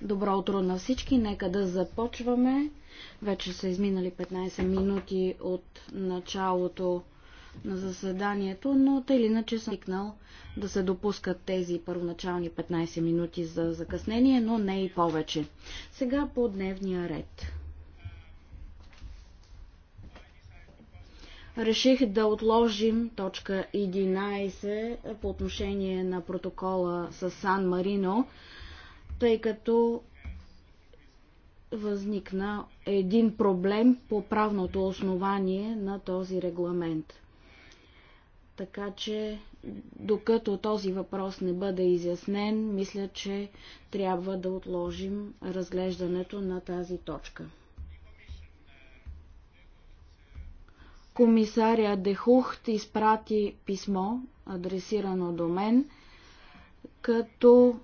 Добро утро на всички. Нека да започваме. Вече са изминали 15 минути от началото на заседанието, но тъй или иначе съм свикнал да се допускат тези първоначални 15 минути за закъснение, но не и повече. Сега по дневния ред. реших да отложим точка 11 по отношение на протокола с Сан Марино тъй като възникна един проблем по правното основание на този регламент. Така че, докато този въпрос не бъде изяснен, мисля, че трябва да отложим разглеждането на тази точка. Комисаря Дехухт изпрати писмо, адресирано до мен, като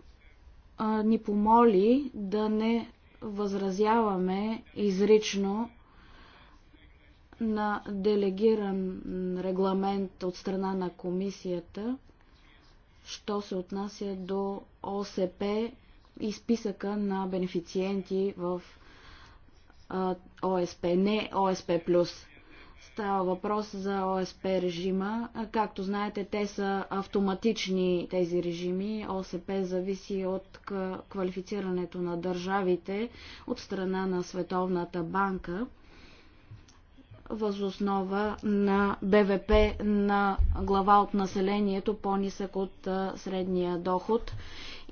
ни помоли да не възразяваме изрично на делегиран регламент от страна на комисията, що се отнася до ОСП и списъка на бенефициенти в ОСП, не ОСП+. Става въпрос за ОСП режима. Както знаете, те са автоматични тези режими. ОСП зависи от квалифицирането на държавите от страна на Световната банка възоснова на БВП на глава от населението по-нисък от средния доход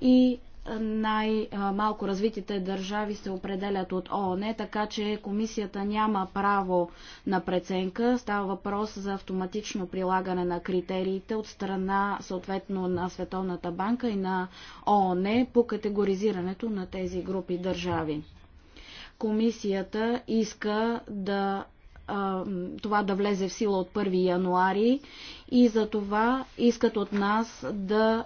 и най-малко развитите държави се определят от ООН, така че комисията няма право на преценка. Става въпрос за автоматично прилагане на критериите от страна съответно на Световната банка и на ООН по категоризирането на тези групи държави. Комисията иска да това да влезе в сила от 1 януари и за това искат от нас да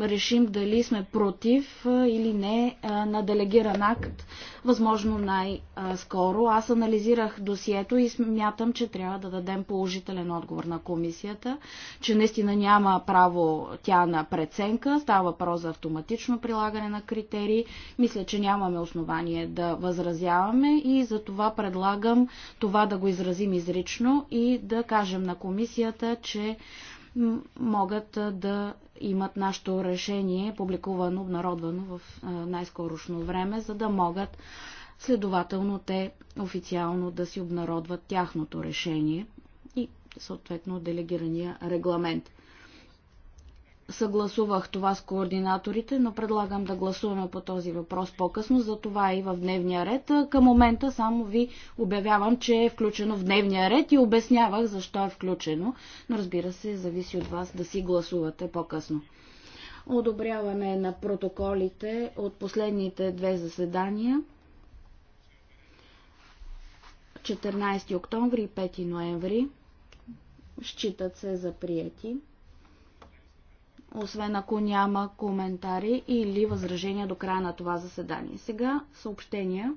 решим дали сме против или не на делегиран акт, възможно най-скоро. Аз анализирах досието и смятам, че трябва да дадем положителен отговор на комисията, че наистина няма право тя на преценка, става въпрос за автоматично прилагане на критерии. Мисля, че нямаме основание да възразяваме и за това предлагам това да го изразим изрично и да кажем на комисията, че че могат да имат нашето решение, публикувано, обнародвано в най-скорошно време, за да могат следователно те официално да си обнародват тяхното решение и съответно делегирания регламент съгласувах това с координаторите, но предлагам да гласуваме по този въпрос по-късно, за това е и в дневния ред. Към момента само ви обявявам, че е включено в дневния ред и обяснявах защо е включено, но разбира се, зависи от вас да си гласувате по-късно. Одобряване на протоколите от последните две заседания. 14 октомври и 5 ноември считат се за прияти освен ако няма коментари или възражения до края на това заседание. Сега съобщения.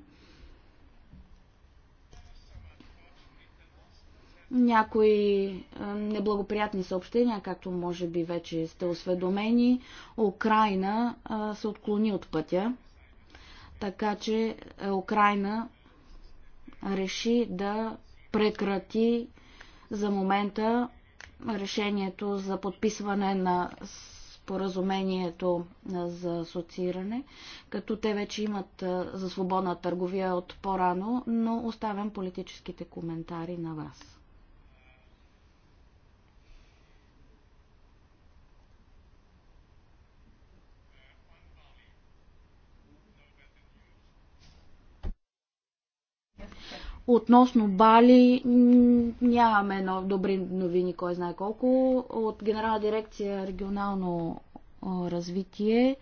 Някои неблагоприятни съобщения, както може би вече сте осведомени, Украина се отклони от пътя. Така че е, Украина реши да прекрати за момента решението за подписване на споразумението за асоцииране, като те вече имат за свободна търговия от по-рано, но оставям политическите коментари на вас. Относно Бали нямаме добри новини, кой знае колко. От Генерална дирекция регионално развитие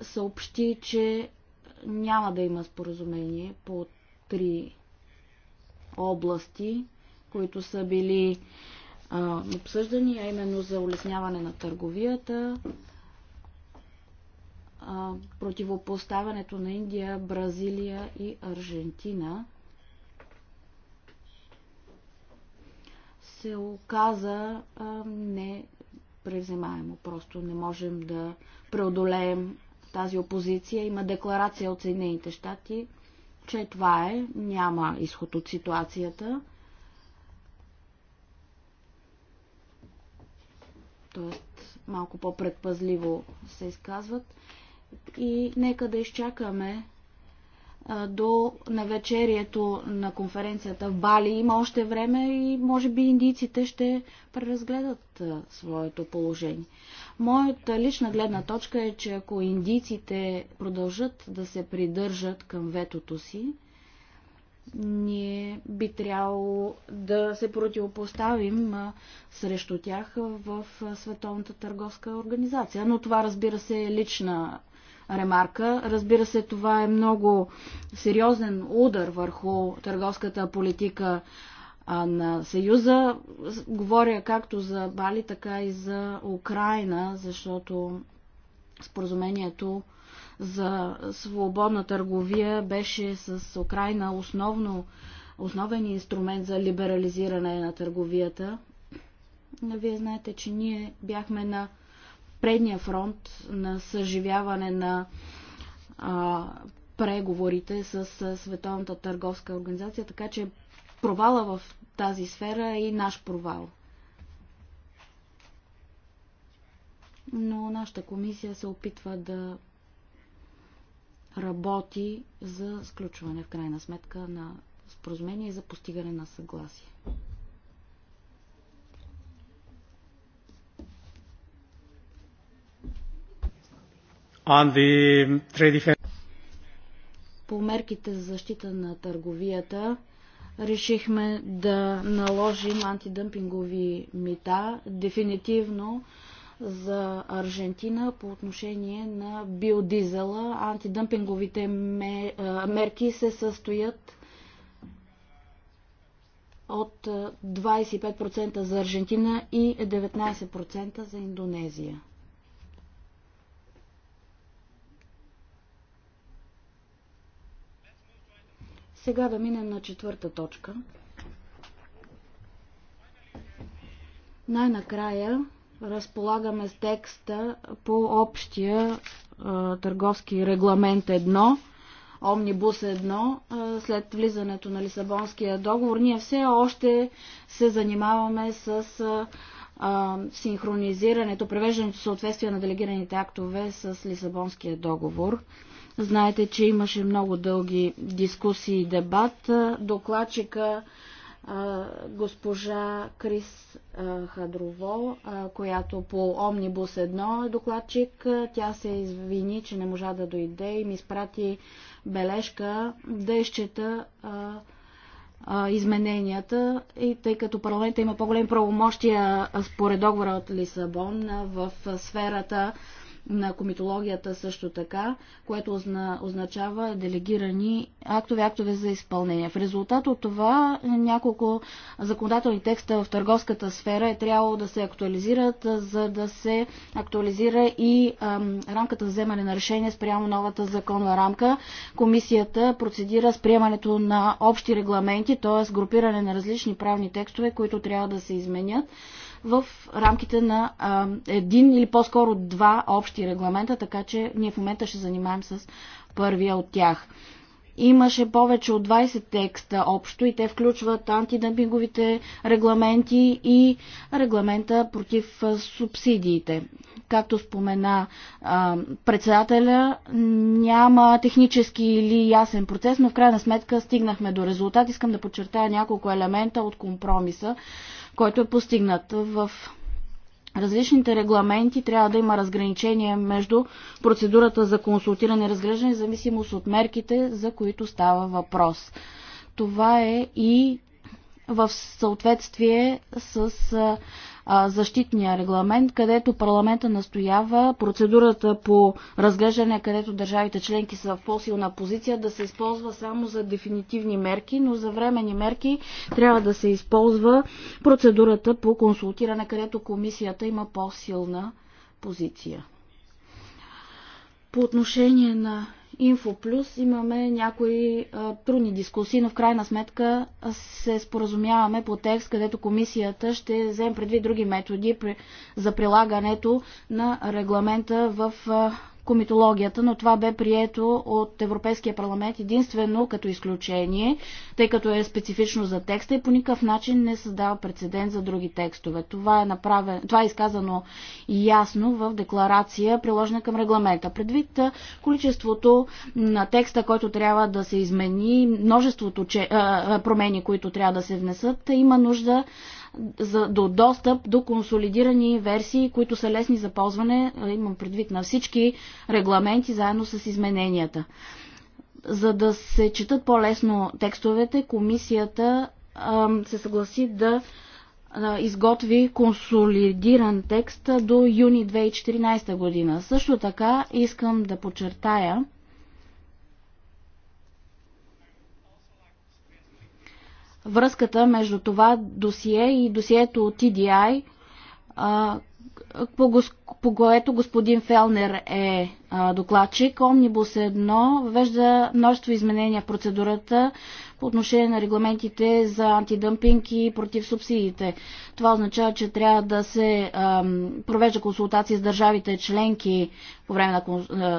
съобщи, че няма да има споразумение по три области, които са били а, обсъждани, а именно за улесняване на търговията, а, противопоставянето на Индия, Бразилия и Аржентина се оказа а, не превземаемо. Просто не можем да преодолеем тази опозиция. Има декларация от Съединените щати, че това е, няма изход от ситуацията. Тоест, малко по-предпазливо се изказват и нека да изчакаме до навечерието на конференцията в Бали. Има още време и може би индийците ще преразгледат своето положение. Моята лична гледна точка е, че ако индийците продължат да се придържат към ветото си, ние би трябвало да се противопоставим срещу тях в Световната търговска организация. Но това, разбира се, е лична ремарка. Разбира се, това е много сериозен удар върху търговската политика на Съюза. Говоря както за Бали, така и за Украина, защото споразумението за свободна търговия беше с Украина основно, основен инструмент за либерализиране на търговията. Вие знаете, че ние бяхме на предния фронт на съживяване на а, преговорите с Световната търговска организация, така че провала в тази сфера е и наш провал. Но нашата комисия се опитва да работи за сключване в крайна сметка на споразумение и за постигане на съгласие. По мерките за защита на търговията решихме да наложим антидъмпингови мита дефинитивно за Аржентина по отношение на биодизела. Антидъмпинговите мерки се състоят от 25% за Аржентина и 19% за Индонезия. Сега да минем на четвърта точка. Най-накрая разполагаме с текста по общия а, търговски регламент 1, Омнибус 1, след влизането на Лисабонския договор. Ние все още се занимаваме с а, синхронизирането, превеждането в съответствие на делегираните актове с Лисабонския договор. Знаете, че имаше много дълги дискусии и дебат. Докладчика госпожа Крис Хадрово, която по Омнибус 1 е докладчик. Тя се извини, че не можа да дойде и ми спрати бележка да изчета измененията и тъй като парламента има по-големи правомощия според договора от Лисабон в сферата на комитологията също така, което означава делегирани актове, актове за изпълнение. В резултат от това няколко законодателни текста в търговската сфера е трябвало да се актуализират, за да се актуализира и ам, рамката за вземане на решение спрямо новата законова рамка. Комисията процедира с приемането на общи регламенти, т.е. групиране на различни правни текстове, които трябва да се изменят в рамките на а, един или по-скоро два общи регламента, така че ние в момента ще занимаем с първия от тях. Имаше повече от 20 текста общо и те включват антидъмпинговите регламенти и регламента против субсидиите. Както спомена а, председателя, няма технически или ясен процес, но в крайна сметка стигнахме до резултат. Искам да подчертая няколко елемента от компромиса, който е постигнат. В различните регламенти трябва да има разграничение между процедурата за консултиране и разглеждане, в зависимост от мерките, за които става въпрос. Това е и в съответствие с защитния регламент, където парламента настоява процедурата по разглеждане, където държавите членки са в по-силна позиция, да се използва само за дефинитивни мерки, но за времени мерки трябва да се използва процедурата по консултиране, където комисията има по-силна позиция. По отношение на Инфо Плюс имаме някои а, трудни дискусии, но в крайна сметка се споразумяваме по текст, където комисията ще вземе предвид други методи при, за прилагането на регламента в а, комитологията, но това бе прието от Европейския парламент единствено като изключение, тъй като е специфично за текста и по никакъв начин не създава прецедент за други текстове. Това е, направен, това е изказано ясно в декларация, приложена към регламента. Предвид количеството на текста, който трябва да се измени, множеството че, а, промени, които трябва да се внесат, има нужда за, до достъп до консолидирани версии, които са лесни за ползване, имам предвид на всички регламенти, заедно с измененията. За да се четат по-лесно текстовете, комисията а, се съгласи да изготви консолидиран текст до юни 2014 година. Също така искам да подчертая, връзката между това досие и досието от TDI, по което господин Фелнер е докладчик. Омнибус 1 въвежда множество изменения в процедурата, по отношение на регламентите за антидъмпинг и против субсидиите. Това означава, че трябва да се провежда консултации с държавите членки по време на,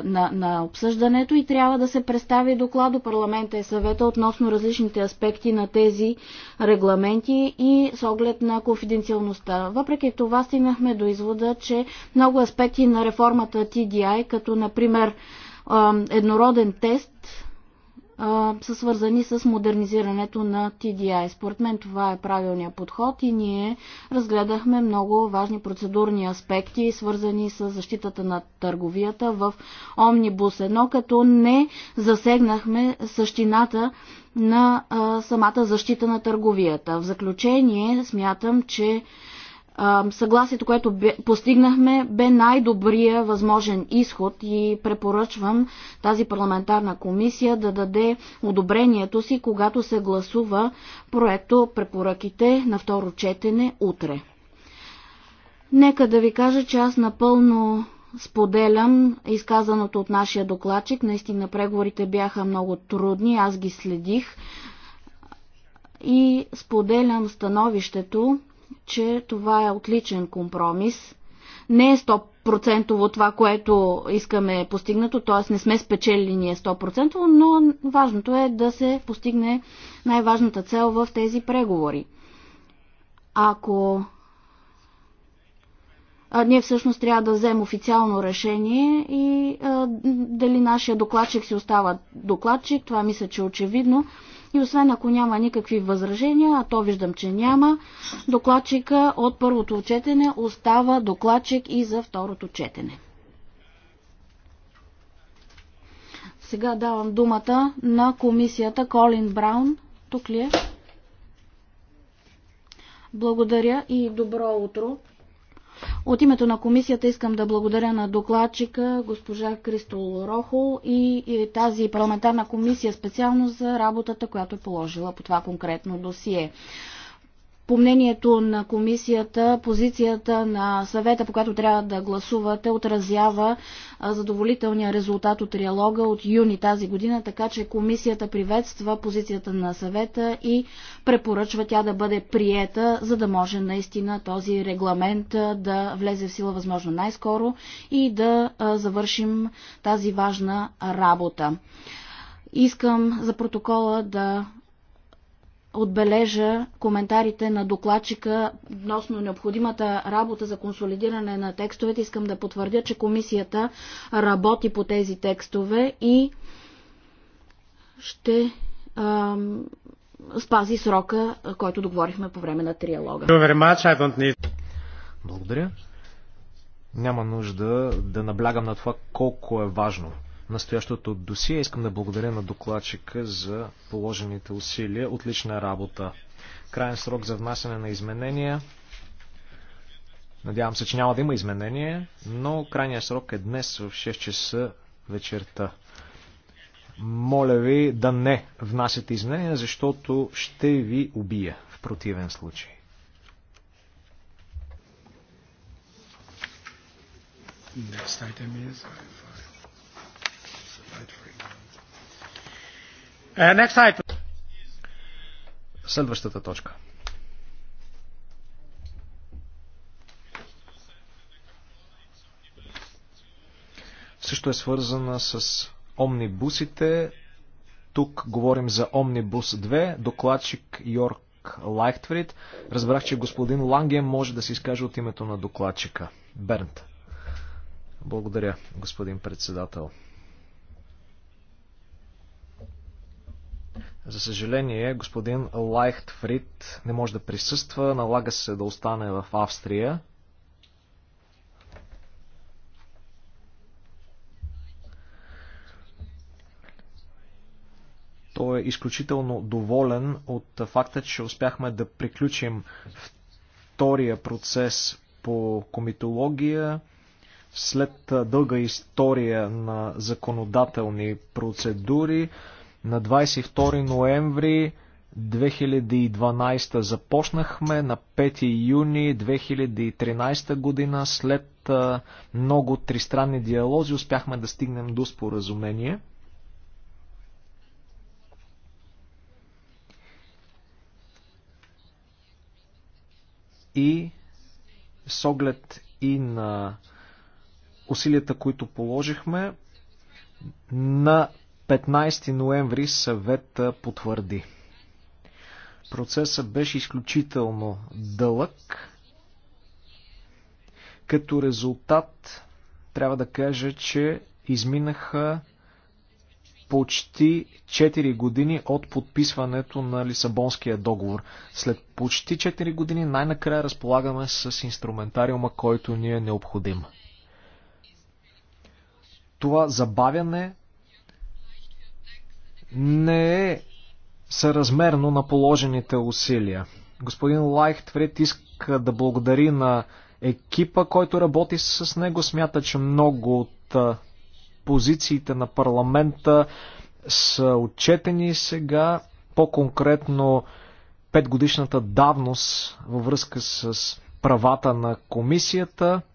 на, на обсъждането и трябва да се представи доклад до парламента и съвета относно различните аспекти на тези регламенти и с оглед на конфиденциалността. Въпреки това стигнахме до извода, че много аспекти на реформата TDI, като например еднороден тест, а, са свързани с модернизирането на TDI. Според мен това е правилният подход и ние разгледахме много важни процедурни аспекти, свързани с защитата на търговията в Омнибус 1, като не засегнахме същината на а, самата защита на търговията. В заключение смятам, че съгласието, което постигнахме, бе най-добрия възможен изход и препоръчвам тази парламентарна комисия да даде одобрението си, когато се гласува проекто препоръките на второ четене утре. Нека да ви кажа, че аз напълно споделям изказаното от нашия докладчик. Наистина преговорите бяха много трудни, аз ги следих и споделям становището, че това е отличен компромис. Не е 100% това, което искаме постигнато, т.е. не сме спечели ние 100%, но важното е да се постигне най-важната цел в тези преговори. Ако а, ние всъщност трябва да вземем официално решение и а, дали нашия докладчик си остава докладчик, това мисля, че е очевидно, и освен ако няма никакви възражения, а то виждам, че няма, докладчика от първото четене остава докладчик и за второто четене. Сега давам думата на комисията Колин Браун. Тук ли е? Благодаря и добро утро. От името на комисията искам да благодаря на докладчика госпожа Кристо Рохол и тази парламентарна комисия специално за работата, която е положила по това конкретно досие по мнението на комисията, позицията на съвета, по която трябва да гласувате, отразява задоволителния резултат от триалога от юни тази година, така че комисията приветства позицията на съвета и препоръчва тя да бъде приета, за да може наистина този регламент да влезе в сила възможно най-скоро и да завършим тази важна работа. Искам за протокола да отбележа коментарите на докладчика относно необходимата работа за консолидиране на текстовете. Искам да потвърдя, че комисията работи по тези текстове и ще а, спази срока, който договорихме по време на триалога. Благодаря. Няма нужда да наблягам на това колко е важно настоящото досие. Искам да благодаря на докладчика за положените усилия. Отлична работа. Крайен срок за внасяне на изменения. Надявам се, че няма да има изменения, но крайният срок е днес в 6 часа вечерта. Моля ви да не внасяте изменения, защото ще ви убия в противен случай. Next item is Uh, Следващата точка. Също е свързана с омнибусите. Тук говорим за Омнибус 2, докладчик Йорк Лайхтврид. Разбрах, че господин Ланге може да се изкаже от името на докладчика. Бернт. Благодаря, господин председател. За съжаление, господин Лайхтфрид не може да присъства, налага се да остане в Австрия. Той е изключително доволен от факта, че успяхме да приключим втория процес по комитология след дълга история на законодателни процедури. На 22 ноември 2012 започнахме, на 5 юни 2013 година след много тристранни диалози успяхме да стигнем до споразумение. И с оглед и на усилията, които положихме, на 15 ноември съвета потвърди. Процесът беше изключително дълъг. Като резултат трябва да кажа, че изминаха почти 4 години от подписването на Лисабонския договор. След почти 4 години най-накрая разполагаме с инструментариума, който ни е необходим. Това забавяне не е съразмерно на положените усилия. Господин Лайхтвред иска да благодари на екипа, който работи с него. Смята, че много от позициите на парламента са отчетени сега, по-конкретно петгодишната давност във връзка с правата на комисията –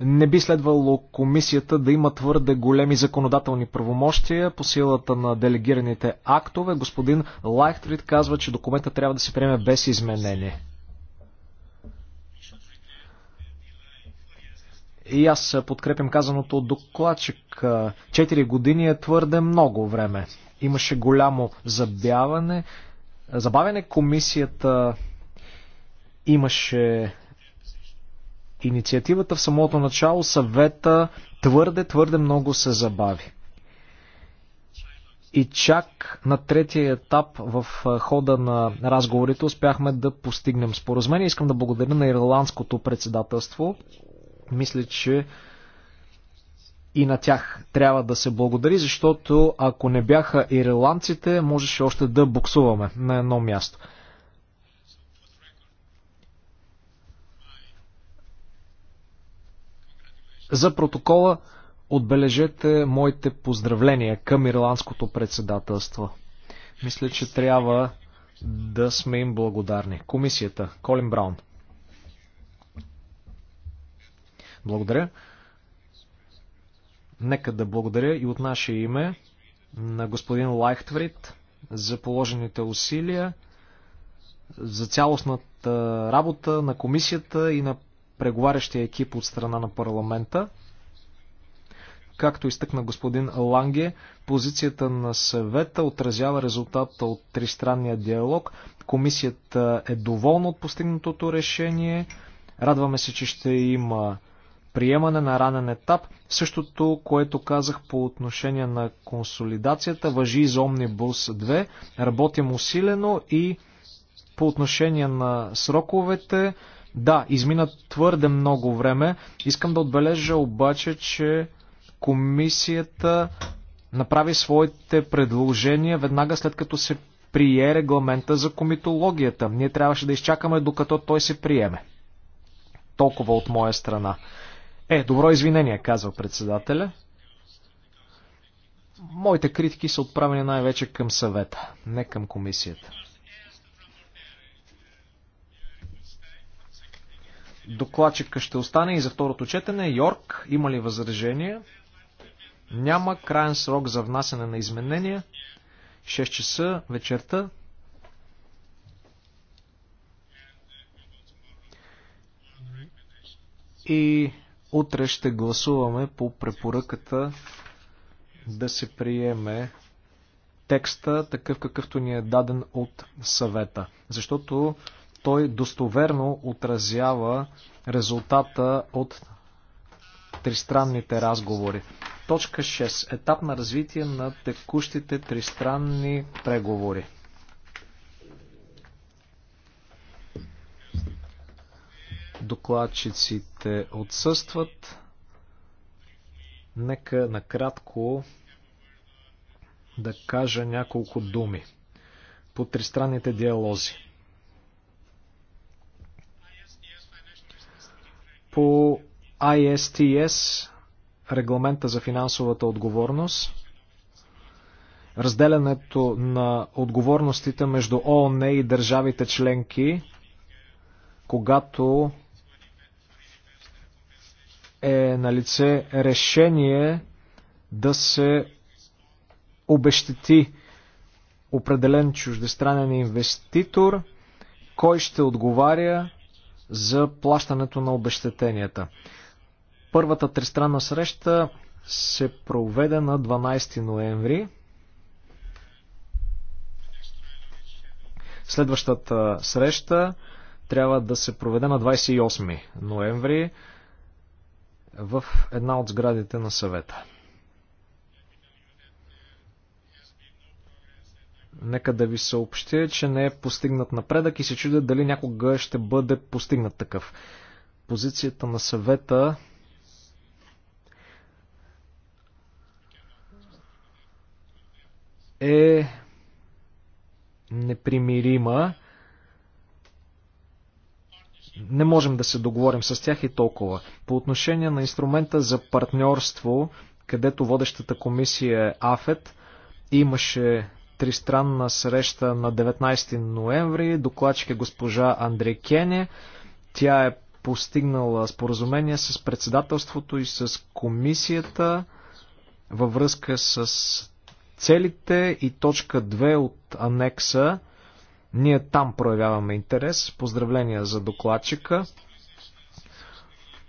не би следвало комисията да има твърде големи законодателни правомощия по силата на делегираните актове. Господин Лайхтрид казва, че документа трябва да се приеме без изменение. И аз подкрепям казаното от докладчик. Четири години е твърде много време. Имаше голямо забяване. Забавяне комисията имаше инициативата в самото начало съвета твърде, твърде много се забави. И чак на третия етап в хода на разговорите успяхме да постигнем споразумение. Искам да благодаря на ирландското председателство. Мисля, че и на тях трябва да се благодари, защото ако не бяха ирландците, можеше още да буксуваме на едно място. За протокола отбележете моите поздравления към ирландското председателство. Мисля, че трябва да сме им благодарни. Комисията. Колин Браун. Благодаря. Нека да благодаря и от наше име на господин Лайхтврид за положените усилия, за цялостната работа на комисията и на преговарящия екип от страна на парламента. Както изтъкна господин Ланге, позицията на съвета отразява резултата от тристранния диалог. Комисията е доволна от постигнатото решение. Радваме се, че ще има приемане на ранен етап. Същото, което казах по отношение на консолидацията, въжи и за Омнибус 2. Работим усилено и по отношение на сроковете да, измина твърде много време. Искам да отбележа обаче, че комисията направи своите предложения веднага след като се прие регламента за комитологията. Ние трябваше да изчакаме докато той се приеме. Толкова от моя страна. Е, добро извинение, казва председателя. Моите критики са отправени най-вече към съвета, не към комисията. Докладчика ще остане и за второто четене. Йорк, има ли възражения? Няма. Крайен срок за внасяне на изменения. 6 часа вечерта. И утре ще гласуваме по препоръката да се приеме текста такъв какъвто ни е даден от съвета. Защото той достоверно отразява резултата от тристранните разговори. Точка 6. Етап на развитие на текущите тристранни преговори. Докладчиците отсъстват. Нека накратко да кажа няколко думи по тристранните диалози. по ISTS, регламента за финансовата отговорност, разделянето на отговорностите между ООН и държавите членки, когато е на лице решение да се обещети определен чуждестранен инвеститор, кой ще отговаря за плащането на обещетенията. Първата тристранна среща се проведе на 12 ноември. Следващата среща трябва да се проведе на 28 ноември в една от сградите на съвета. Нека да ви съобщя, че не е постигнат напредък и се чудя дали някога ще бъде постигнат такъв. Позицията на съвета е непримирима. Не можем да се договорим с тях и толкова. По отношение на инструмента за партньорство, където водещата комисия е АФЕТ, имаше тристранна среща на 19 ноември. Докладчик е госпожа Кене, Тя е постигнала споразумение с председателството и с комисията във връзка с целите и точка 2 от анекса. Ние там проявяваме интерес. Поздравления за докладчика.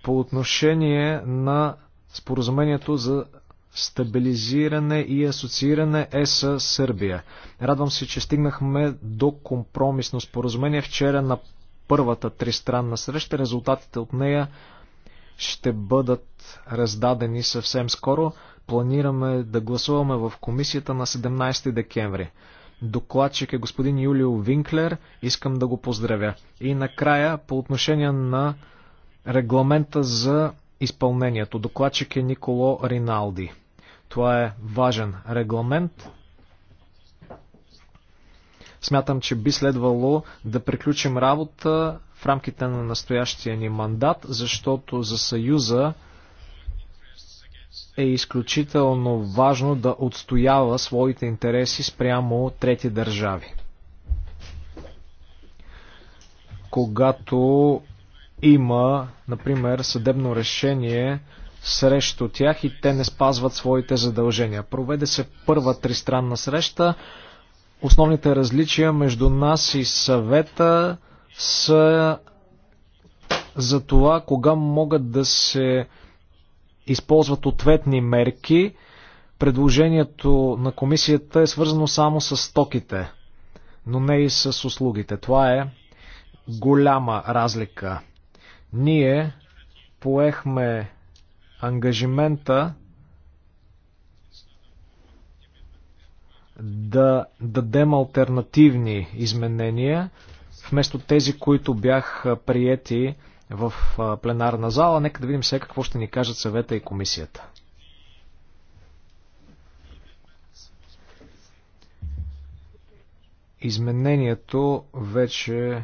По отношение на споразумението за стабилизиране и асоцииране е с Сърбия. Радвам се, че стигнахме до компромисно споразумение вчера на първата тристранна среща. Резултатите от нея ще бъдат раздадени съвсем скоро. Планираме да гласуваме в комисията на 17 декември. Докладчик е господин Юлио Винклер. Искам да го поздравя. И накрая, по отношение на регламента за изпълнението. Докладчик е Николо Риналди. Това е важен регламент. Смятам, че би следвало да приключим работа в рамките на настоящия ни мандат, защото за Съюза е изключително важно да отстоява своите интереси спрямо трети държави. Когато има, например, съдебно решение срещу тях и те не спазват своите задължения. Проведе се първа тристранна среща. Основните различия между нас и съвета са за това кога могат да се използват ответни мерки. Предложението на комисията е свързано само с стоките, но не и с услугите. Това е голяма разлика. Ние поехме ангажимента да дадем альтернативни изменения, вместо тези, които бях приети в пленарна зала. Нека да видим сега какво ще ни кажат съвета и комисията. Изменението вече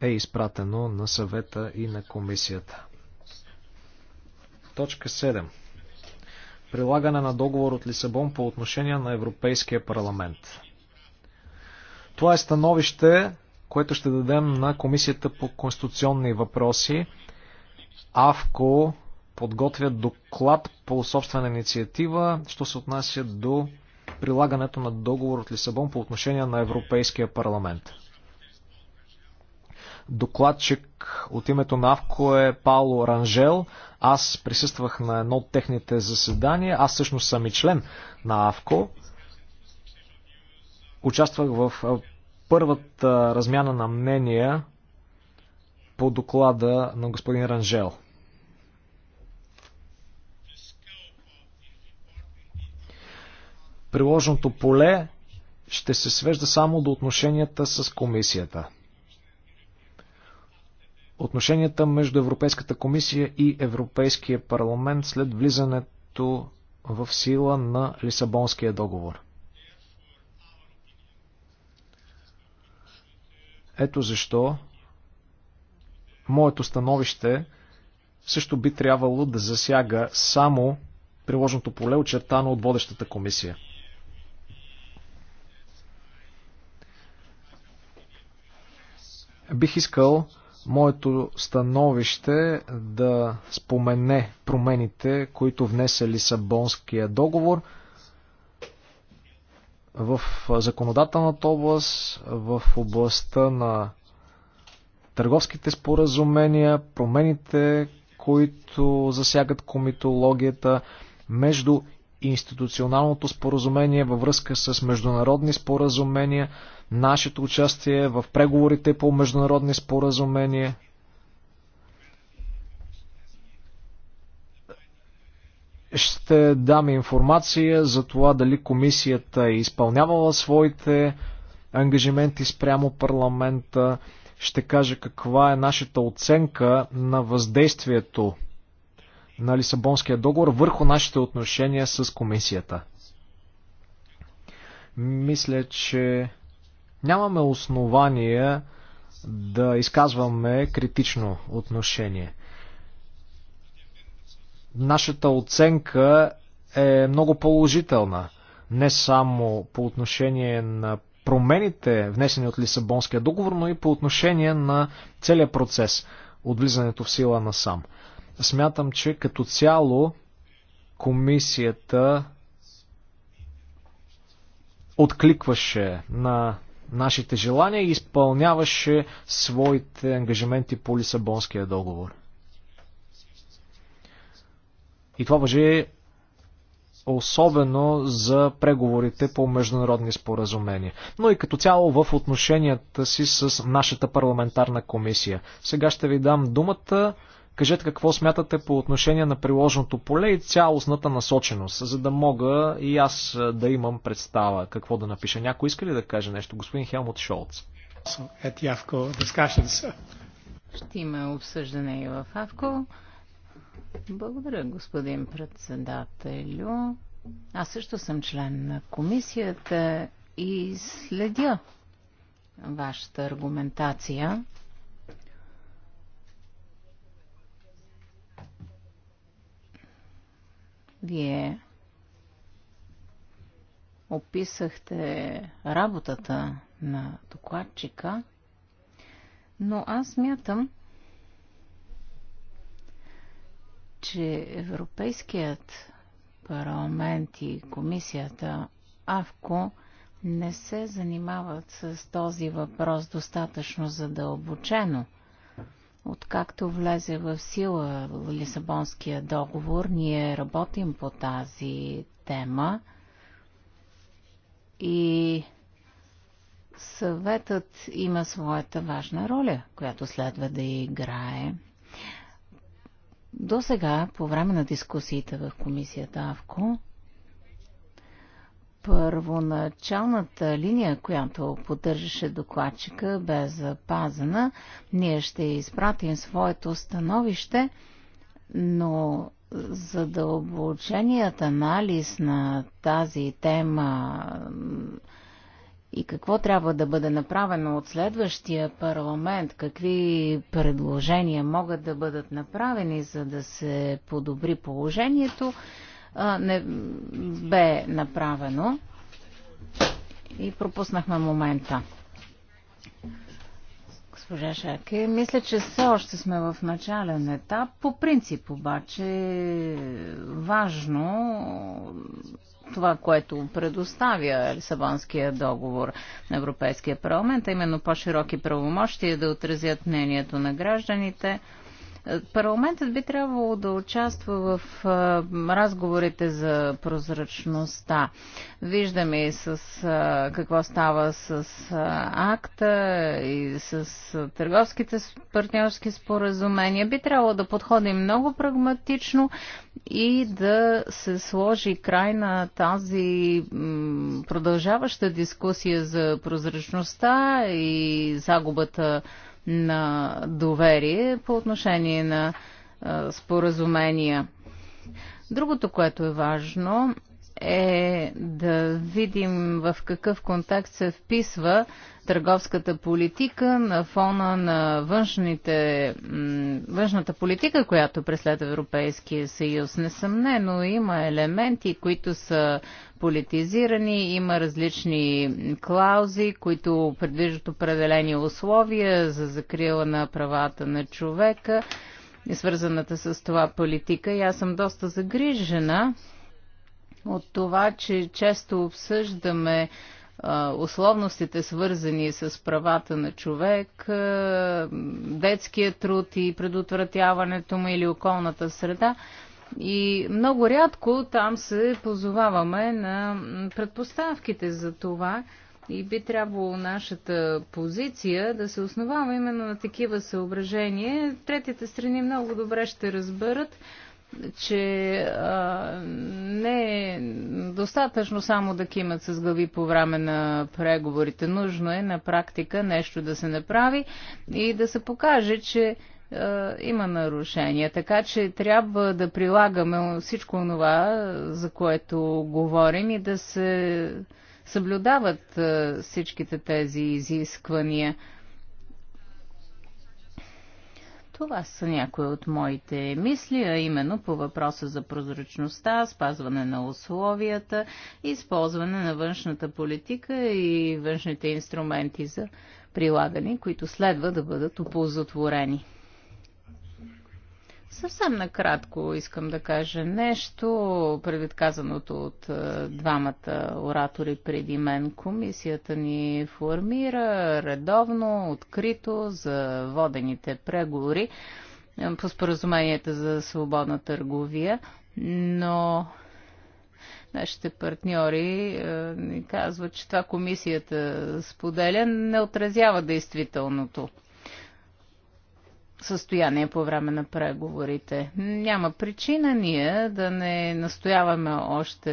е изпратено на съвета и на комисията. Точка 7. Прилагане на договор от Лисабон по отношение на Европейския парламент. Това е становище, което ще дадем на Комисията по конституционни въпроси. АВКО подготвя доклад по собствена инициатива, що се отнася до прилагането на договор от Лисабон по отношение на Европейския парламент. Докладчик от името на Авко е Пауло Ранжел. Аз присъствах на едно от техните заседания. Аз всъщност съм и член на Авко. Участвах в първата размяна на мнения по доклада на господин Ранжел. Приложното поле ще се свежда само до отношенията с комисията – отношенията между Европейската комисия и Европейския парламент след влизането в сила на Лисабонския договор. Ето защо моето становище също би трябвало да засяга само приложното поле, очертано от водещата комисия. Бих искал моето становище да спомене промените, които внесе Лисабонския договор в законодателната област, в областта на търговските споразумения, промените, които засягат комитологията, между институционалното споразумение във връзка с международни споразумения – нашето участие в преговорите по международни споразумения. Ще дам информация за това дали комисията е изпълнявала своите ангажименти спрямо парламента. Ще кажа каква е нашата оценка на въздействието на Лисабонския договор върху нашите отношения с комисията. Мисля, че Нямаме основания да изказваме критично отношение. Нашата оценка е много положителна, не само по отношение на промените, внесени от Лисабонския договор, но и по отношение на целия процес от влизането в сила на сам. Смятам, че като цяло комисията откликваше на нашите желания и изпълняваше своите ангажименти по Лисабонския договор. И това въжи особено за преговорите по международни споразумения, но и като цяло в отношенията си с нашата парламентарна комисия. Сега ще ви дам думата Кажете какво смятате по отношение на приложното поле и цялостната насоченост, за да мога и аз да имам представа какво да напиша. Някой иска ли да каже нещо? Господин Хелмут Шолц. Ще има обсъждане и в АВКО. Благодаря, господин председателю. Аз също съм член на комисията и следя вашата аргументация. Вие описахте работата на докладчика, но аз мятам, че Европейският парламент и комисията АВКО не се занимават с този въпрос достатъчно задълбочено – Откакто влезе в сила в Лисабонския договор, ние работим по тази тема и съветът има своята важна роля, която следва да играе. До сега, по време на дискусиите в комисията АВКО, първоначалната линия, която поддържаше докладчика, бе запазена. Ние ще изпратим своето становище, но задълбоченият анализ на тази тема и какво трябва да бъде направено от следващия парламент, какви предложения могат да бъдат направени, за да се подобри положението, не бе направено и пропуснахме момента. Госпожа Шаке, мисля, че все още сме в начален етап. По принцип обаче е важно това, което предоставя Лисабонския договор на Европейския парламент, а именно по-широки правомощия да отразят мнението на гражданите – Парламентът би трябвало да участва в разговорите за прозрачността. Виждаме и с какво става с акта и с търговските партньорски споразумения. Би трябвало да подходим много прагматично и да се сложи край на тази продължаваща дискусия за прозрачността и загубата на доверие по отношение на споразумения. Другото, което е важно, е да видим в какъв контакт се вписва търговската политика на фона на външните, външната политика, която преследва Европейския съюз. Несъмнено има елементи, които са политизирани, има различни клаузи, които предвиждат определени условия за закрила на правата на човека и свързаната с това политика. И аз съм доста загрижена от това, че често обсъждаме условностите, свързани с правата на човек, детския труд и предотвратяването му или околната среда. И много рядко там се позоваваме на предпоставките за това и би трябвало нашата позиция да се основава именно на такива съображения. Третите страни много добре ще разберат, че а, не е достатъчно само да кимат с глави по време на преговорите. Нужно е на практика нещо да се направи и да се покаже, че а, има нарушения. Така че трябва да прилагаме всичко това, за което говорим и да се съблюдават а, всичките тези изисквания. Това са някои от моите мисли, а именно по въпроса за прозрачността, спазване на условията, използване на външната политика и външните инструменти за прилагане, които следва да бъдат оползотворени. Съвсем накратко искам да кажа нещо, предвид казаното от е, двамата оратори преди мен. Комисията ни формира редовно, открито за водените преговори е, по споразуменията за свободна търговия, но нашите партньори е, ни казват, че това комисията споделя не отразява действителното състояние по време на преговорите. Няма причина ние да не настояваме още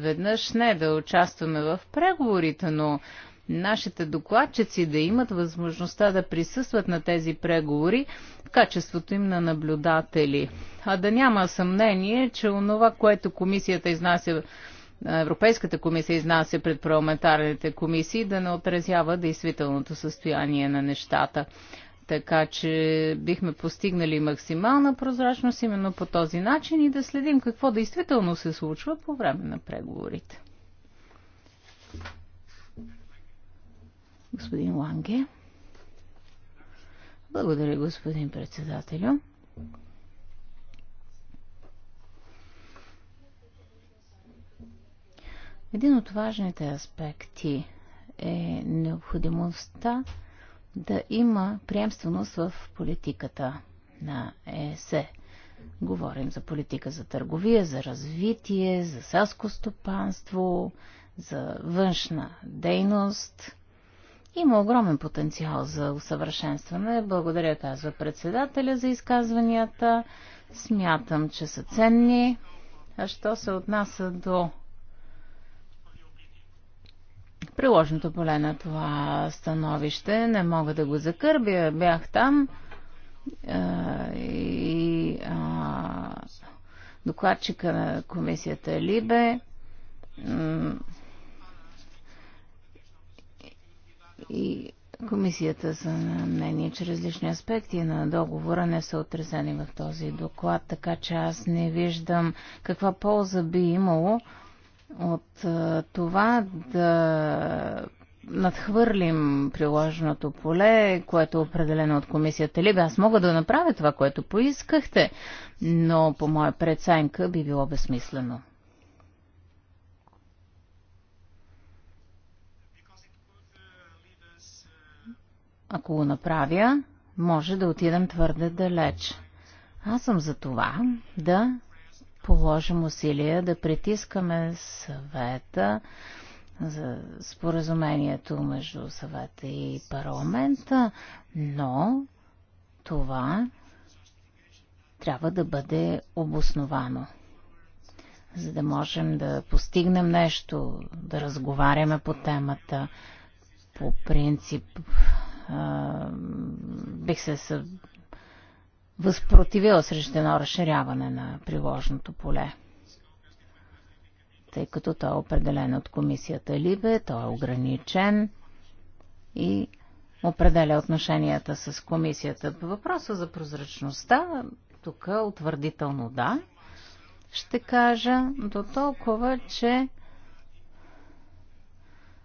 веднъж, не да участваме в преговорите, но нашите докладчици да имат възможността да присъстват на тези преговори в качеството им на наблюдатели. А да няма съмнение, че онова, което комисията изнася Европейската комисия изнася пред парламентарните комисии да не отразява действителното състояние на нещата така че бихме постигнали максимална прозрачност именно по този начин и да следим какво действително се случва по време на преговорите. Господин Ланге. Благодаря, господин председателю. Един от важните аспекти е необходимостта да има приемственост в политиката на ЕСЕ. Говорим за политика за търговия, за развитие, за селско стопанство, за външна дейност. Има огромен потенциал за усъвършенстване. Благодаря, казва председателя за изказванията. Смятам, че са ценни. А що се отнася до приложното поле на това становище. Не мога да го закърбя. Бях там а, и а, докладчика на комисията Либе и комисията са на мнение, че различни аспекти на договора не са отразени в този доклад, така че аз не виждам каква полза би имало от това да надхвърлим приложеното поле, което е определено от комисията Либе. Аз мога да направя това, което поискахте, но по моя преценка би било безсмислено. Ако го направя, може да отидем твърде далеч. Аз съм за това да положим усилия да притискаме съвета за споразумението между съвета и парламента, но това трябва да бъде обосновано. За да можем да постигнем нещо, да разговаряме по темата, по принцип бих се възпротивила срещу едно разширяване на приложното поле. Тъй като той е определен от комисията Либе, той е ограничен и определя отношенията с комисията. По въпроса за прозрачността, тук утвърдително да, ще кажа до толкова, че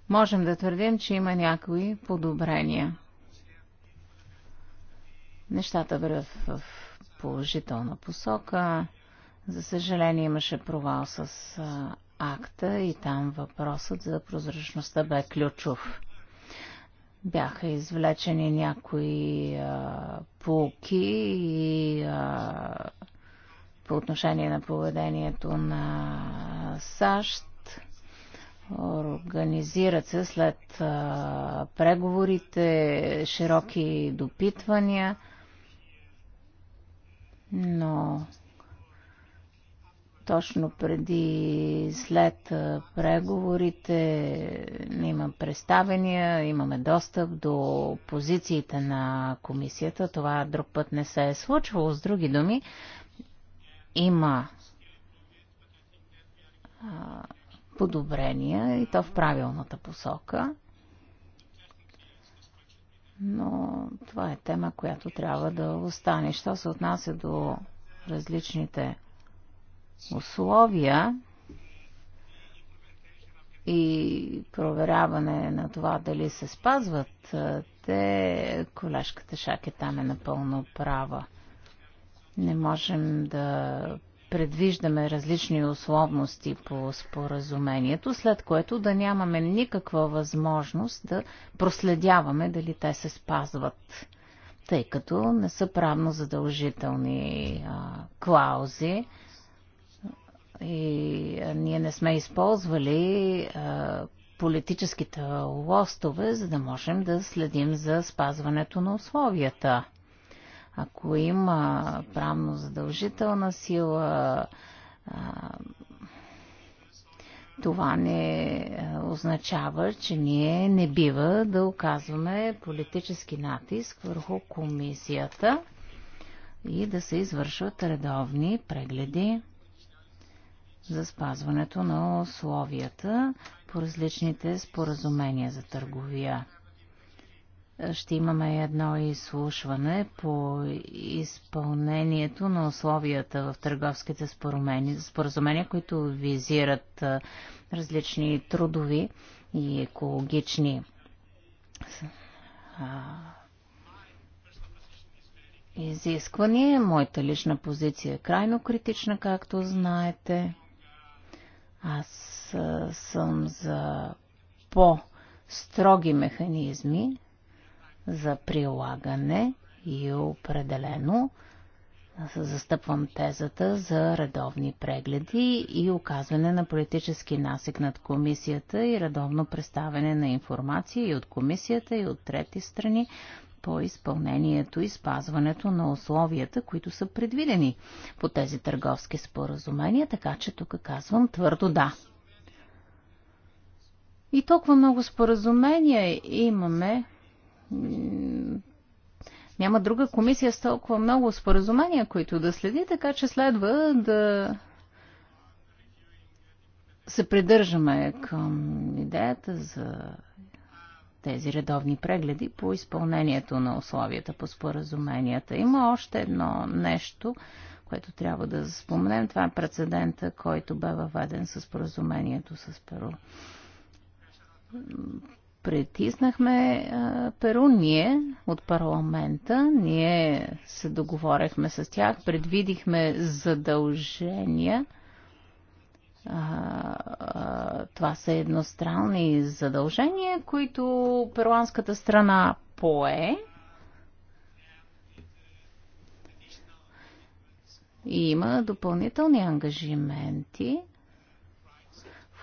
можем да твърдим, че има някои подобрения. Нещата вървят в положителна посока. За съжаление имаше провал с акта и там въпросът за прозрачността бе ключов. Бяха извлечени някои а, полки и а, по отношение на поведението на САЩ. Организират се след а, преговорите широки допитвания но точно преди след преговорите има представения, имаме достъп до позициите на комисията. Това друг път не се е случвало. С други думи, има подобрения и то в правилната посока но това е тема, която трябва да остане. Що се отнася до различните условия и проверяване на това дали се спазват, те колешката Шак е там е напълно права. Не можем да предвиждаме различни условности по споразумението, след което да нямаме никаква възможност да проследяваме дали те се спазват, тъй като не са правно задължителни а, клаузи и а, ние не сме използвали а, политическите лостове, за да можем да следим за спазването на условията. Ако има правно задължителна сила, това не означава, че ние не бива да оказваме политически натиск върху комисията и да се извършват редовни прегледи за спазването на условията по различните споразумения за търговия ще имаме едно изслушване по изпълнението на условията в търговските споразумения, които визират различни трудови и екологични изисквания. Моята лична позиция е крайно критична, както знаете. Аз съм за по-строги механизми за прилагане и е определено застъпвам тезата за редовни прегледи и оказване на политически насик над комисията и редовно представяне на информация и от комисията и от трети страни по изпълнението и спазването на условията, които са предвидени по тези търговски споразумения, така че тук казвам твърдо да. И толкова много споразумения имаме, няма друга комисия с толкова много споразумения, които да следи, така че следва да се придържаме към идеята за тези редовни прегледи по изпълнението на условията по споразуменията. Има още едно нещо, което трябва да споменем. Това е прецедента, който бе въведен с споразумението с Перу притиснахме а, Перу ние от парламента. Ние се договорехме с тях, предвидихме задължения. А, а, това са едностранни задължения, които перуанската страна пое. И има допълнителни ангажименти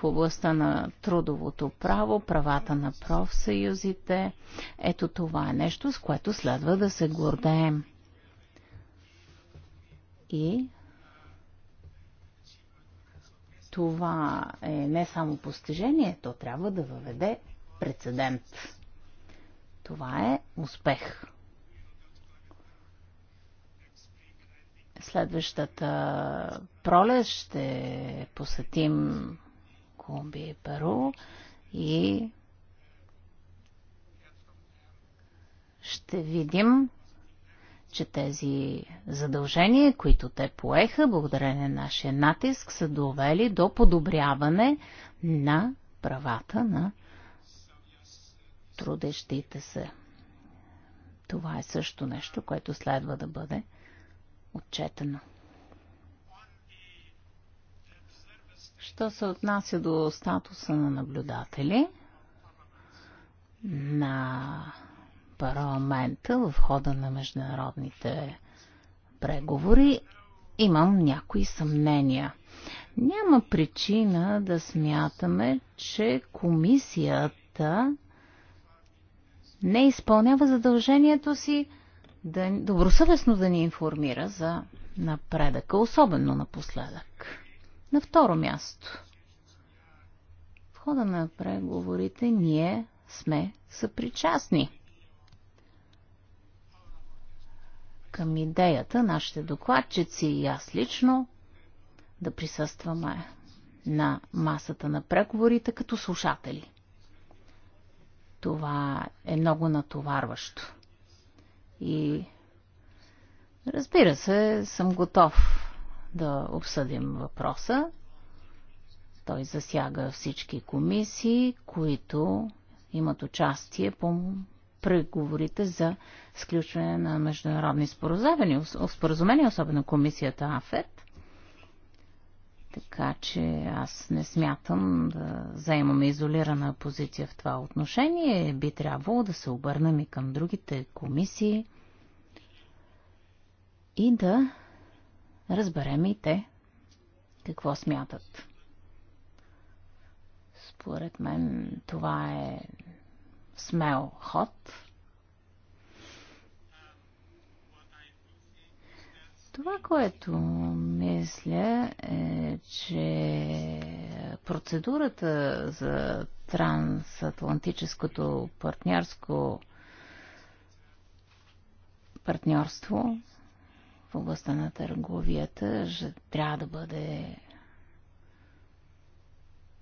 в областта на трудовото право, правата на профсъюзите. Ето това е нещо, с което следва да се гордеем. И това е не само постижение, то трябва да въведе прецедент. Това е успех. Следващата пролет ще посетим Колумбия и Перу и ще видим, че тези задължения, които те поеха, благодарение на нашия натиск, са довели до подобряване на правата на трудещите се. Това е също нещо, което следва да бъде отчетено. Що се отнася до статуса на наблюдатели на парламента в хода на международните преговори, имам някои съмнения. Няма причина да смятаме, че комисията не изпълнява задължението си да, добросъвестно да ни информира за напредъка, особено напоследък. На второ място, в хода на преговорите ние сме съпричастни към идеята, нашите докладчици и аз лично, да присъстваме на масата на преговорите като слушатели. Това е много натоварващо. И разбира се, съм готов да обсъдим въпроса. Той засяга всички комисии, които имат участие по преговорите за сключване на международни споразумения, особено комисията АФЕТ. Така че аз не смятам да заемаме изолирана позиция в това отношение. Би трябвало да се обърнем и към другите комисии и да разбереме и те какво смятат. Според мен това е смел ход. Това, което мисля е, че процедурата за трансатлантическото партньорско партньорство в областта на търговията трябва да бъде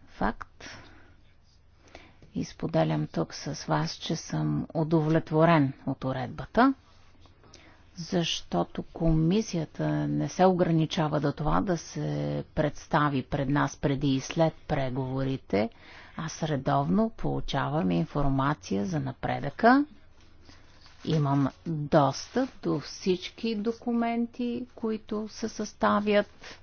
факт. И споделям тук с вас, че съм удовлетворен от уредбата, защото комисията не се ограничава до това да се представи пред нас преди и след преговорите. а средовно получавам информация за напредъка Имам достъп до всички документи, които се съставят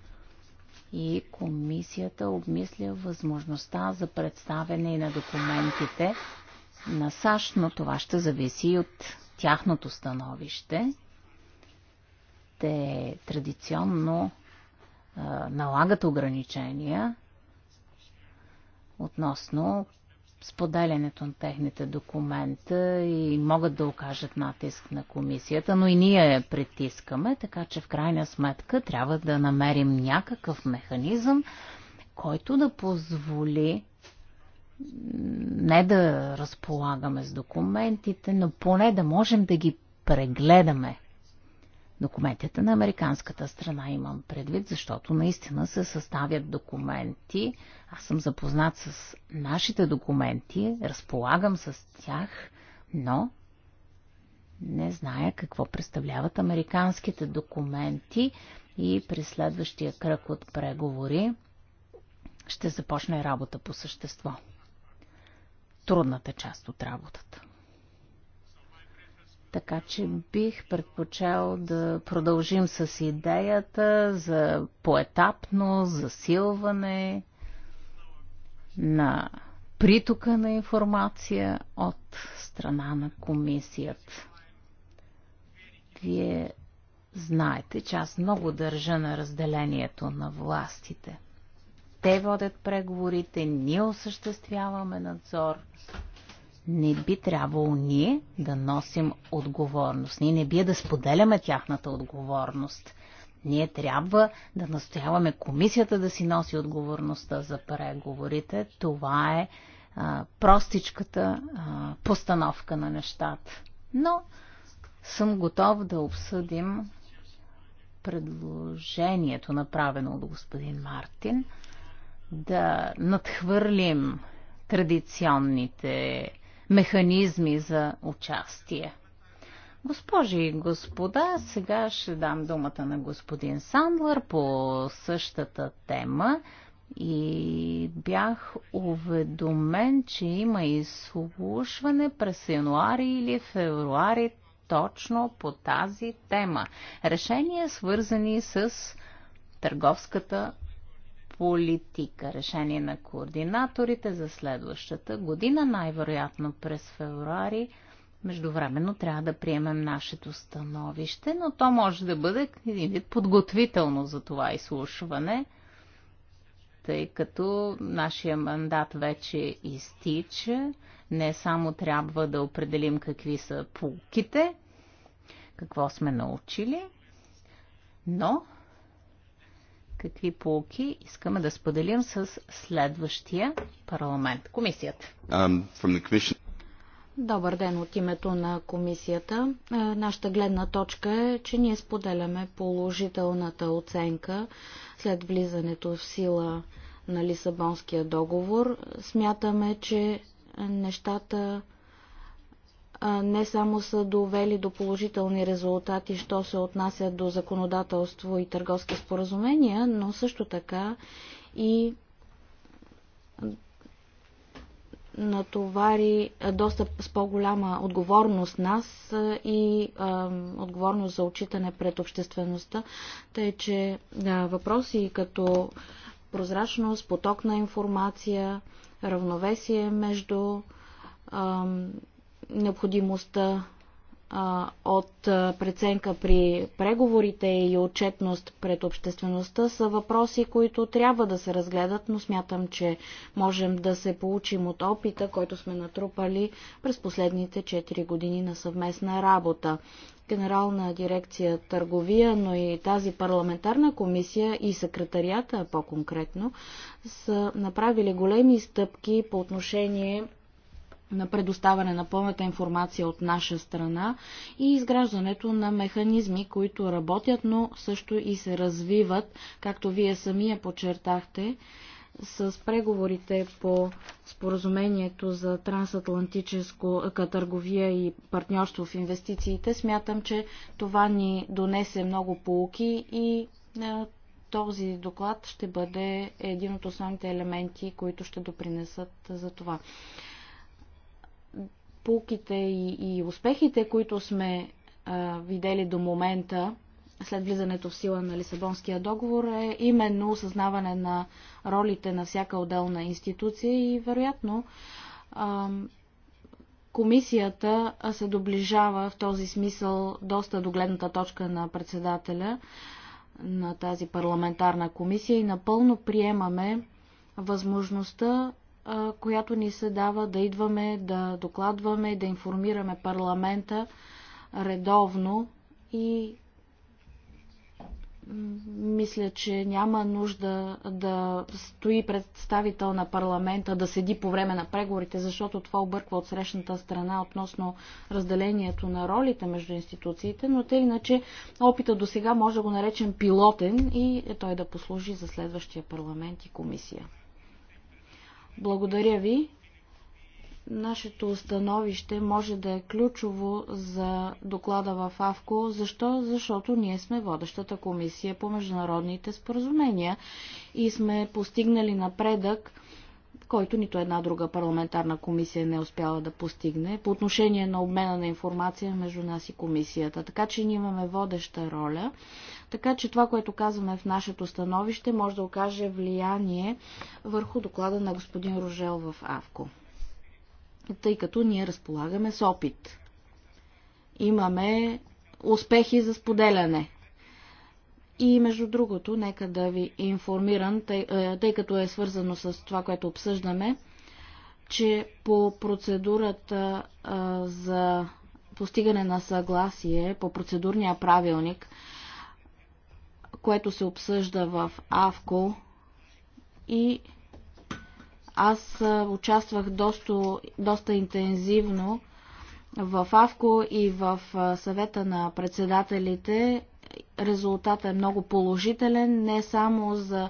и комисията обмисля възможността за представяне на документите на САЩ, но това ще зависи от тяхното становище. Те традиционно а, налагат ограничения относно споделянето на техните документа и могат да окажат натиск на комисията, но и ние я притискаме, така че в крайна сметка трябва да намерим някакъв механизъм, който да позволи не да разполагаме с документите, но поне да можем да ги прегледаме документите на американската страна имам предвид, защото наистина се съставят документи. Аз съм запознат с нашите документи, разполагам с тях, но не зная какво представляват американските документи и при следващия кръг от преговори ще започне работа по същество. Трудната част от работата. Така че бих предпочел да продължим с идеята за поетапно засилване на притока на информация от страна на комисията. Вие знаете, че аз много държа на разделението на властите. Те водят преговорите, ние осъществяваме надзор – не би трябвало ние да носим отговорност. Ние не бие да споделяме тяхната отговорност. Ние трябва да настояваме комисията да си носи отговорността за преговорите. Това е а, простичката а, постановка на нещата. Но съм готов да обсъдим предложението, направено от господин Мартин, да надхвърлим традиционните механизми за участие. Госпожи и господа, сега ще дам думата на господин Сандлър по същата тема и бях уведомен, че има изслушване през януари или февруари точно по тази тема. Решения свързани с търговската политика. Решение на координаторите за следващата година, най-вероятно през февруари. Междувременно трябва да приемем нашето становище, но то може да бъде един вид подготвително за това изслушване, тъй като нашия мандат вече изтича. Не само трябва да определим какви са пулките, какво сме научили, но какви полки искаме да споделим с следващия парламент, комисията. Um, Добър ден от името на комисията. Е, нашата гледна точка е, че ние споделяме положителната оценка след влизането в сила на Лисабонския договор. Смятаме, че нещата не само са довели до положителни резултати, що се отнася до законодателство и търговски споразумения, но също така и натовари доста с по-голяма отговорност нас и а, отговорност за отчитане пред обществеността, тъй че да, въпроси като прозрачност, поток на информация, равновесие между необходимостта от преценка при преговорите и отчетност пред обществеността са въпроси, които трябва да се разгледат, но смятам, че можем да се получим от опита, който сме натрупали през последните 4 години на съвместна работа. Генерална дирекция търговия, но и тази парламентарна комисия и секретарията по-конкретно са направили големи стъпки по отношение на предоставяне на пълната информация от наша страна и изграждането на механизми, които работят, но също и се развиват, както вие самия подчертахте, с преговорите по споразумението за трансатлантическа е, търговия и партньорство в инвестициите, смятам, че това ни донесе много полуки и е, този доклад ще бъде един от основните елементи, които ще допринесат за това поуките и, и успехите, които сме а, видели до момента след влизането в сила на Лисабонския договор, е именно осъзнаване на ролите на всяка отделна институция и вероятно а, комисията се доближава в този смисъл доста до гледната точка на председателя на тази парламентарна комисия и напълно приемаме възможността която ни се дава да идваме, да докладваме, да информираме парламента редовно и мисля, че няма нужда да стои представител на парламента да седи по време на преговорите, защото това обърква от срещната страна относно разделението на ролите между институциите, но те иначе опита до сега може да го наречем пилотен и е той да послужи за следващия парламент и комисия. Благодаря ви. Нашето установище може да е ключово за доклада в АВКО. Защо? Защото ние сме водещата комисия по международните споразумения и сме постигнали напредък който нито една друга парламентарна комисия не е успяла да постигне по отношение на обмена на информация между нас и комисията. Така че ние имаме водеща роля. Така че това, което казваме в нашето становище, може да окаже влияние върху доклада на господин Рожел в Авко. Тъй като ние разполагаме с опит. Имаме успехи за споделяне и между другото, нека да ви информирам, тъй, е, тъй като е свързано с това, което обсъждаме, че по процедурата а, за постигане на съгласие, по процедурния правилник, което се обсъжда в АВКО и аз участвах доста, доста интензивно в АВКО и в съвета на председателите Резултата е много положителен, не само за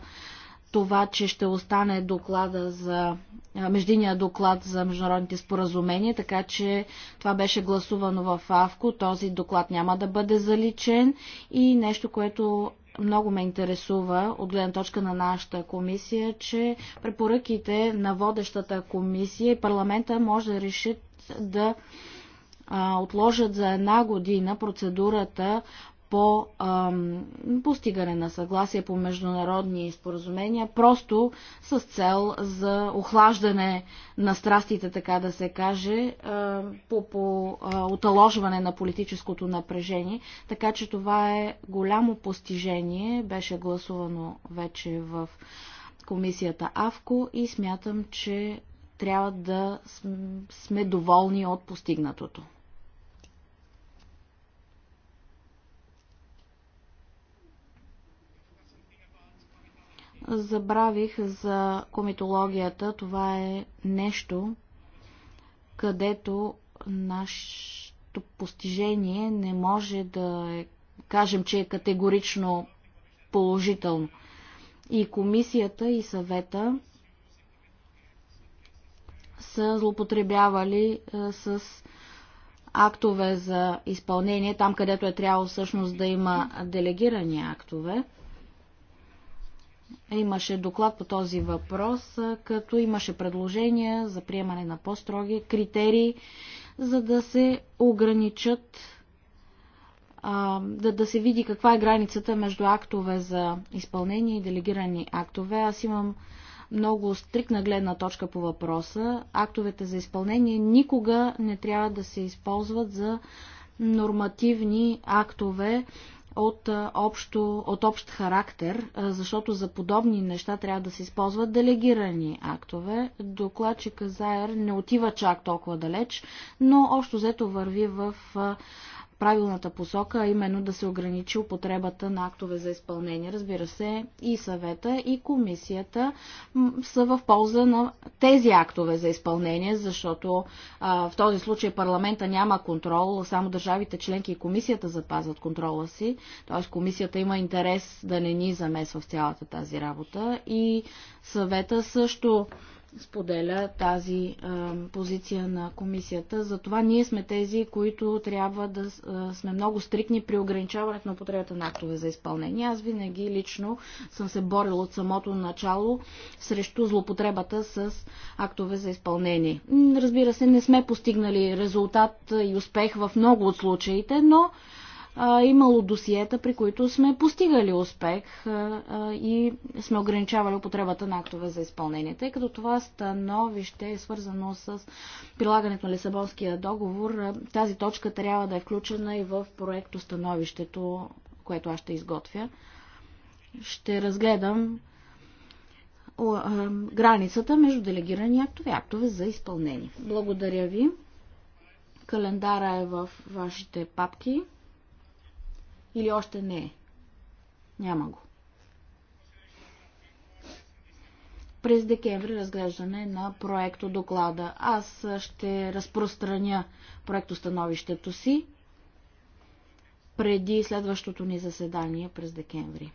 това, че ще остане доклада за междиния доклад за международните споразумения, така че това беше гласувано в АВКО. Този доклад няма да бъде заличен и нещо, което много ме интересува от гледна точка на нашата комисия, че препоръките на водещата комисия и парламента може да решат да отложат за една година процедурата по ам, постигане на съгласие по международни споразумения, просто с цел за охлаждане на страстите, така да се каже, а, по, по а, оталожване на политическото напрежение. Така че това е голямо постижение, беше гласувано вече в комисията АВКО и смятам, че трябва да сме доволни от постигнатото. забравих за комитологията. Това е нещо, където нашето постижение не може да е, кажем, че е категорично положително. И комисията, и съвета са злоупотребявали е, с актове за изпълнение, там където е трябвало всъщност да има делегирани актове. Имаше доклад по този въпрос, като имаше предложения за приемане на по-строги критерии, за да се ограничат, да, да се види каква е границата между актове за изпълнение и делегирани актове. Аз имам много стрикна гледна точка по въпроса. Актовете за изпълнение никога не трябва да се използват за нормативни актове, от, общо, от общ характер, защото за подобни неща трябва да се използват делегирани актове. Докладчика Заер не отива чак толкова далеч, но общо взето върви в правилната посока, а именно да се ограничи употребата на актове за изпълнение. Разбира се, и съвета, и комисията са в полза на тези актове за изпълнение, защото а, в този случай парламента няма контрол, само държавите членки и комисията запазват контрола си, т.е. комисията има интерес да не ни замесва в цялата тази работа и съвета също споделя тази а, позиция на комисията. Затова ние сме тези, които трябва да а, сме много стрикни при ограничаването на употребата на актове за изпълнение. Аз винаги лично съм се борила от самото начало срещу злопотребата с актове за изпълнение. Разбира се, не сме постигнали резултат и успех в много от случаите, но а, имало досиета, при които сме постигали успех а, и сме ограничавали употребата на актове за изпълнение. Тъй като това становище е свързано с прилагането на Лисабонския договор, а, тази точка трябва да е включена и в проекто становището, което аз ще изготвя. Ще разгледам границата между делегирани актове и актове за изпълнение. Благодаря ви. Календара е в вашите папки. Или още не е? Няма го. През декември разглеждане на проекто доклада. Аз ще разпространя проектостановището си преди следващото ни заседание през декември.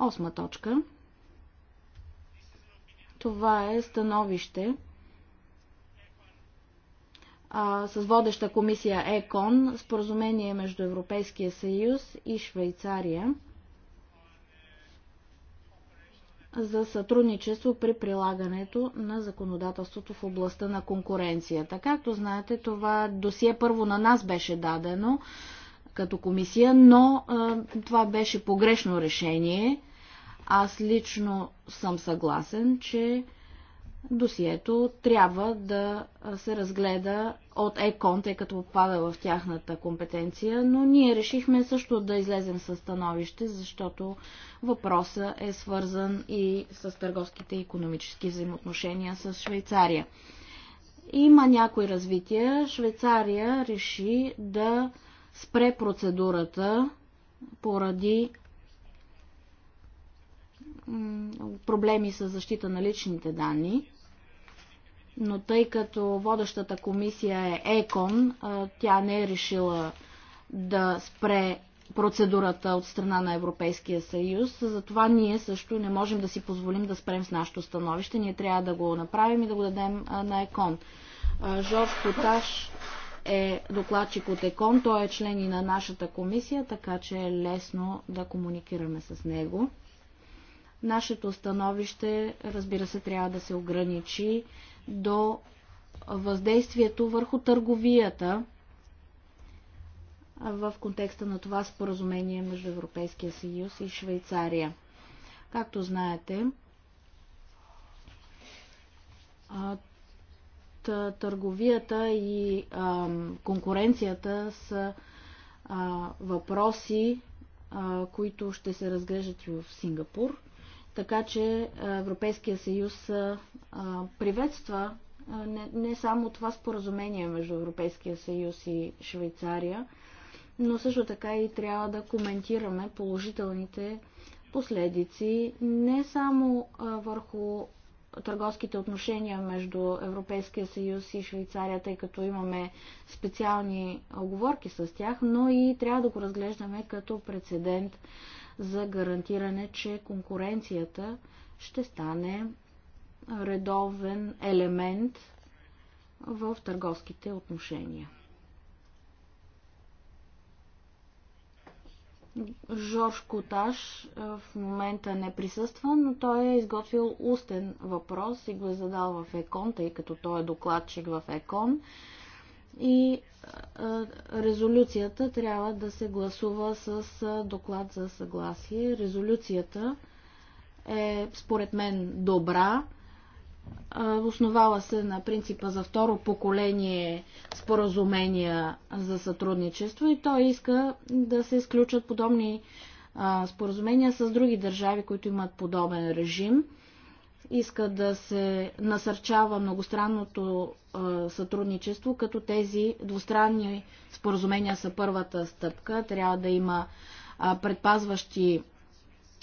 Осма точка. Това е становище а, с водеща комисия ЕКОН, споразумение между Европейския съюз и Швейцария за сътрудничество при прилагането на законодателството в областта на конкуренцията. Както знаете, това досие първо на нас беше дадено като комисия, но а, това беше погрешно решение. Аз лично съм съгласен, че досието трябва да се разгледа от ЕКОН, тъй като попада в тяхната компетенция, но ние решихме също да излезем със становище, защото въпроса е свързан и с търговските и економически взаимоотношения с Швейцария. Има някои развития. Швейцария реши да спре процедурата поради проблеми с защита на личните данни но тъй като водещата комисия е ЕКОН, тя не е решила да спре процедурата от страна на Европейския съюз. Затова ние също не можем да си позволим да спрем с нашето становище. Ние трябва да го направим и да го дадем на ЕКОН. Жорж Поташ е докладчик от ЕКОН. Той е член и на нашата комисия, така че е лесно да комуникираме с него. Нашето становище, разбира се, трябва да се ограничи до въздействието върху търговията в контекста на това споразумение между Европейския съюз и Швейцария. Както знаете, търговията и конкуренцията са въпроси, които ще се разглеждат и в Сингапур. Така че Европейския съюз приветства не, само това споразумение между Европейския съюз и Швейцария, но също така и трябва да коментираме положителните последици не само върху търговските отношения между Европейския съюз и Швейцария, тъй като имаме специални оговорки с тях, но и трябва да го разглеждаме като прецедент за гарантиране, че конкуренцията ще стане редовен елемент в търговските отношения. Жорж Коташ е, в момента не присъства, но той е изготвил устен въпрос и го е задал в ЕКОН, тъй като той е докладчик в ЕКОН и резолюцията трябва да се гласува с доклад за съгласие. Резолюцията е, според мен, добра. Основава се на принципа за второ поколение споразумения за сътрудничество и той иска да се изключат подобни споразумения с други държави, които имат подобен режим – иска да се насърчава многостранното сътрудничество, като тези двустранни споразумения са първата стъпка. Трябва да има предпазващи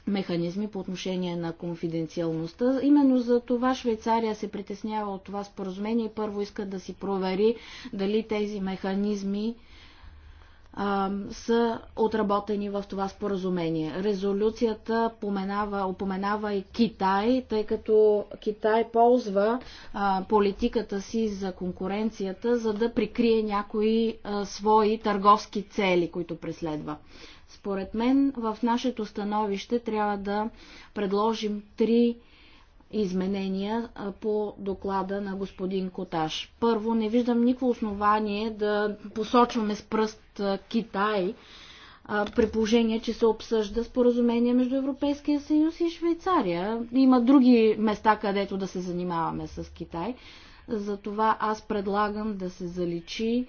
механизми по отношение на конфиденциалността. Именно за това Швейцария се притеснява от това споразумение и първо иска да си провери дали тези механизми а, са отработени в това споразумение. Резолюцията поменава, упоменава и Китай, тъй като Китай ползва а, политиката си за конкуренцията, за да прикрие някои а, свои търговски цели, които преследва. Според мен в нашето становище трябва да предложим три изменения по доклада на господин Коташ. Първо, не виждам никакво основание да посочваме с пръст Китай, при положение, че се обсъжда споразумение между Европейския съюз и Швейцария. Има други места, където да се занимаваме с Китай. Затова аз предлагам да се заличи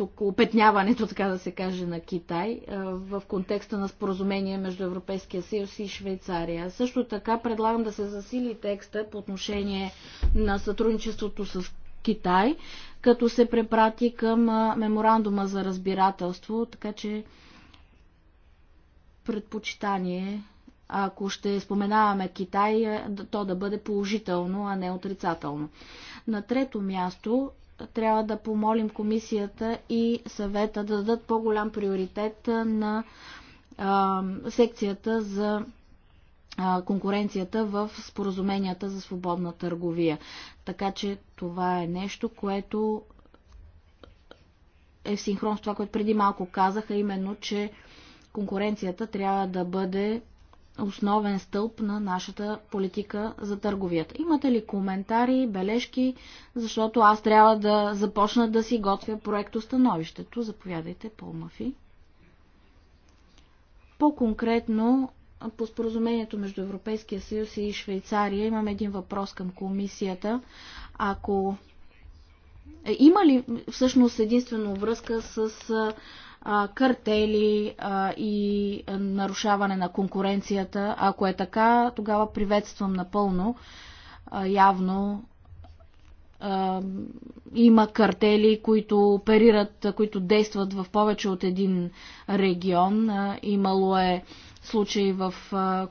тук опетняването, така да се каже, на Китай в контекста на споразумение между Европейския съюз и Швейцария. Също така предлагам да се засили текста по отношение на сътрудничеството с Китай, като се препрати към меморандума за разбирателство, така че предпочитание, ако ще споменаваме Китай, то да бъде положително, а не отрицателно. На трето място трябва да помолим комисията и съвета да дадат по-голям приоритет на а, секцията за а, конкуренцията в споразуменията за свободна търговия. Така че това е нещо, което е в синхрон с това, което преди малко казаха, именно, че конкуренцията трябва да бъде основен стълб на нашата политика за търговията. Имате ли коментари, бележки, защото аз трябва да започна да си готвя проектостановището. Заповядайте, Пол Мафи. По-конкретно, по споразумението между Европейския съюз и Швейцария имам един въпрос към комисията. Ако е, има ли всъщност единствено връзка с картели и нарушаване на конкуренцията. Ако е така, тогава приветствам напълно. Явно има картели, които оперират, които действат в повече от един регион. Имало е случаи, в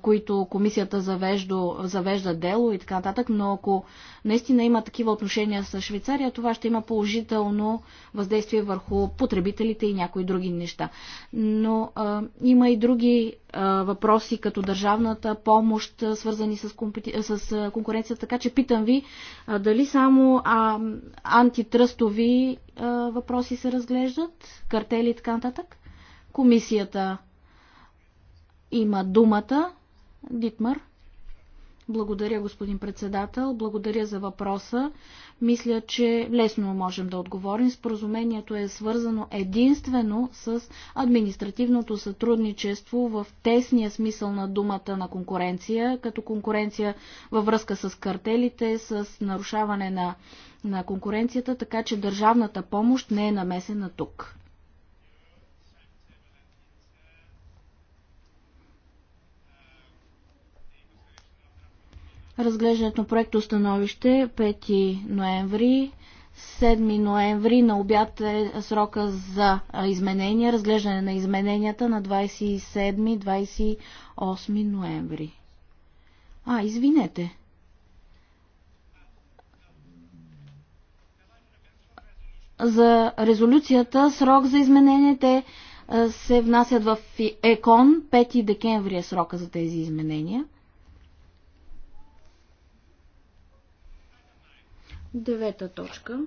които комисията завежда, завежда дело и така нататък, но ако наистина има такива отношения с Швейцария, това ще има положително въздействие върху потребителите и някои други неща. Но а, има и други а, въпроси, като държавната помощ, свързани с, компети... с конкуренцията, така че питам ви а, дали само а, антитръстови а, въпроси се разглеждат, картели и така нататък. Комисията има думата. Дитмар. Благодаря, господин председател. Благодаря за въпроса. Мисля, че лесно можем да отговорим. Споразумението е свързано единствено с административното сътрудничество в тесния смисъл на думата на конкуренция, като конкуренция във връзка с картелите, с нарушаване на, на конкуренцията, така че държавната помощ не е намесена тук. разглеждането на проекто установище 5 ноември 7 ноември на обяд е срока за изменения, разглеждане на измененията на 27-28 ноември. А, извинете. За резолюцията срок за измененията се внасят в ЕКОН. 5 декември е срока за тези изменения. Девета точка.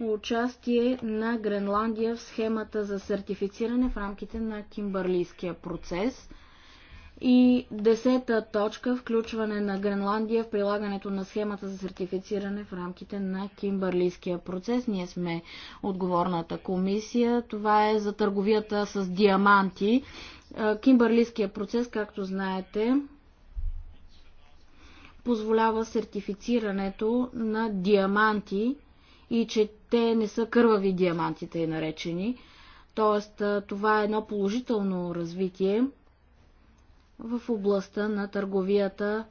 Участие на Гренландия в схемата за сертифициране в рамките на Кимбърлийския процес. И десета точка включване на Гренландия в прилагането на схемата за сертифициране в рамките на Кимбърлийския процес. Ние сме отговорната комисия. Това е за търговията с диаманти. Кимбърлийския процес, както знаете, позволява сертифицирането на диаманти и че те не са кървави диаманти, тъй наречени. Тоест, това е едно положително развитие в областта на търговията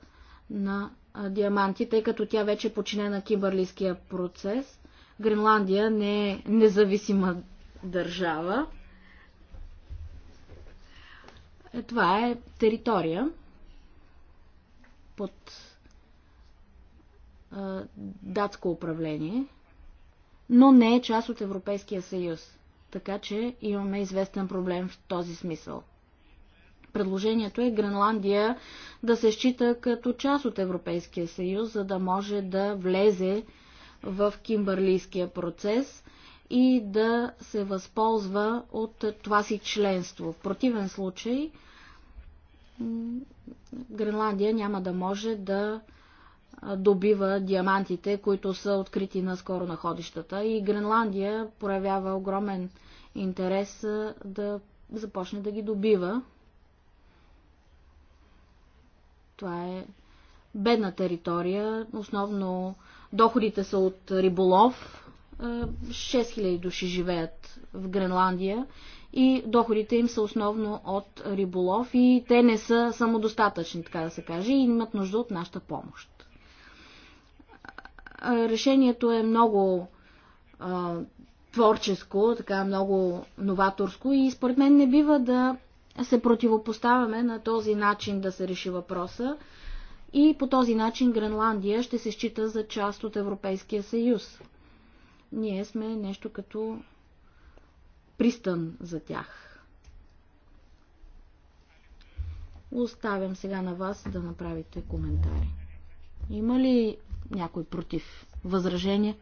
на диаманти, тъй като тя вече е починена кибърлийския процес. Гренландия не е независима държава. Е, това е територия под датско управление, но не е част от Европейския съюз. Така че имаме известен проблем в този смисъл. Предложението е Гренландия да се счита като част от Европейския съюз, за да може да влезе в кимбърлийския процес и да се възползва от това си членство. В противен случай Гренландия няма да може да добива диамантите, които са открити наскоро на ходищата. И Гренландия проявява огромен интерес да започне да ги добива. Това е бедна територия. Основно доходите са от риболов. 6000 души живеят в Гренландия и доходите им са основно от риболов и те не са самодостатъчни, така да се каже, и имат нужда от нашата помощ решението е много а, творческо, така много новаторско и според мен не бива да се противопоставяме на този начин да се реши въпроса и по този начин Гренландия ще се счита за част от Европейския съюз. Ние сме нещо като пристан за тях. Оставям сега на вас да направите коментари. Има ли някой против? Възражение?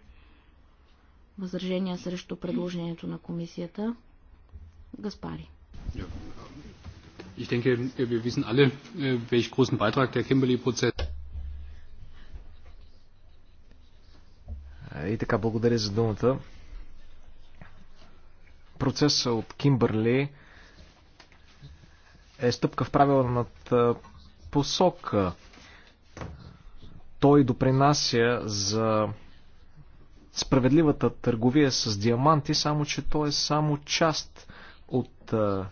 Възражение срещу предложението на комисията? Гаспари. Ich denke, wir wissen alle, äh, welch großen Beitrag der Kimberley-Prozess. И така, благодаря за думата. Процесът от Кимбърли е стъпка в правилната посока. Той допринася за справедливата търговия с диаманти, само че то е само част от а,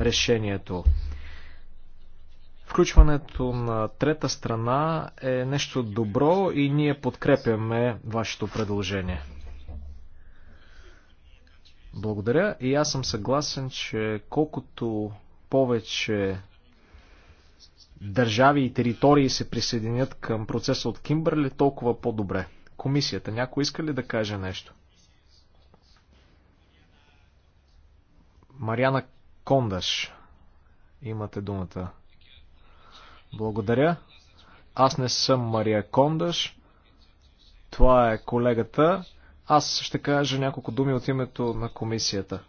решението. Включването на трета страна е нещо добро и ние подкрепяме вашето предложение. Благодаря и аз съм съгласен, че колкото повече държави и територии се присъединят към процеса от Кимбърли, толкова по-добре. Комисията, някой иска ли да каже нещо? Мариана Кондаш, имате думата. Благодаря. Аз не съм Мария Кондаш. Това е колегата. Аз ще кажа няколко думи от името на комисията.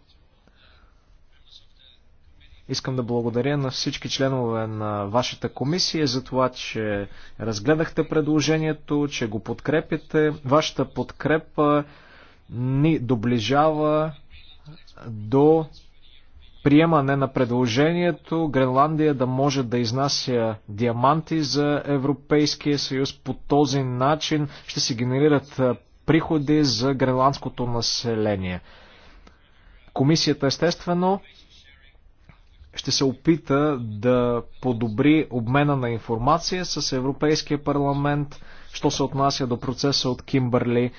Искам да благодаря на всички членове на вашата комисия за това, че разгледахте предложението, че го подкрепите. Вашата подкрепа ни доближава до приемане на предложението Гренландия да може да изнася диаманти за Европейския съюз. По този начин ще се генерират приходи за гренландското население. Комисията естествено ще се опита да подобри обмена на информация с Европейския парламент, що се отнася до процеса от Кимбърли.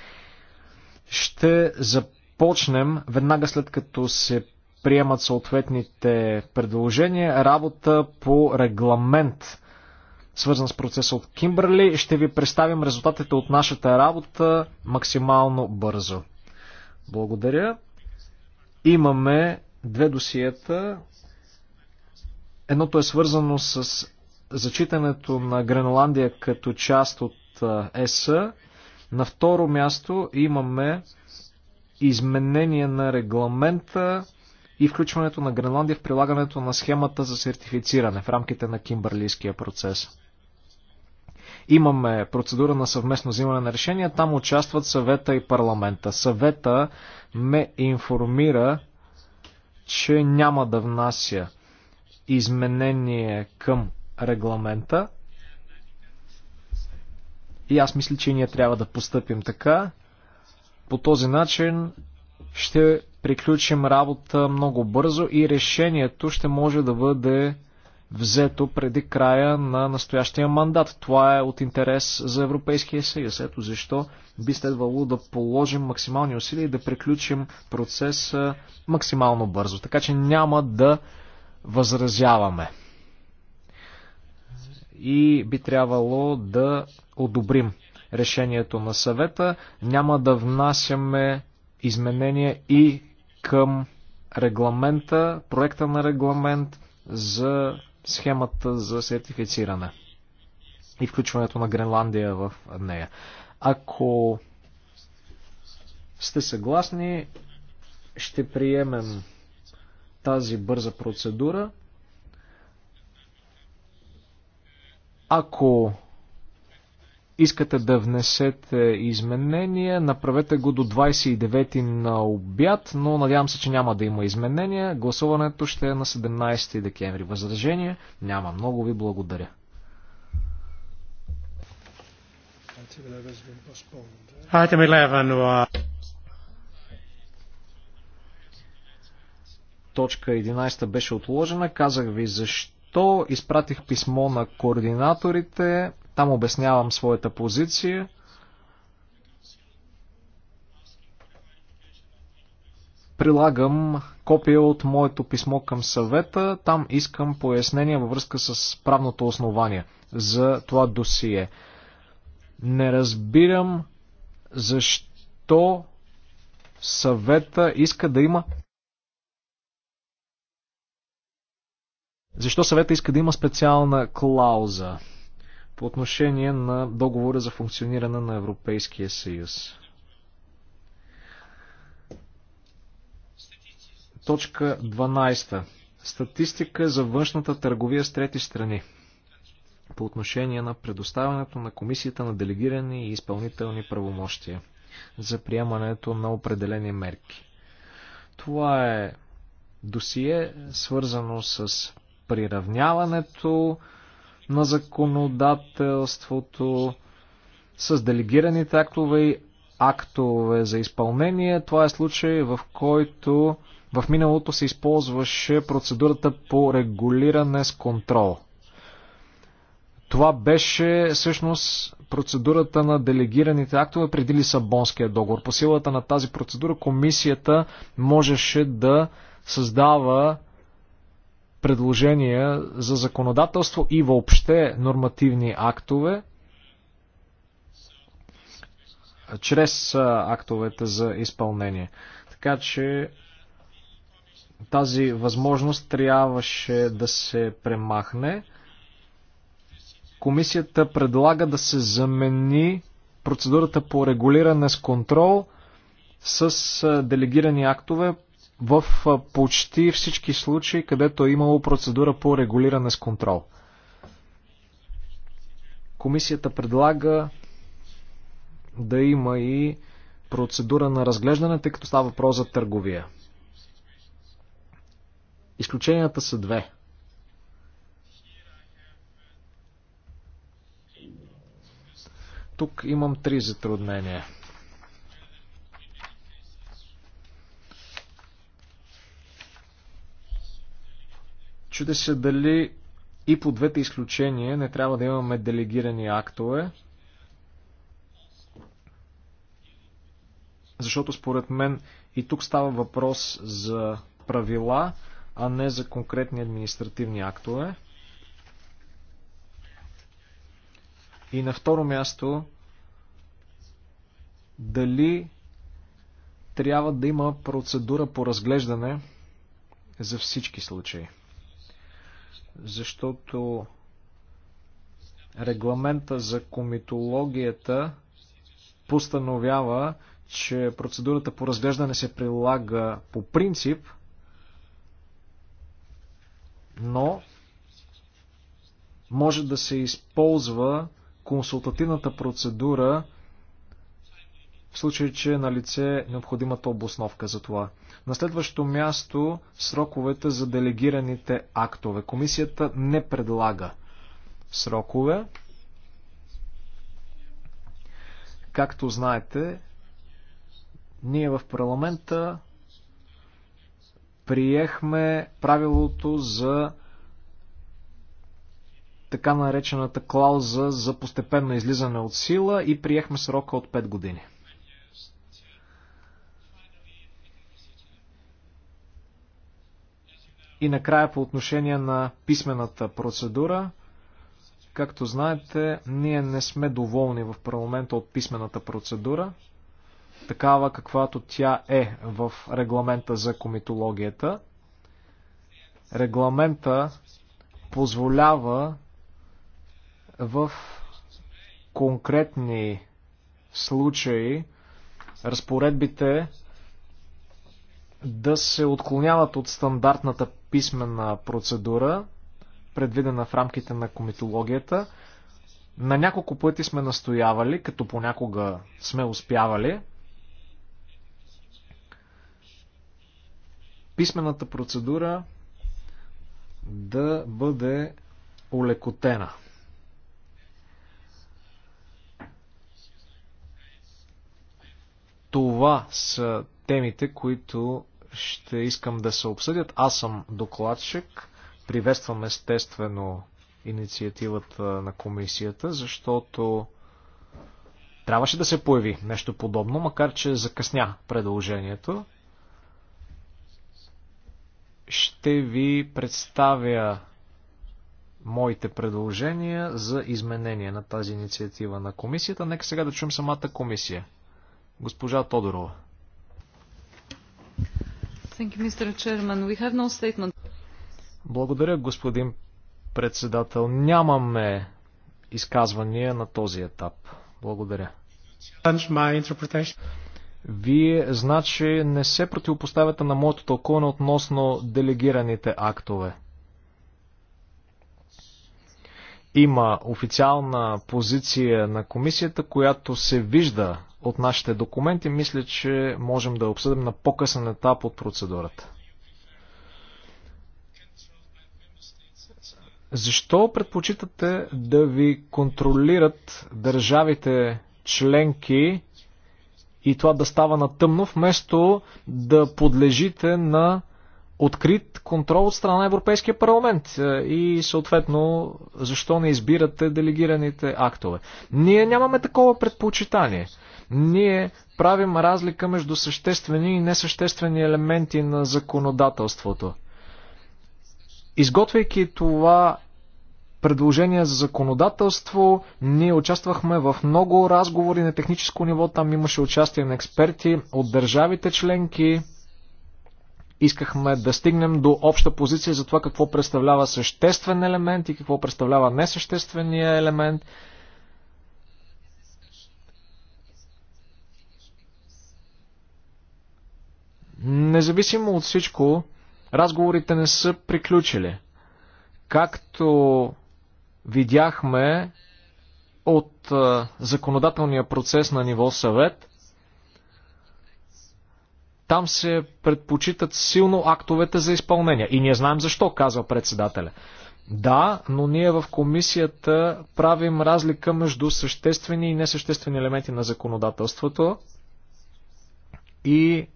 Ще започнем веднага след като се приемат съответните предложения, работа по регламент, свързан с процеса от Кимбърли. Ще ви представим резултатите от нашата работа максимално бързо. Благодаря. Имаме две досиета Едното е свързано с зачитането на Гренландия като част от ЕС. На второ място имаме изменение на регламента и включването на Гренландия в прилагането на схемата за сертифициране в рамките на кимберлийския процес. Имаме процедура на съвместно взимане на решения, там участват съвета и парламента. Съвета ме информира, че няма да внася изменение към регламента. И аз мисля, че ние трябва да постъпим така. По този начин ще приключим работа много бързо и решението ще може да бъде взето преди края на настоящия мандат. Това е от интерес за Европейския съюз. Ето защо би следвало да положим максимални усилия и да приключим процес максимално бързо. Така че няма да възразяваме. И би трябвало да одобрим решението на съвета. Няма да внасяме изменения и към регламента, проекта на регламент за схемата за сертифициране и включването на Гренландия в нея. Ако сте съгласни, ще приемем тази бърза процедура. Ако искате да внесете изменения, направете го до 29 на обяд, но надявам се, че няма да има изменения. Гласуването ще е на 17 декември. Възражение няма. Много ви благодаря. Item 11 точка 11 беше отложена. Казах ви защо. Изпратих писмо на координаторите. Там обяснявам своята позиция. прилагам копия от моето писмо към съвета. Там искам пояснение във връзка с правното основание за това досие. Не разбирам защо съвета иска да има Защо съвета иска да има специална клауза по отношение на договора за функциониране на Европейския съюз? Точка 12. Статистика за външната търговия с трети страни по отношение на предоставянето на комисията на делегирани и изпълнителни правомощия за приемането на определени мерки. Това е досие, свързано с приравняването на законодателството с делегираните актове и актове за изпълнение. Това е случай, в който в миналото се използваше процедурата по регулиране с контрол. Това беше всъщност процедурата на делегираните актове преди Лисабонския договор. По силата на тази процедура комисията можеше да създава предложения за законодателство и въобще нормативни актове, чрез актовете за изпълнение. Така че тази възможност трябваше да се премахне. Комисията предлага да се замени процедурата по регулиране с контрол с делегирани актове в почти всички случаи, където е имало процедура по регулиране с контрол. Комисията предлага да има и процедура на разглеждане, тъй като става въпрос за търговия. Изключенията са две. Тук имам три затруднения. Чуде се дали и по двете изключения не трябва да имаме делегирани актове, защото според мен и тук става въпрос за правила, а не за конкретни административни актове. И на второ място, дали трябва да има процедура по разглеждане за всички случаи защото регламента за комитологията постановява, че процедурата по разглеждане се прилага по принцип, но може да се използва консултативната процедура в случай, че е на лице необходимата обосновка за това. На следващо място сроковете за делегираните актове. Комисията не предлага срокове. Както знаете, ние в парламента приехме правилото за така наречената клауза за постепенно излизане от сила и приехме срока от 5 години. И накрая по отношение на писмената процедура. Както знаете, ние не сме доволни в парламента от писмената процедура, такава каквато тя е в регламента за комитологията. Регламента позволява в конкретни случаи разпоредбите да се отклоняват от стандартната писмена процедура, предвидена в рамките на комитологията. На няколко пъти сме настоявали, като понякога сме успявали. Писмената процедура да бъде улекотена. Това са темите, които ще искам да се обсъдят. Аз съм докладчик. Приветствам естествено инициативата на комисията, защото трябваше да се появи нещо подобно, макар че закъсня предложението. Ще ви представя моите предложения за изменение на тази инициатива на комисията. Нека сега да чуем самата комисия. Госпожа Тодорова. Благодаря, господин председател. Нямаме изказвания на този етап. Благодаря. Вие, значи, не се противопоставяте на моето тълкуване относно делегираните актове. Има официална позиция на комисията, която се вижда от нашите документи, мисля, че можем да обсъдим на по-късен етап от процедурата. Защо предпочитате да ви контролират държавите членки и това да става на тъмно, вместо да подлежите на открит контрол от страна на Европейския парламент е, и съответно защо не избирате делегираните актове. Ние нямаме такова предпочитание. Ние правим разлика между съществени и несъществени елементи на законодателството. Изготвяйки това предложение за законодателство, ние участвахме в много разговори на техническо ниво, там имаше участие на експерти от държавите членки, искахме да стигнем до обща позиция за това какво представлява съществен елемент и какво представлява несъществения елемент. Независимо от всичко, разговорите не са приключили. Както видяхме от законодателния процес на ниво съвет, там се предпочитат силно актовете за изпълнение. И ние знаем защо, казва председателя. Да, но ние в комисията правим разлика между съществени и несъществени елементи на законодателството и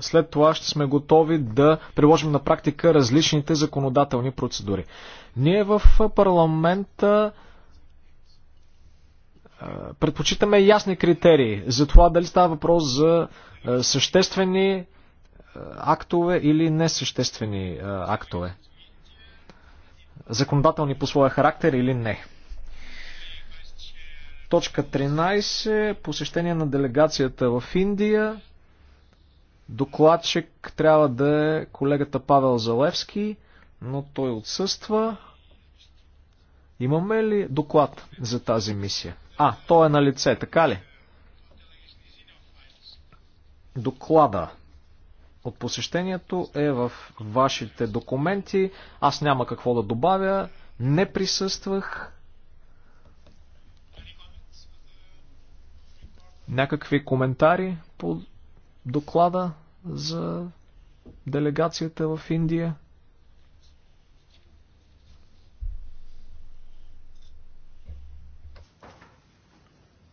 след това ще сме готови да приложим на практика различните законодателни процедури. Ние в парламента предпочитаме ясни критерии за това дали става въпрос за съществени актове или несъществени актове. Законодателни по своя характер или не. Точка 13. Посещение на делегацията в Индия. Докладчик трябва да е колегата Павел Залевски, но той отсъства. Имаме ли доклад за тази мисия? А, той е на лице, така ли? Доклада от посещението е в вашите документи. Аз няма какво да добавя. Не присъствах. Някакви коментари по доклада за делегацията в Индия.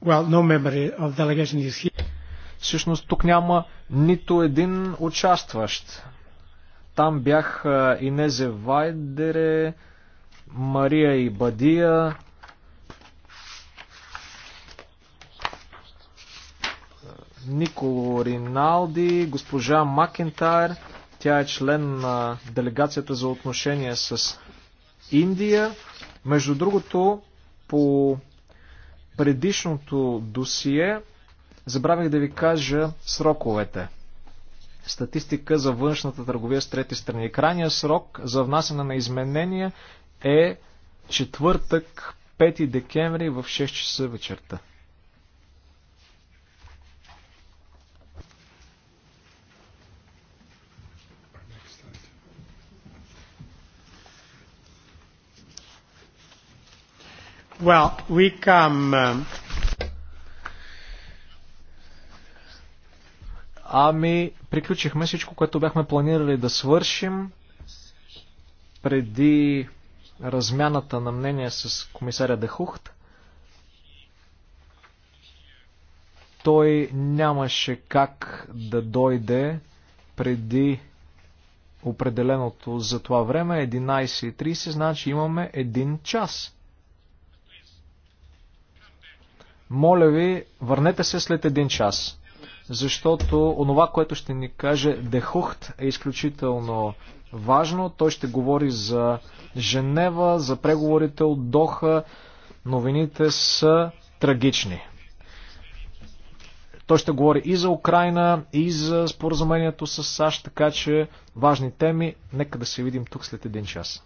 Well, no memory of delegation is here. Всъщност тук няма нито един участващ. Там бях Инезе Вайдере, Мария и Бадия, Николо Риналди, госпожа Макентайр. Тя е член на делегацията за отношения с Индия. Между другото, по предишното досие забравих да ви кажа сроковете. Статистика за външната търговия с трети страни. Крайният срок за внасяне на изменения е четвъртък, 5 декември в 6 часа вечерта. Well, we come, um... Ами, приключихме всичко, което бяхме планирали да свършим преди размяната на мнение с комисаря Дехухт. Той нямаше как да дойде преди определеното за това време 11.30, значи имаме един час Моля ви, върнете се след един час, защото онова, което ще ни каже Дехухт е изключително важно. Той ще говори за Женева, за преговорите от Доха. Новините са трагични. Той ще говори и за Украина, и за споразумението с САЩ, така че важни теми. Нека да се видим тук след един час.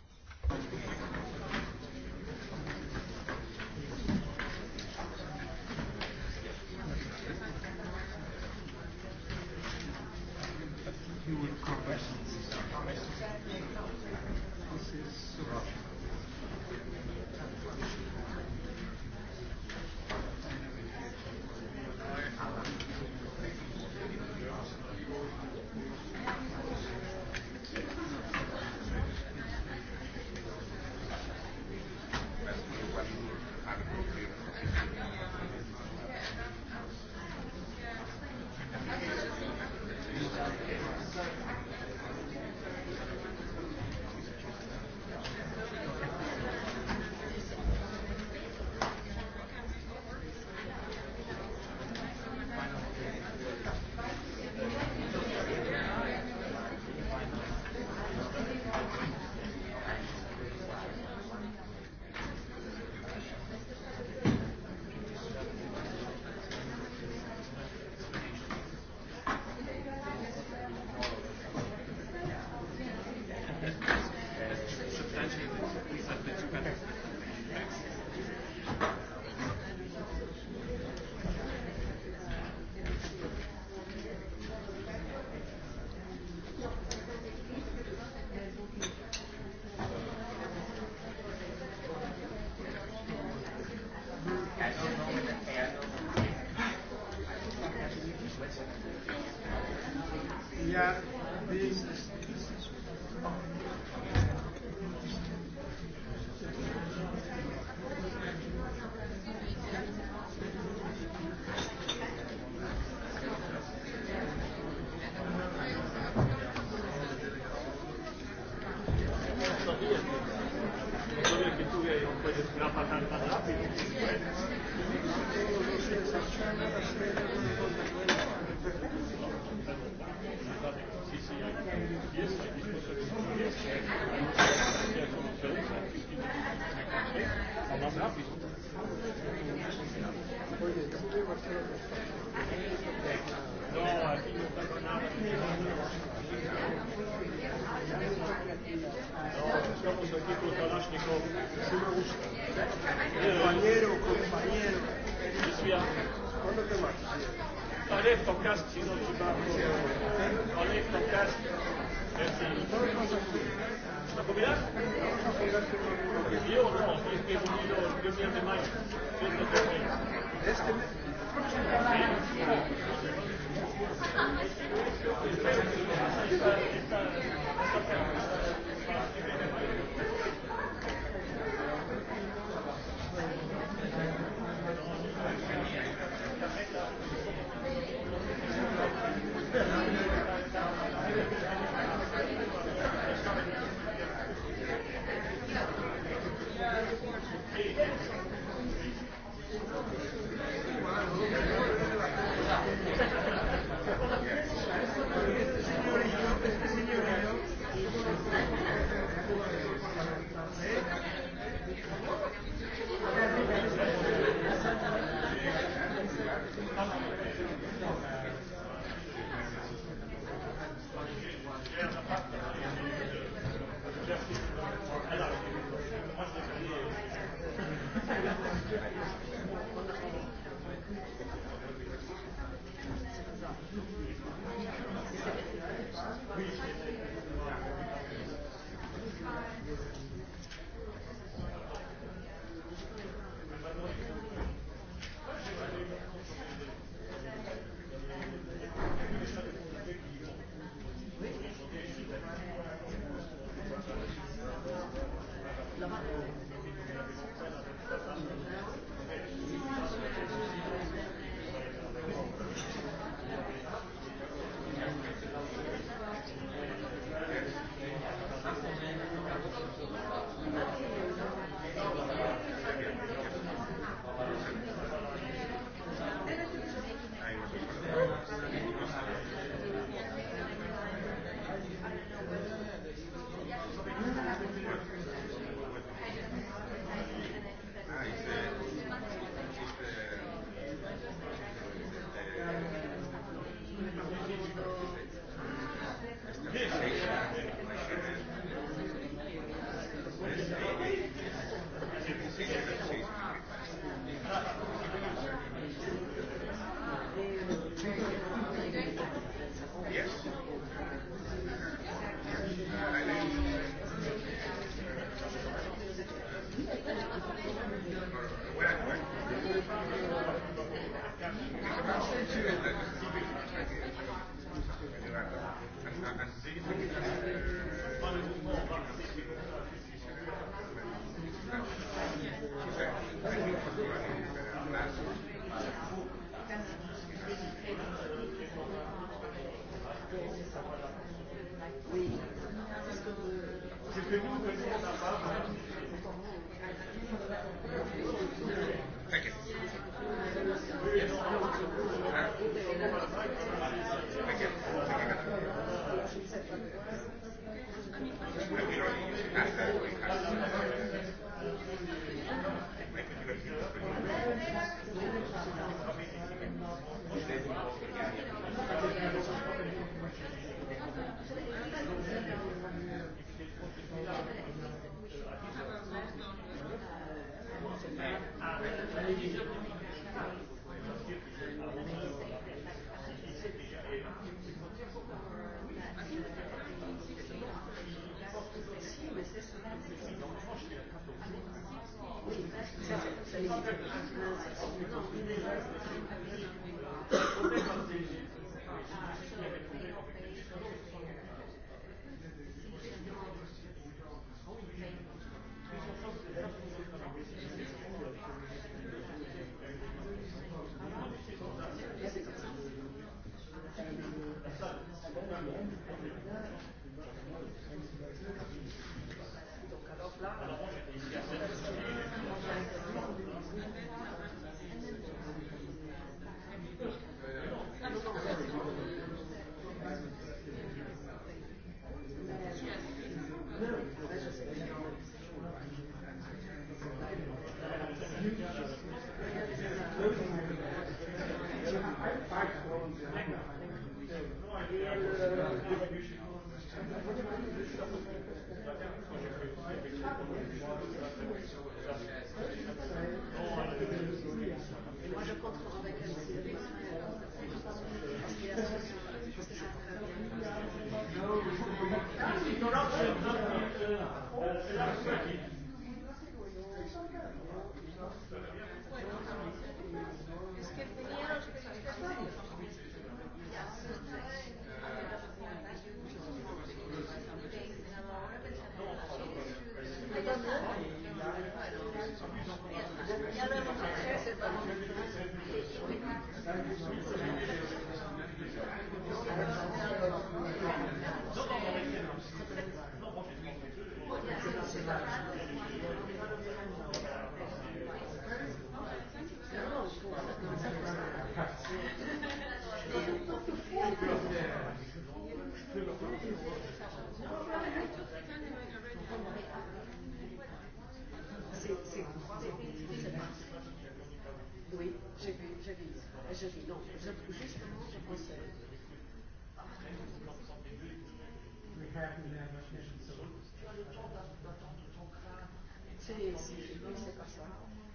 c'est c'est pas ça.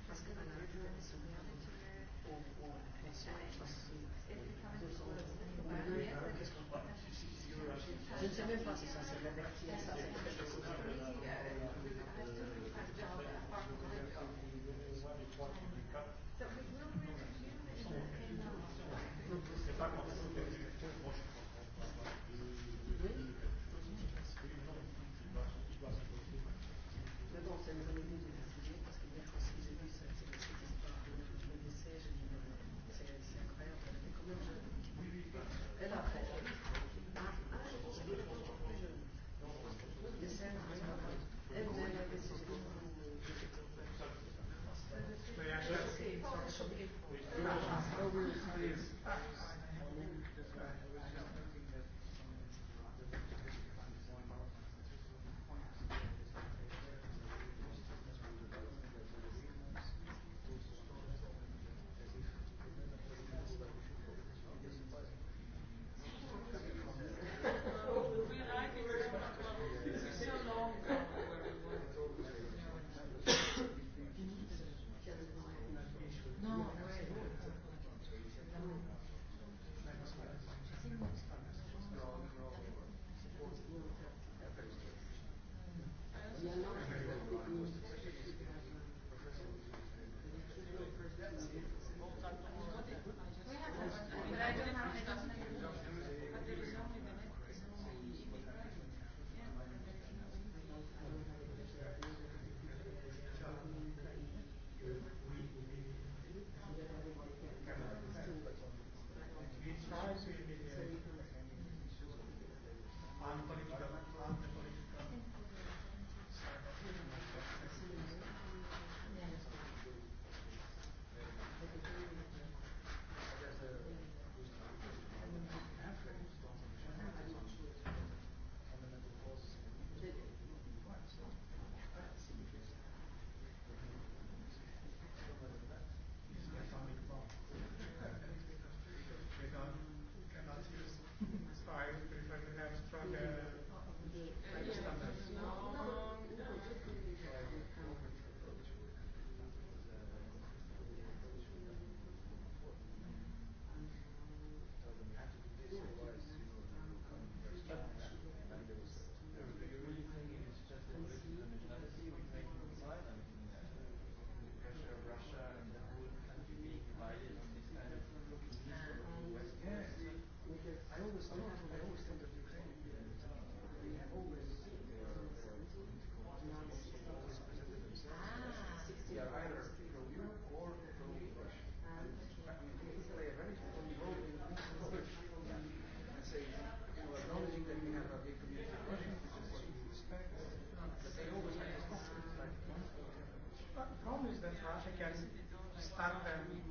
Parce que maintenant, je me souviens au pension, ne sais pas si ça, c'est la Parlo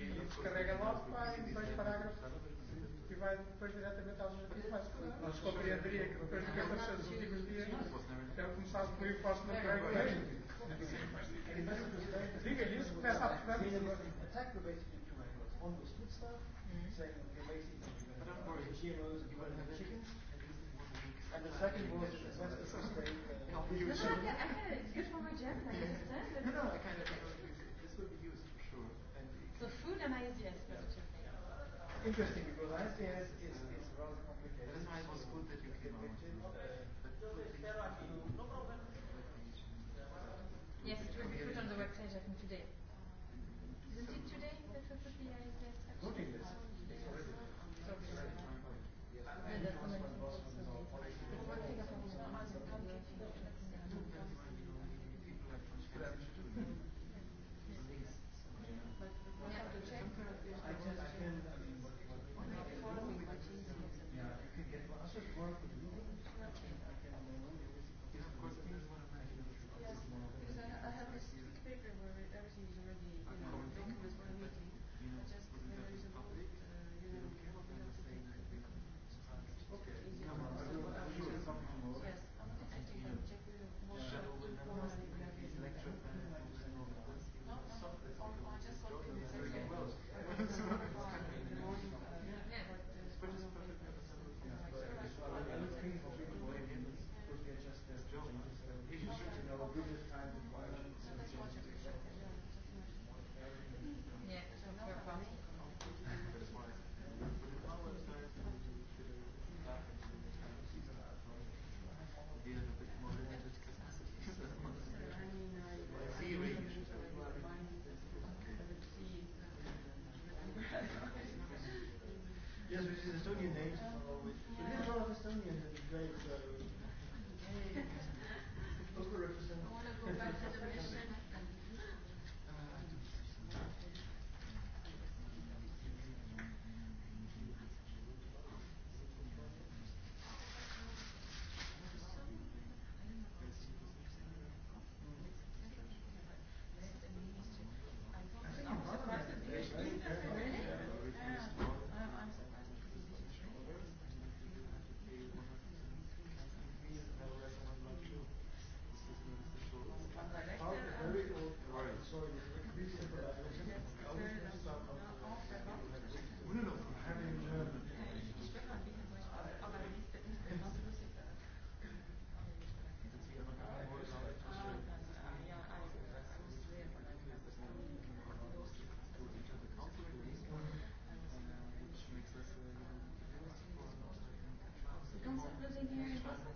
descarrega lá, vai, dois parágrafos e vai depois diretamente aos principais. Mas compreenderia que depois de gastar seus últimos dias, ele começava por ir forte na primeira Diga-lhe isso, começa a perceber. And the second was that's the sustain. Uh, no, I kind of, I kind of, I understand. No, no, I kind of. So food and ISDS vegetarian. Interesting, because ISDS is, is rather complicated. That's why it was good that you came out.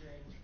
change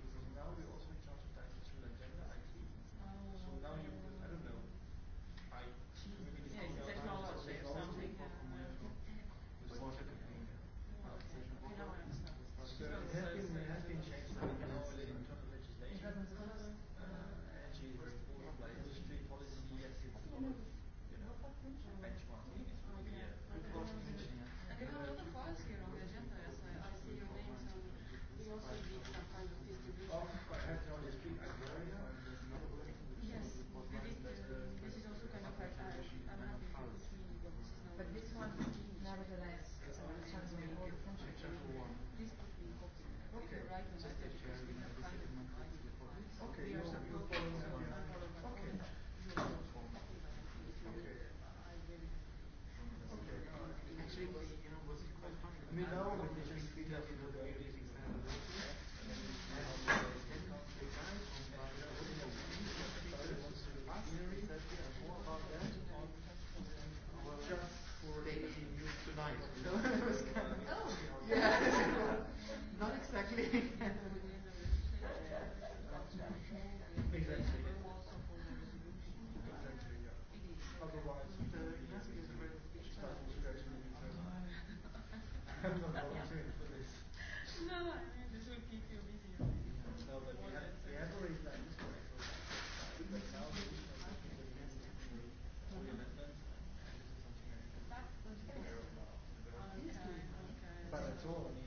canzoni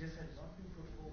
deshalb sorgen wir für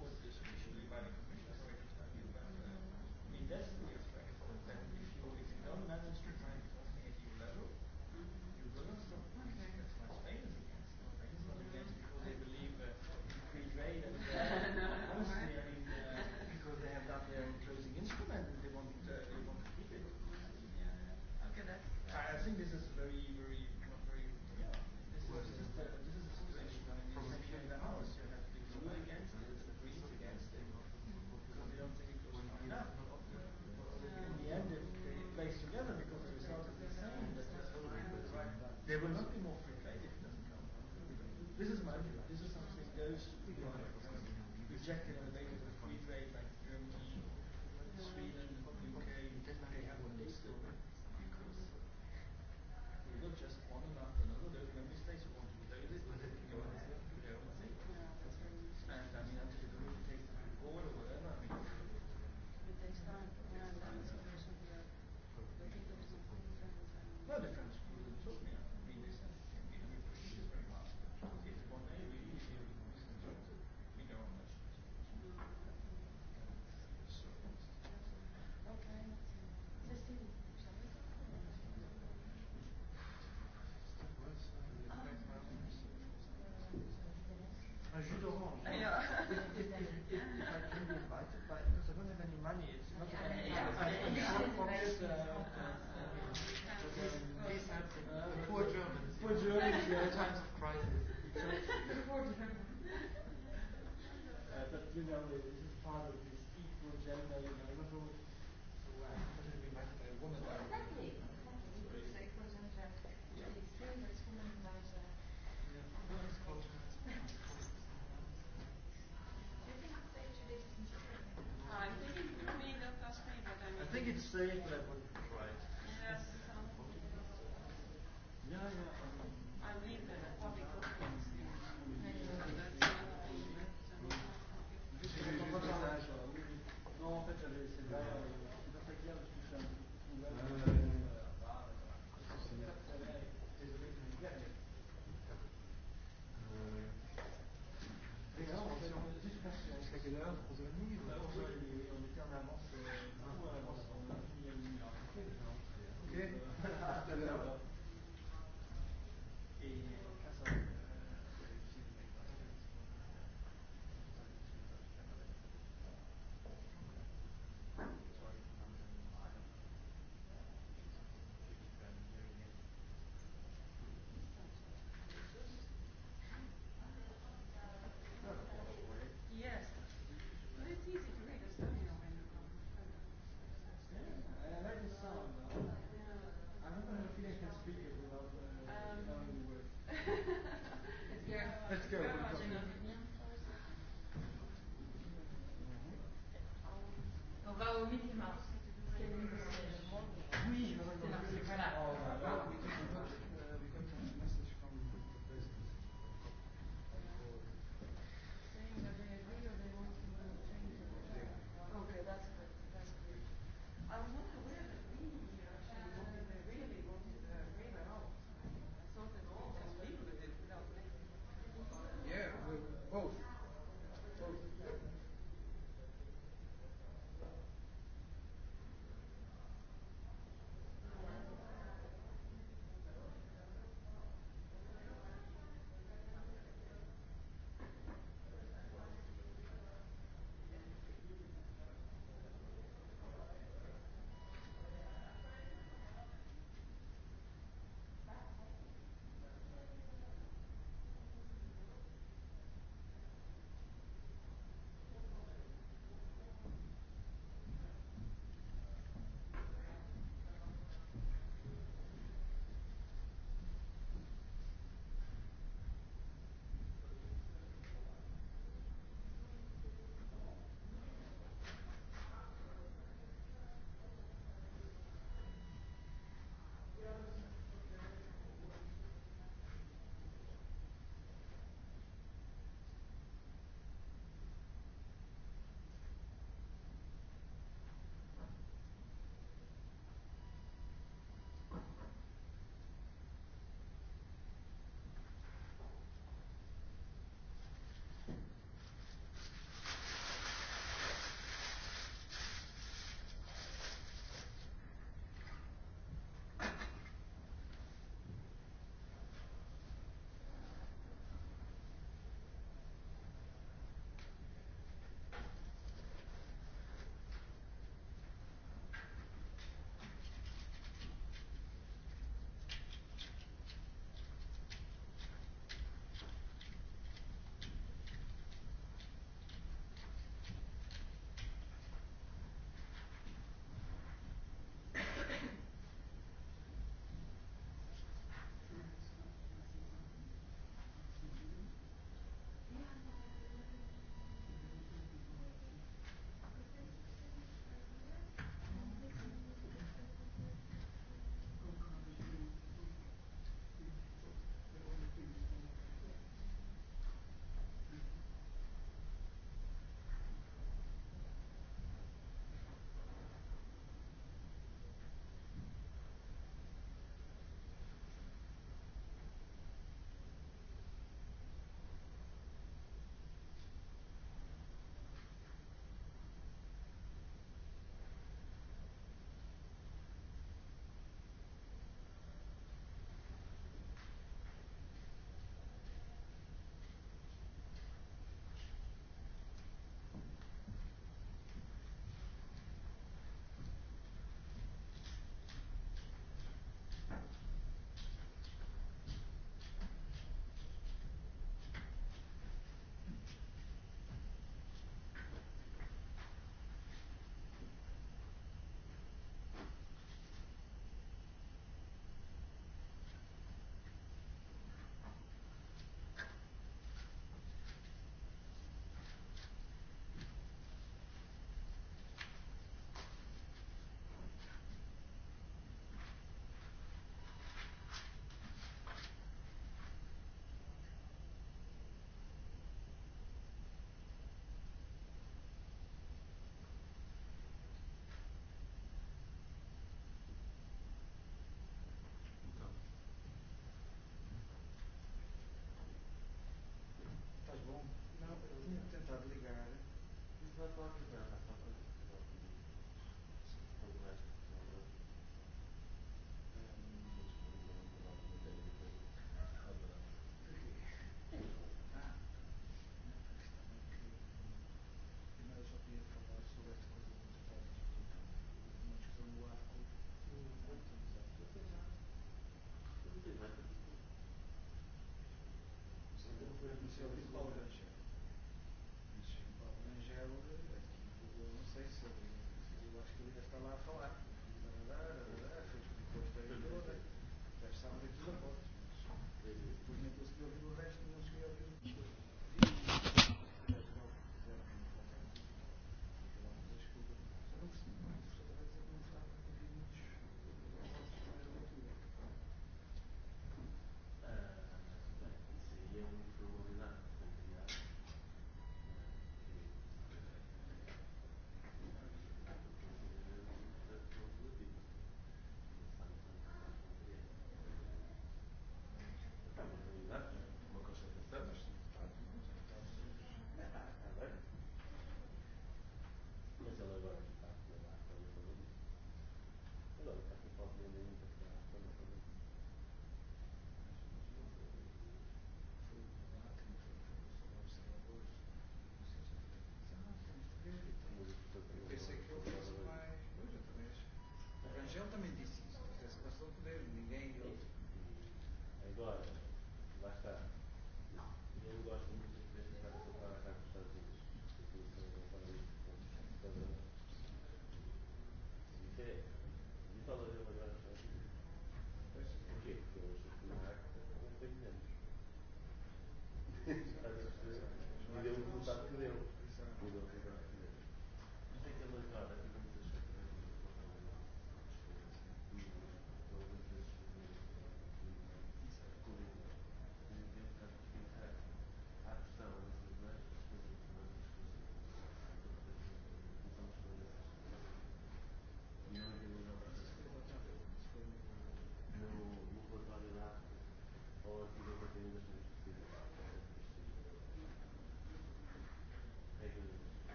shall be followed.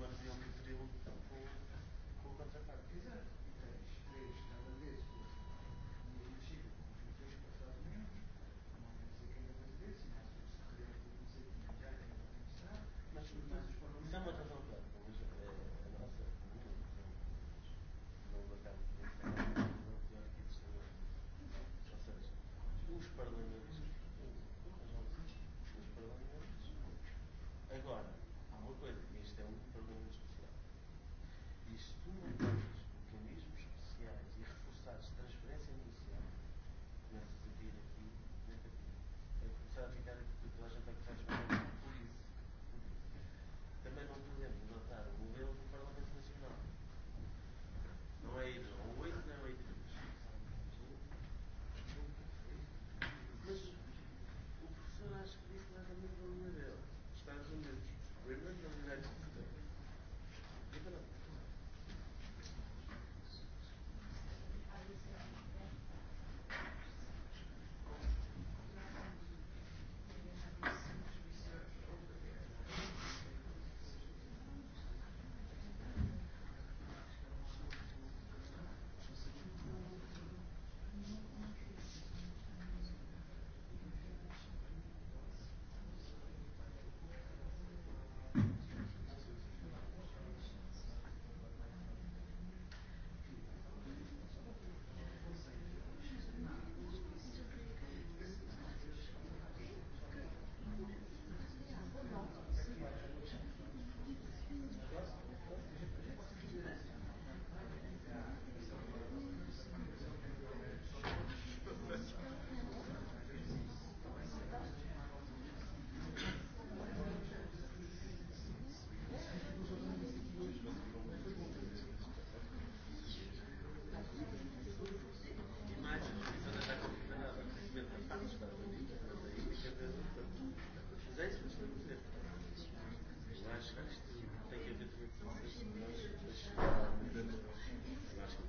når det Thank you.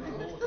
Thank you.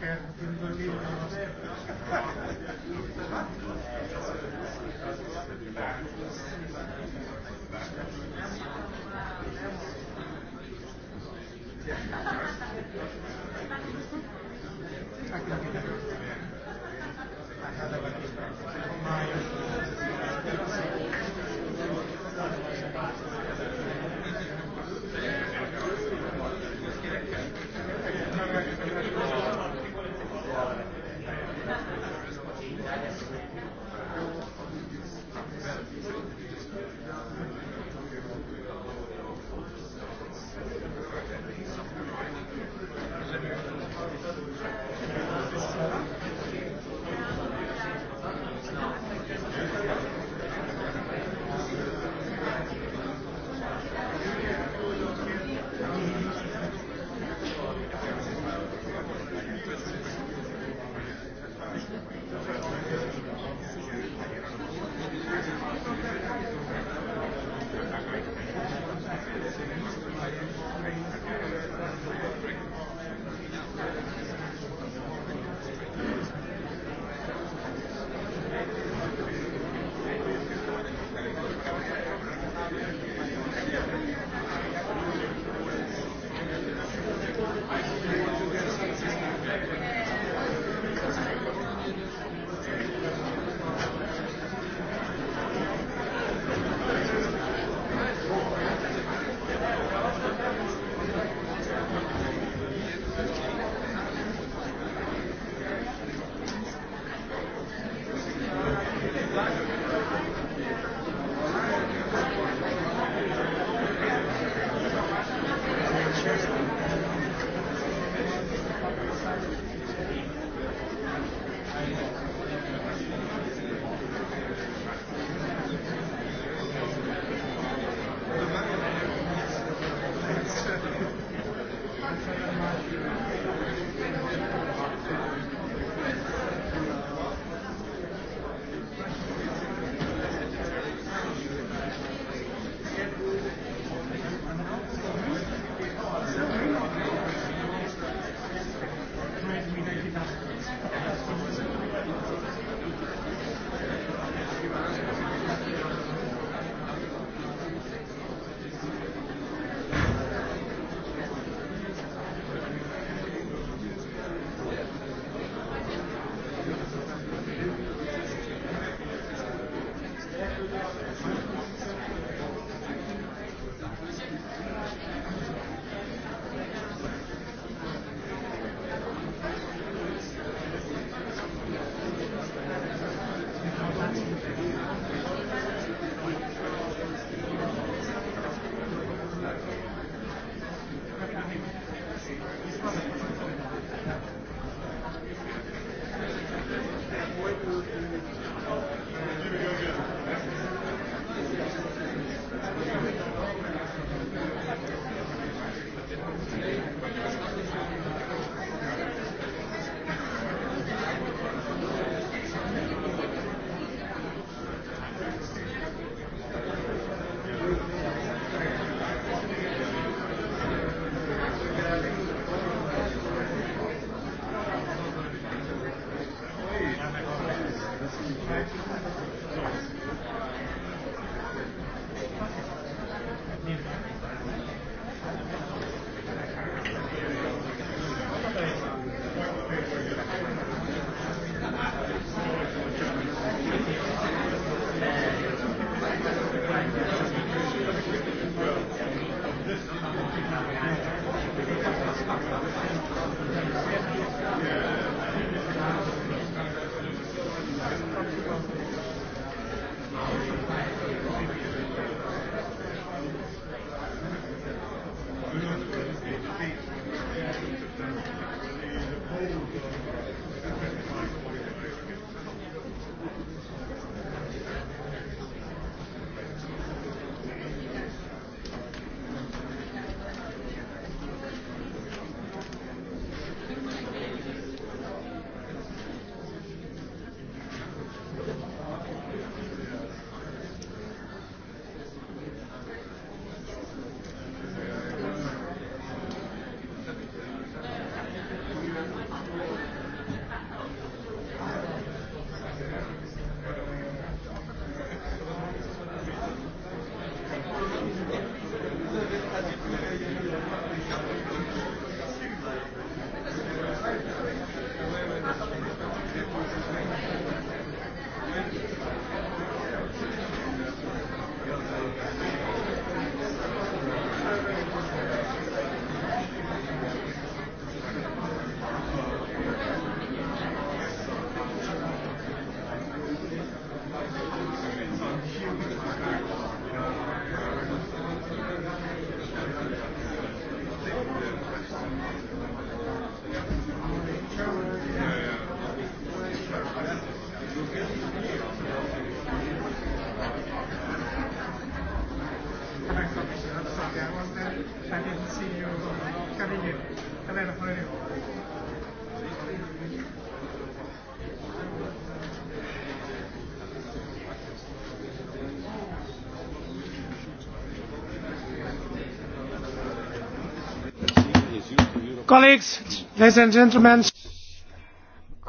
Okay, il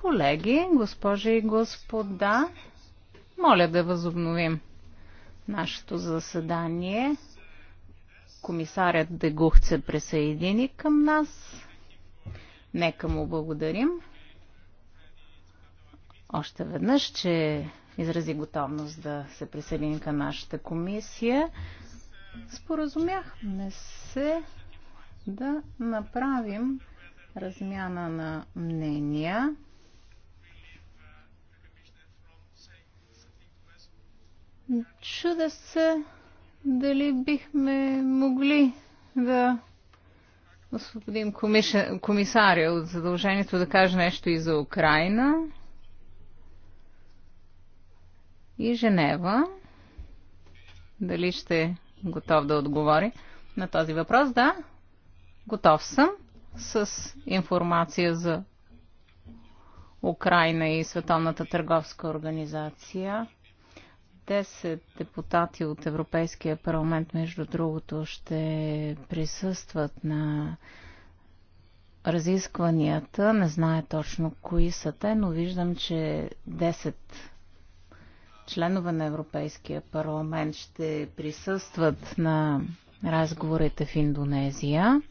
Колеги, госпожи и господа, моля да възобновим нашето заседание. Комисарят Дегух се присъедини към нас. Нека му благодарим. Още веднъж, че изрази готовност да се присъедини към нашата комисия. Споразумяхме се да направим размяна на мнения. Чуда се дали бихме могли да освободим комиша, комисаря от задължението да каже нещо и за Украина и Женева. Дали ще е готов да отговори на този въпрос? Да. Готов съм с информация за Украина и Световната търговска организация. Десет депутати от Европейския парламент, между другото, ще присъстват на разискванията. Не знае точно кои са те, но виждам, че 10 членове на Европейския парламент ще присъстват на разговорите в Индонезия.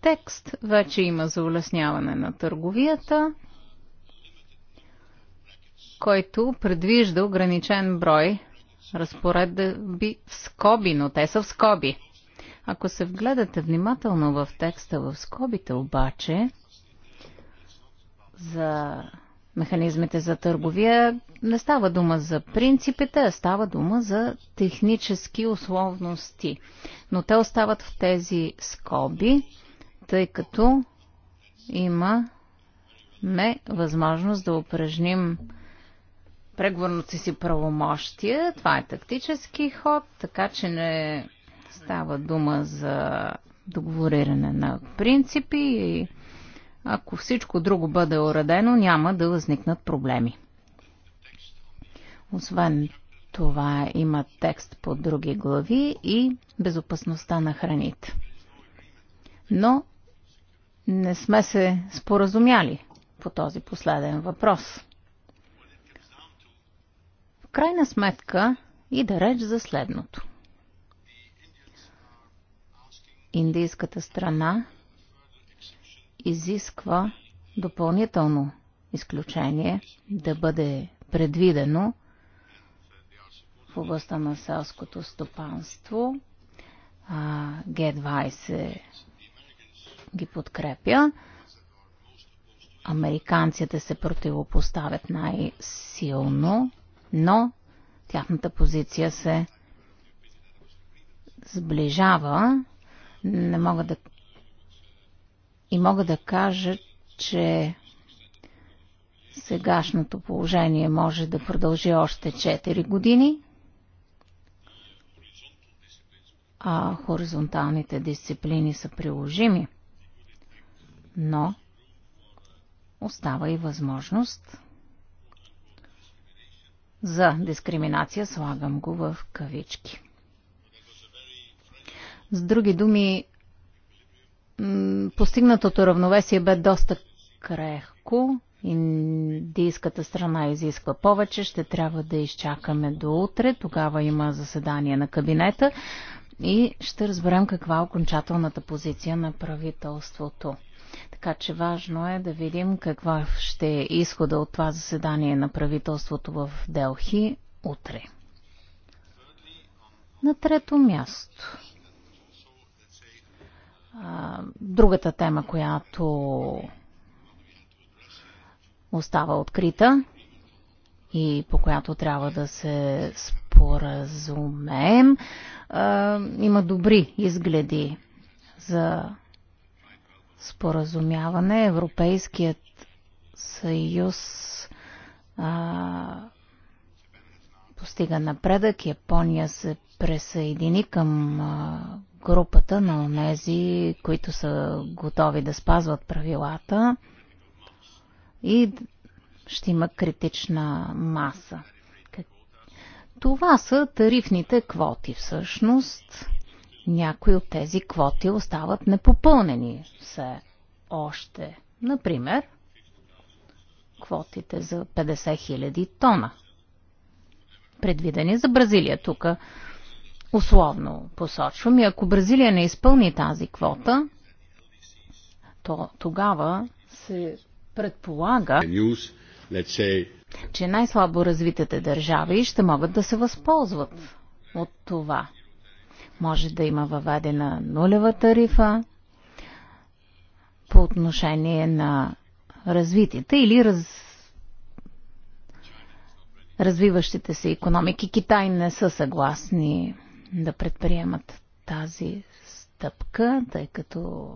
текст вече има за улесняване на търговията, който предвижда ограничен брой разпоредби в скоби, но те са в скоби. Ако се вгледате внимателно в текста в скобите обаче, за механизмите за търговия не става дума за принципите, а става дума за технически условности. Но те остават в тези скоби тъй като имаме възможност да упражним преговорното си правомощие. Това е тактически ход, така че не става дума за договориране на принципи и ако всичко друго бъде уредено, няма да възникнат проблеми. Освен това има текст по други глави и безопасността на храните. Но не сме се споразумяли по този последен въпрос. В крайна сметка и да реч за следното. Индийската страна изисква допълнително изключение да бъде предвидено в областта на селското стопанство. Г20 ги подкрепя. Американците се противопоставят най-силно, но тяхната позиция се сближава. Не мога да... И мога да кажа, че сегашното положение може да продължи още 4 години, а хоризонталните дисциплини са приложими – но остава и възможност за дискриминация, слагам го в кавички. С други думи, постигнатото равновесие бе доста крехко. Индийската страна изисква повече. Ще трябва да изчакаме до утре. Тогава има заседание на кабинета и ще разберем каква е окончателната позиция на правителството. Така че важно е да видим каква е- ще е изхода от това заседание на правителството в Делхи утре. На трето място. Другата тема, която остава открита и по която трябва да се споразумеем, има добри изгледи за споразумяване. Европейският съюз а, постига напредък. Япония се присъедини към а, групата на онези, които са готови да спазват правилата и ще има критична маса. Това са тарифните квоти всъщност някои от тези квоти остават непопълнени все още. Например, квотите за 50 000 тона, предвидени за Бразилия. Тук условно посочвам и ако Бразилия не изпълни тази квота, то тогава се предполага, че най-слабо развитите държави ще могат да се възползват от това. Може да има въведена нулева тарифа по отношение на развитите или раз... развиващите се економики. Китай не са съгласни да предприемат тази стъпка, тъй като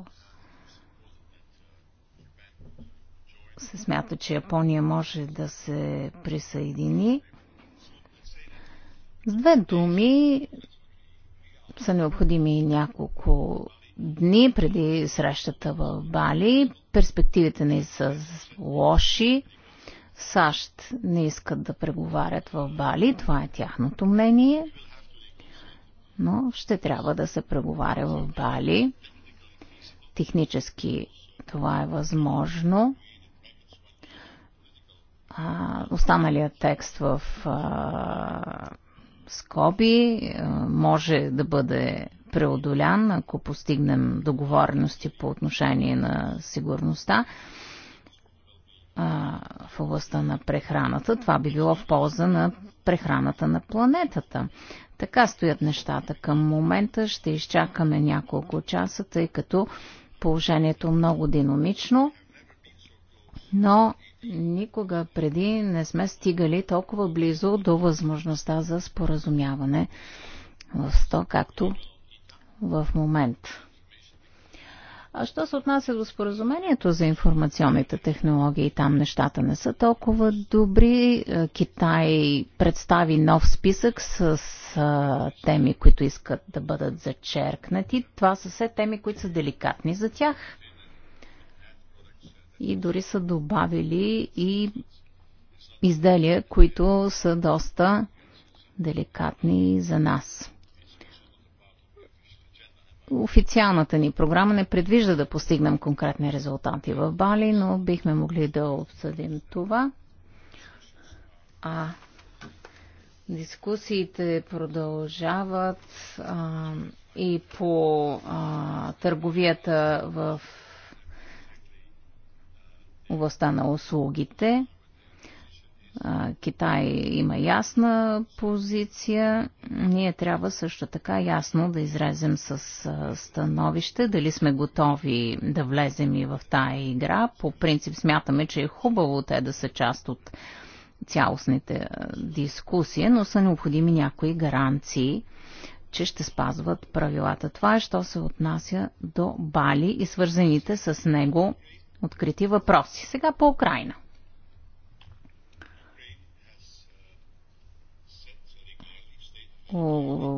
се смята, че Япония може да се присъедини. С две думи, са необходими няколко дни преди срещата в Бали. Перспективите ни са лоши. САЩ не искат да преговарят в Бали, това е тяхното мнение, но ще трябва да се преговаря в Бали. Технически това е възможно. А, останалият текст в а, скоби, е, може да бъде преодолян, ако постигнем договорености по отношение на сигурността е, в областта на прехраната. Това би било в полза на прехраната на планетата. Така стоят нещата към момента. Ще изчакаме няколко часа, тъй като положението е много динамично, но Никога преди не сме стигали толкова близо до възможността за споразумяване в 100, както в момента. А що се отнася до споразумението за информационните технологии, там нещата не са толкова добри. Е, Китай представи нов списък с е, теми, които искат да бъдат зачеркнати. Това са все теми, които са деликатни за тях и дори са добавили и изделия, които са доста деликатни за нас. Официалната ни програма не предвижда да постигнем конкретни резултати в Бали, но бихме могли да обсъдим това. А дискусиите продължават а, и по а, търговията в областта на услугите. Китай има ясна позиция. Ние трябва също така ясно да изрезем с становище дали сме готови да влезем и в тая игра. По принцип смятаме, че е хубаво те да са част от цялостните дискусии, но са необходими някои гаранции, че ще спазват правилата. Това е, що се отнася до Бали и свързаните с него открити въпроси. Сега по Украина.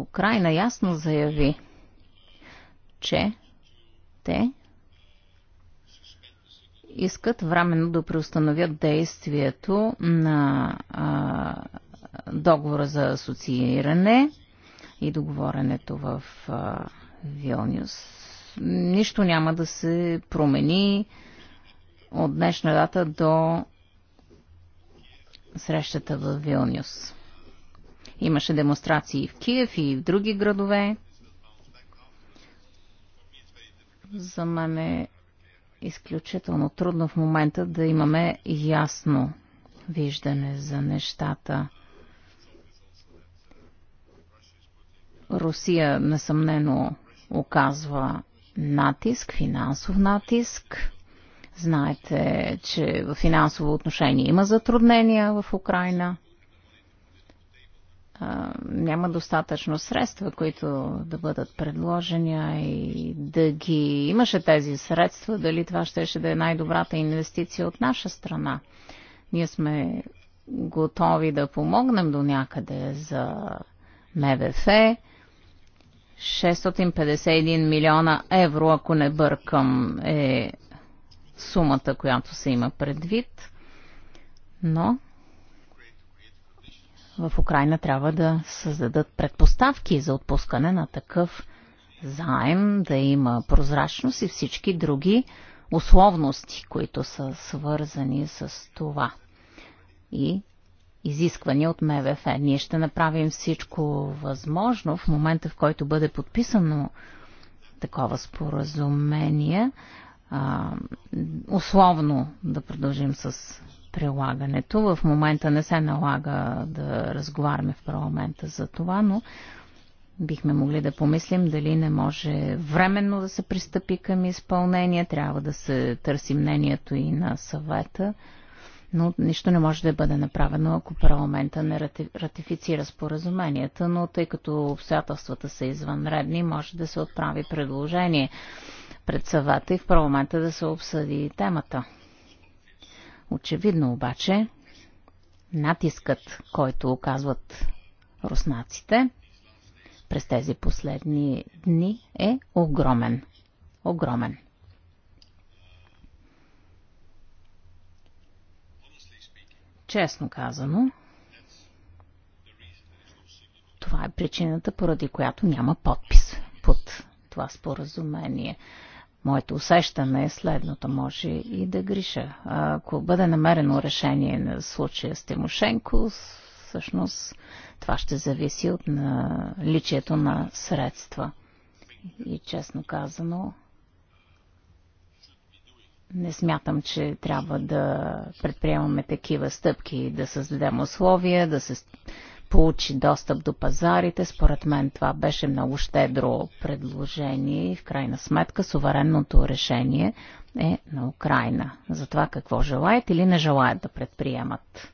Украина ясно заяви, че те искат временно да преустановят действието на а, договора за асоцииране и договоренето в а, Вилнюс. Нищо няма да се промени. А, от днешна дата до срещата в Вилнюс. Имаше демонстрации в Киев и в други градове. За мен е изключително трудно в момента да имаме ясно виждане за нещата. Русия несъмнено оказва натиск, финансов натиск Знаете, че в финансово отношение има затруднения в Украина. А, няма достатъчно средства, които да бъдат предложени и да ги имаше тези средства, дали това ще, ще да е най-добрата инвестиция от наша страна. Ние сме готови да помогнем до някъде за МВФ. 651 милиона евро, ако не бъркам, е сумата, която се има предвид, но в Украина трябва да създадат предпоставки за отпускане на такъв заем, да има прозрачност и всички други условности, които са свързани с това. И изисквания от МВФ. Ние ще направим всичко възможно в момента, в който бъде подписано такова споразумение, а, условно да продължим с прилагането. В момента не се налага да разговаряме в парламента за това, но бихме могли да помислим дали не може временно да се пристъпи към изпълнение. Трябва да се търси мнението и на съвета, но нищо не може да бъде направено, ако парламента не ратифицира споразуменията, но тъй като обстоятелствата са извънредни, може да се отправи предложение пред съвата и в парламента да се обсъди темата. Очевидно обаче, натискът, който оказват руснаците през тези последни дни е огромен. Огромен. Честно казано, това е причината, поради която няма подпис под това споразумение. Моето усещане е следното, може и да греша. Ако бъде намерено решение на случая с Тимошенко, всъщност това ще зависи от наличието на средства. И честно казано, не смятам, че трябва да предприемаме такива стъпки, да създадем условия, да се получи достъп до пазарите. Според мен това беше много щедро предложение и в крайна сметка суверенното решение е на Украина за това какво желаят или не желаят да предприемат.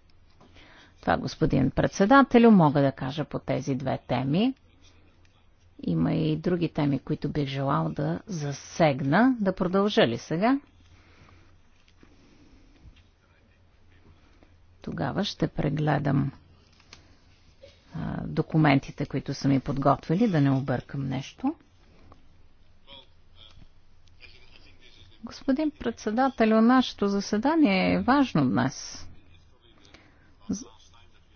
Това, господин председателю, мога да кажа по тези две теми. Има и други теми, които бих желал да засегна. Да продължа ли сега? Тогава ще прегледам документите, които са ми подготвили, да не объркам нещо. Господин председател, нашето заседание е важно днес.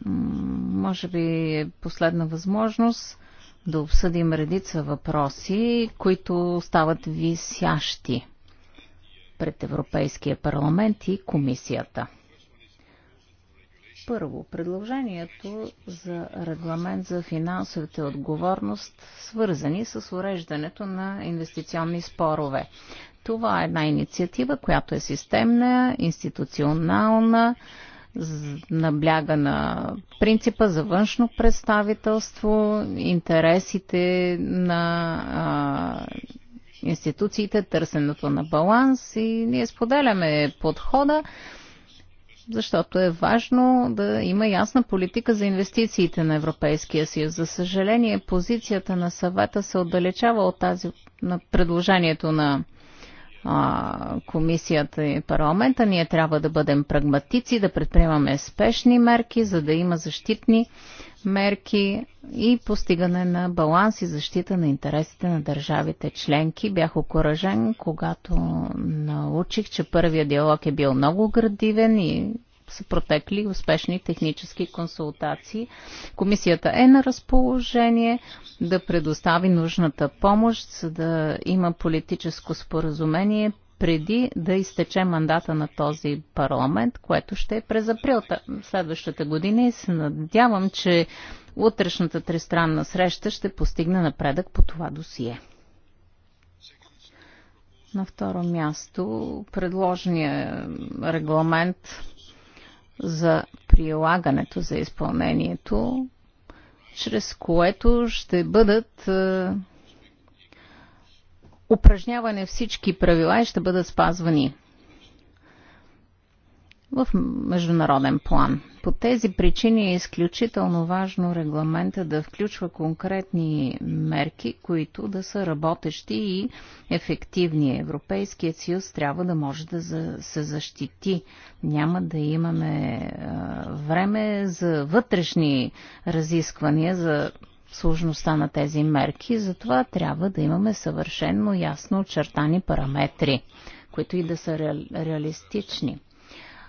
Може би е последна възможност да обсъдим редица въпроси, които стават висящи пред Европейския парламент и комисията. Първо, предложението за регламент за финансовите отговорност, свързани с уреждането на инвестиционни спорове. Това е една инициатива, която е системна, институционална, набляга на принципа за външно представителство, интересите на а, институциите, търсенето на баланс и ние споделяме подхода защото е важно да има ясна политика за инвестициите на Европейския съюз. За съжаление, позицията на съвета се отдалечава от тази на предложението на а, комисията и парламента. Ние трябва да бъдем прагматици, да предприемаме спешни мерки, за да има защитни мерки и постигане на баланс и защита на интересите на държавите членки. Бях окоръжен, когато научих, че първия диалог е бил много градивен и са протекли успешни технически консултации. Комисията е на разположение да предостави нужната помощ, за да има политическо споразумение преди да изтече мандата на този парламент, което ще е през април следващата година и се надявам, че утрешната тристранна среща ще постигне напредък по това досие. На второ място, предложения регламент за прилагането, за изпълнението, чрез което ще бъдат е, упражняване всички правила и ще бъдат спазвани в международен план. По тези причини е изключително важно регламента да включва конкретни мерки, които да са работещи и ефективни. Европейският съюз трябва да може да се защити. Няма да имаме време за вътрешни разисквания за сложността на тези мерки, затова трябва да имаме съвършенно ясно очертани параметри, които и да са реалистични.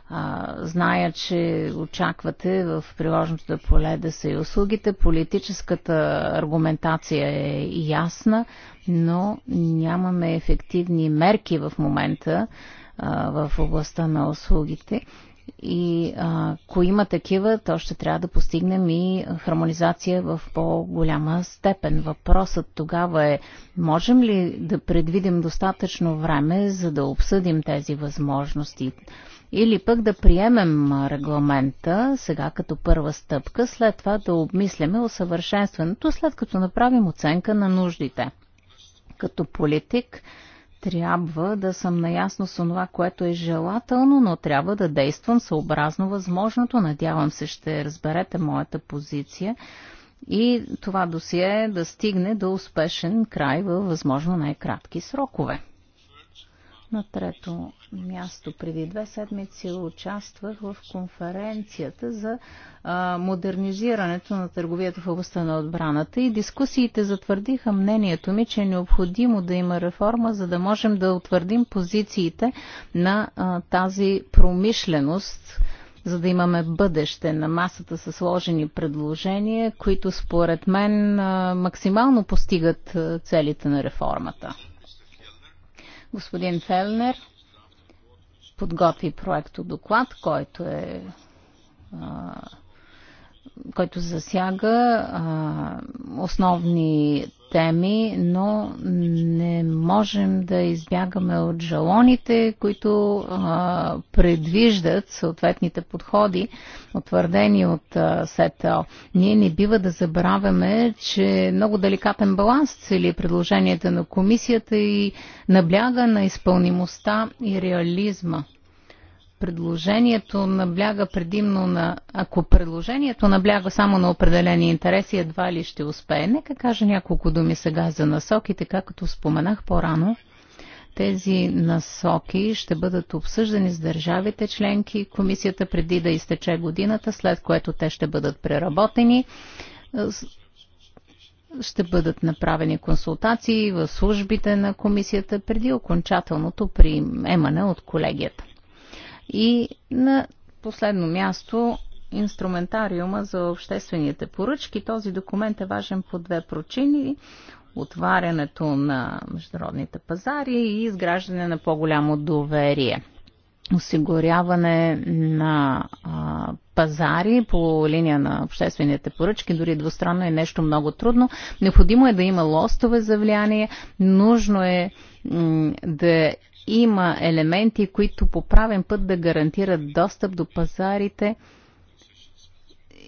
А, зная, че очаквате в приложното поле да са и услугите. Политическата аргументация е ясна, но нямаме ефективни мерки в момента а, в областта на услугите и ако има такива, то ще трябва да постигнем и хармонизация в по-голяма степен. Въпросът тогава е, можем ли да предвидим достатъчно време, за да обсъдим тези възможности? Или пък да приемем регламента сега като първа стъпка, след това да обмисляме усъвършенстването, след като направим оценка на нуждите. Като политик, трябва да съм наясно с това, което е желателно, но трябва да действам съобразно възможното. Надявам се, ще разберете моята позиция и това досие да стигне до успешен край във възможно най-кратки срокове. На трето място, преди две седмици участвах в конференцията за а, модернизирането на търговията в областта на отбраната и дискусиите затвърдиха мнението ми, че е необходимо да има реформа, за да можем да утвърдим позициите на а, тази промишленост, за да имаме бъдеще. На масата са сложени предложения, които според мен максимално постигат целите на реформата. Господин Фелнер подготви проекто доклад, който е а, който засяга а, основни теми, но не можем да избягаме от жалоните, които а, предвиждат съответните подходи, утвърдени от а, СЕТО. Ние не бива да забравяме, че много деликатен баланс цели предложенията на комисията и набляга на изпълнимостта и реализма предложението набляга предимно на... Ако предложението набляга само на определени интереси, едва ли ще успее. Нека кажа няколко думи сега за насоките, както споменах по-рано. Тези насоки ще бъдат обсъждани с държавите членки, комисията преди да изтече годината, след което те ще бъдат преработени ще бъдат направени консултации в службите на комисията преди окончателното приемане от колегията. И на последно място инструментариума за обществените поръчки. Този документ е важен по две причини отварянето на международните пазари и изграждане на по-голямо доверие. Осигуряване на а, пазари по линия на обществените поръчки, дори двустранно е нещо много трудно. Необходимо е да има лостове за влияние, нужно е да има елементи, които по правен път да гарантират достъп до пазарите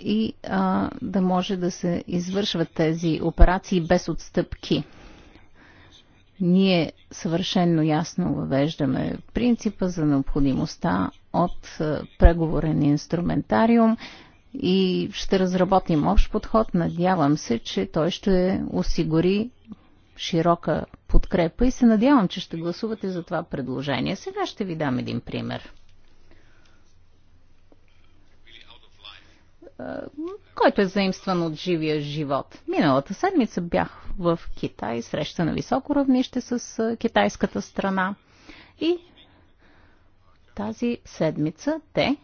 и а, да може да се извършват тези операции без отстъпки. Ние съвършенно ясно въвеждаме принципа за необходимостта от преговорен инструментариум и ще разработим общ подход. Надявам се, че той ще осигури широка подкрепа и се надявам, че ще гласувате за това предложение. Сега ще ви дам един пример. който е заимстван от живия живот. Миналата седмица бях в Китай, среща на високо равнище с китайската страна и тази седмица те,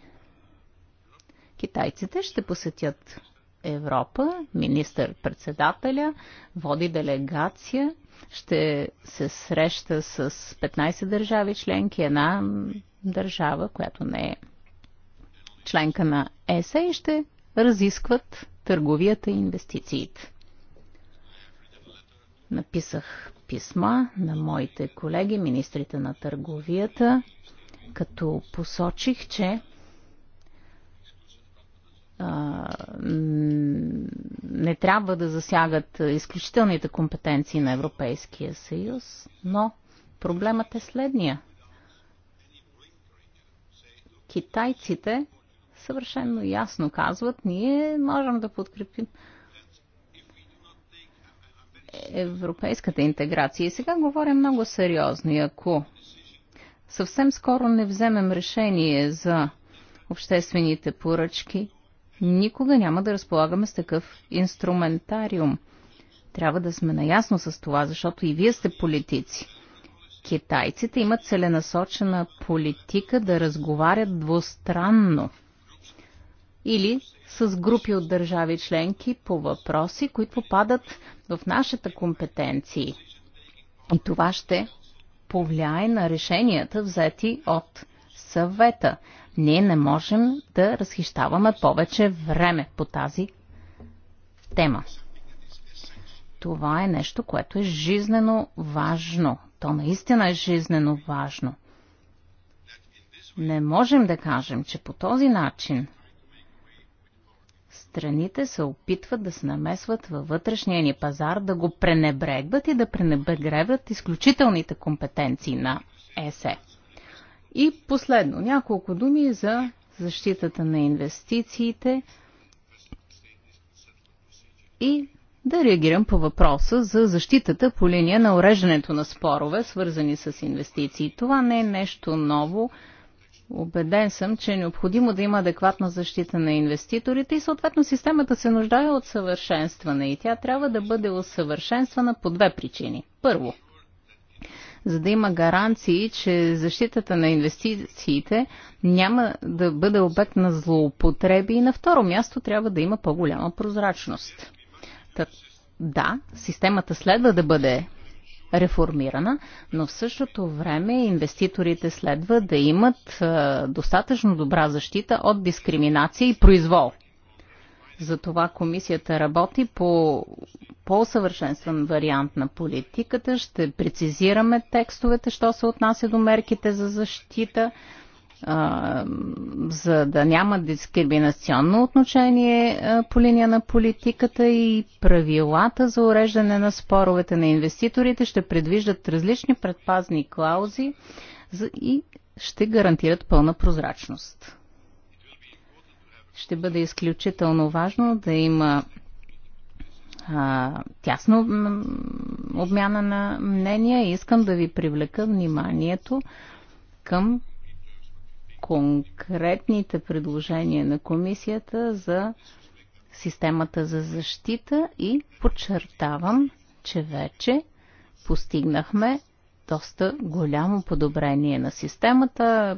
китайците, ще посетят Европа. Министър-председателя води делегация ще се среща с 15 държави членки, една държава, която не е членка на ЕСА и ще разискват търговията и инвестициите. Написах писма на моите колеги, министрите на търговията, като посочих, че не трябва да засягат изключителните компетенции на Европейския съюз, но проблемът е следния. Китайците съвършенно ясно казват, ние можем да подкрепим европейската интеграция. И сега говоря много сериозно. И ако съвсем скоро не вземем решение за обществените поръчки, никога няма да разполагаме с такъв инструментариум. Трябва да сме наясно с това, защото и вие сте политици. Китайците имат целенасочена политика да разговарят двустранно или с групи от държави членки по въпроси, които попадат в нашата компетенции. И това ще повлияе на решенията взети от съвета. Ние не можем да разхищаваме повече време по тази тема. Това е нещо, което е жизнено важно. То наистина е жизнено важно. Не можем да кажем, че по този начин страните се опитват да се намесват във вътрешния ни пазар, да го пренебрегват и да пренебрегват изключителните компетенции на ЕСЕ. И последно, няколко думи за защитата на инвестициите и да реагирам по въпроса за защитата по линия на уреждането на спорове, свързани с инвестиции. Това не е нещо ново. Обеден съм, че е необходимо да има адекватна защита на инвеститорите и съответно системата се нуждае от съвършенстване и тя трябва да бъде усъвършенствана по две причини. Първо – за да има гаранции, че защитата на инвестициите няма да бъде обект на злоупотреби и на второ място трябва да има по-голяма прозрачност. Та, да, системата следва да бъде реформирана, но в същото време инвеститорите следва да имат достатъчно добра защита от дискриминация и произвол. Затова комисията работи по по-съвършенстван вариант на политиката. Ще прецизираме текстовете, що се отнася до мерките за защита, а, за да няма дискриминационно отношение а, по линия на политиката и правилата за уреждане на споровете на инвеститорите ще предвиждат различни предпазни клаузи и ще гарантират пълна прозрачност ще бъде изключително важно да има а, тясно обмяна на мнения и искам да ви привлека вниманието към конкретните предложения на комисията за системата за защита и подчертавам, че вече постигнахме доста голямо подобрение на системата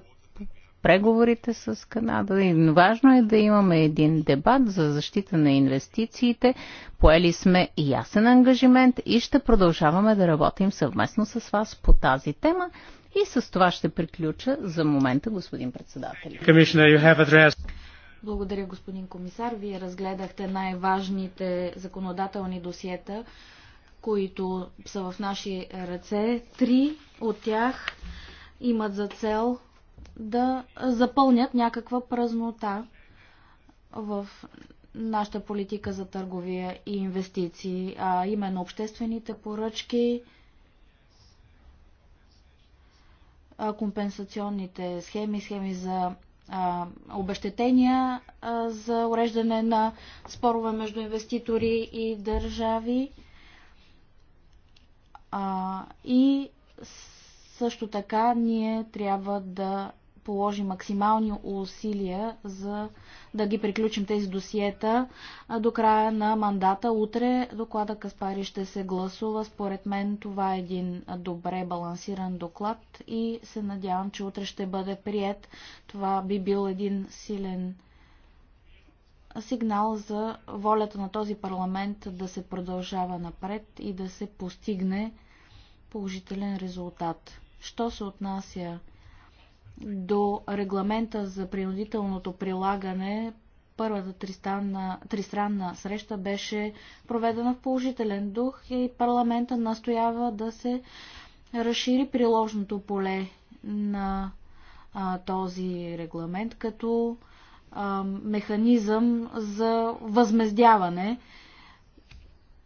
преговорите с Канада. И важно е да имаме един дебат за защита на инвестициите. Поели сме ясен ангажимент и ще продължаваме да работим съвместно с вас по тази тема. И с това ще приключа за момента, господин председател. Благодаря, господин комисар. Вие разгледахте най-важните законодателни досиета, които са в наши ръце. Три от тях имат за цел да запълнят някаква празнота в нашата политика за търговия и инвестиции, а именно обществените поръчки, компенсационните схеми, схеми за обещетения за уреждане на спорове между инвеститори и държави и също така ние трябва да положи максимални усилия за да ги приключим тези досиета до края на мандата. Утре доклада Каспари ще се гласува. Според мен това е един добре балансиран доклад и се надявам, че утре ще бъде прият. Това би бил един силен сигнал за волята на този парламент да се продължава напред и да се постигне положителен резултат. Що се отнася до регламента за принудителното прилагане, първата тристранна, тристранна среща беше проведена в положителен дух и парламента настоява да се разшири приложното поле на а, този регламент като а, механизъм за възмездяване.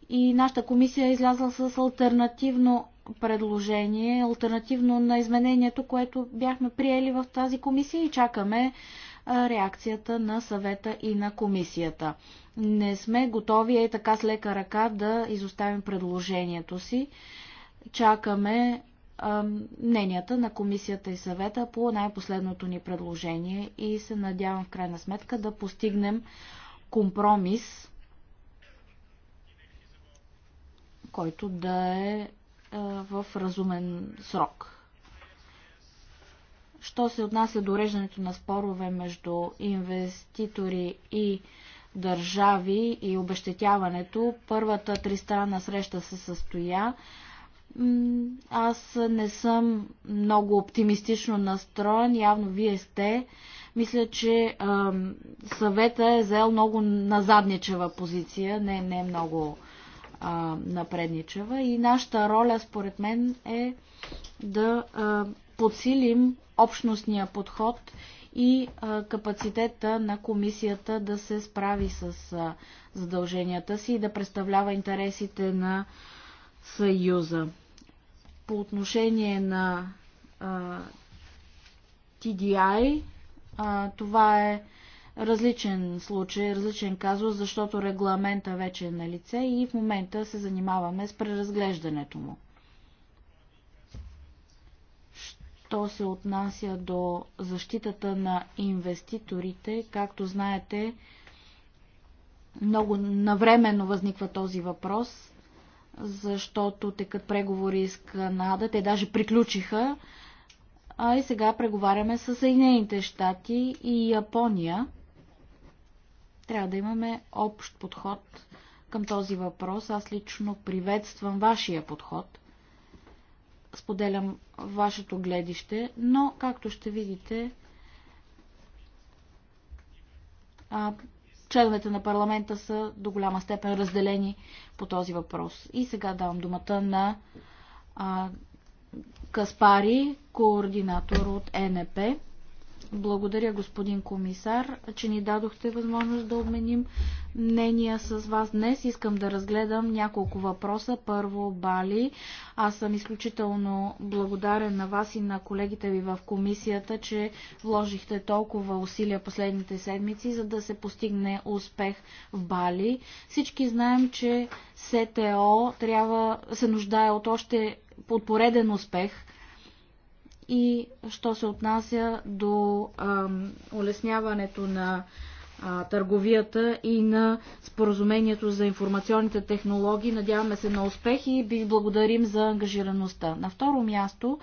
И нашата комисия е излязла с альтернативно предложение, альтернативно на изменението, което бяхме приели в тази комисия и чакаме реакцията на съвета и на комисията. Не сме готови и така с лека ръка да изоставим предложението си. Чакаме мненията на комисията и съвета по най-последното ни предложение и се надявам в крайна сметка да постигнем компромис, който да е в разумен срок. Що се отнася до реждането на спорове между инвеститори и държави и обещетяването, първата тристранна среща се състоя. Аз не съм много оптимистично настроен, явно вие сте. Мисля, че съвета е заел много назадничева позиция, не, не е много а, напредничава и нашата роля, според мен, е да а, подсилим общностния подход и а, капацитета на комисията да се справи с а, задълженията си и да представлява интересите на Съюза. По отношение на а, TDI, а, това е различен случай, различен казус, защото регламента вече е на лице и в момента се занимаваме с преразглеждането му. Що се отнася до защитата на инвеститорите, както знаете, много навременно възниква този въпрос, защото текат преговори с Канада, те даже приключиха, а и сега преговаряме с Съединените щати и Япония трябва да имаме общ подход към този въпрос. Аз лично приветствам вашия подход. Споделям вашето гледище, но, както ще видите, членовете на парламента са до голяма степен разделени по този въпрос. И сега давам думата на Каспари, координатор от НП. Благодаря, господин комисар, че ни дадохте възможност да обменим мнения с вас днес. Искам да разгледам няколко въпроса. Първо, Бали. Аз съм изключително благодарен на вас и на колегите ви в комисията, че вложихте толкова усилия последните седмици, за да се постигне успех в Бали. Всички знаем, че СТО трябва, се нуждае от още подпореден успех – и що се отнася до ам, улесняването на а, търговията и на споразумението за информационните технологии, надяваме се на успех и ви благодарим за ангажираността. На второ място,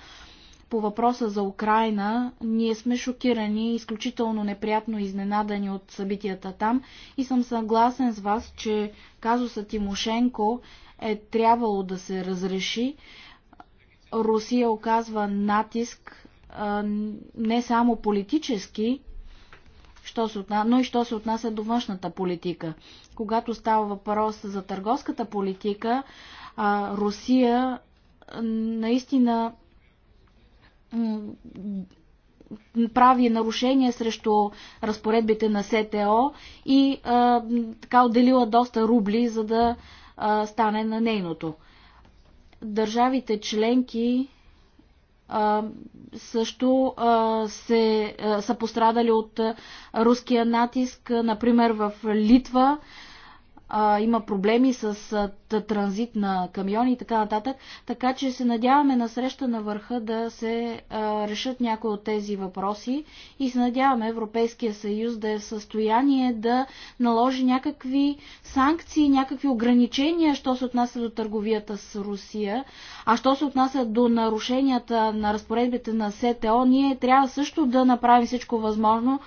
по въпроса за Украина, ние сме шокирани, изключително неприятно изненадани от събитията там и съм съгласен с вас, че казуса Тимошенко е трябвало да се разреши. Русия оказва натиск не само политически, но и що се отнася до външната политика. Когато става въпрос за търговската политика, Русия наистина прави нарушения срещу разпоредбите на СТО и така отделила доста рубли, за да стане на нейното. Държавите членки а, също а, се, а, са пострадали от руския натиск. Например, в Литва а, има проблеми с а, транзит на камиони и така нататък. Така че се надяваме на среща на върха да се а, решат някои от тези въпроси и се надяваме Европейския съюз да е в състояние да наложи някакви санкции, някакви ограничения, що се отнася до търговията с Русия. А що се отнася до нарушенията на разпоредбите на СТО, ние трябва също да направим всичко възможно,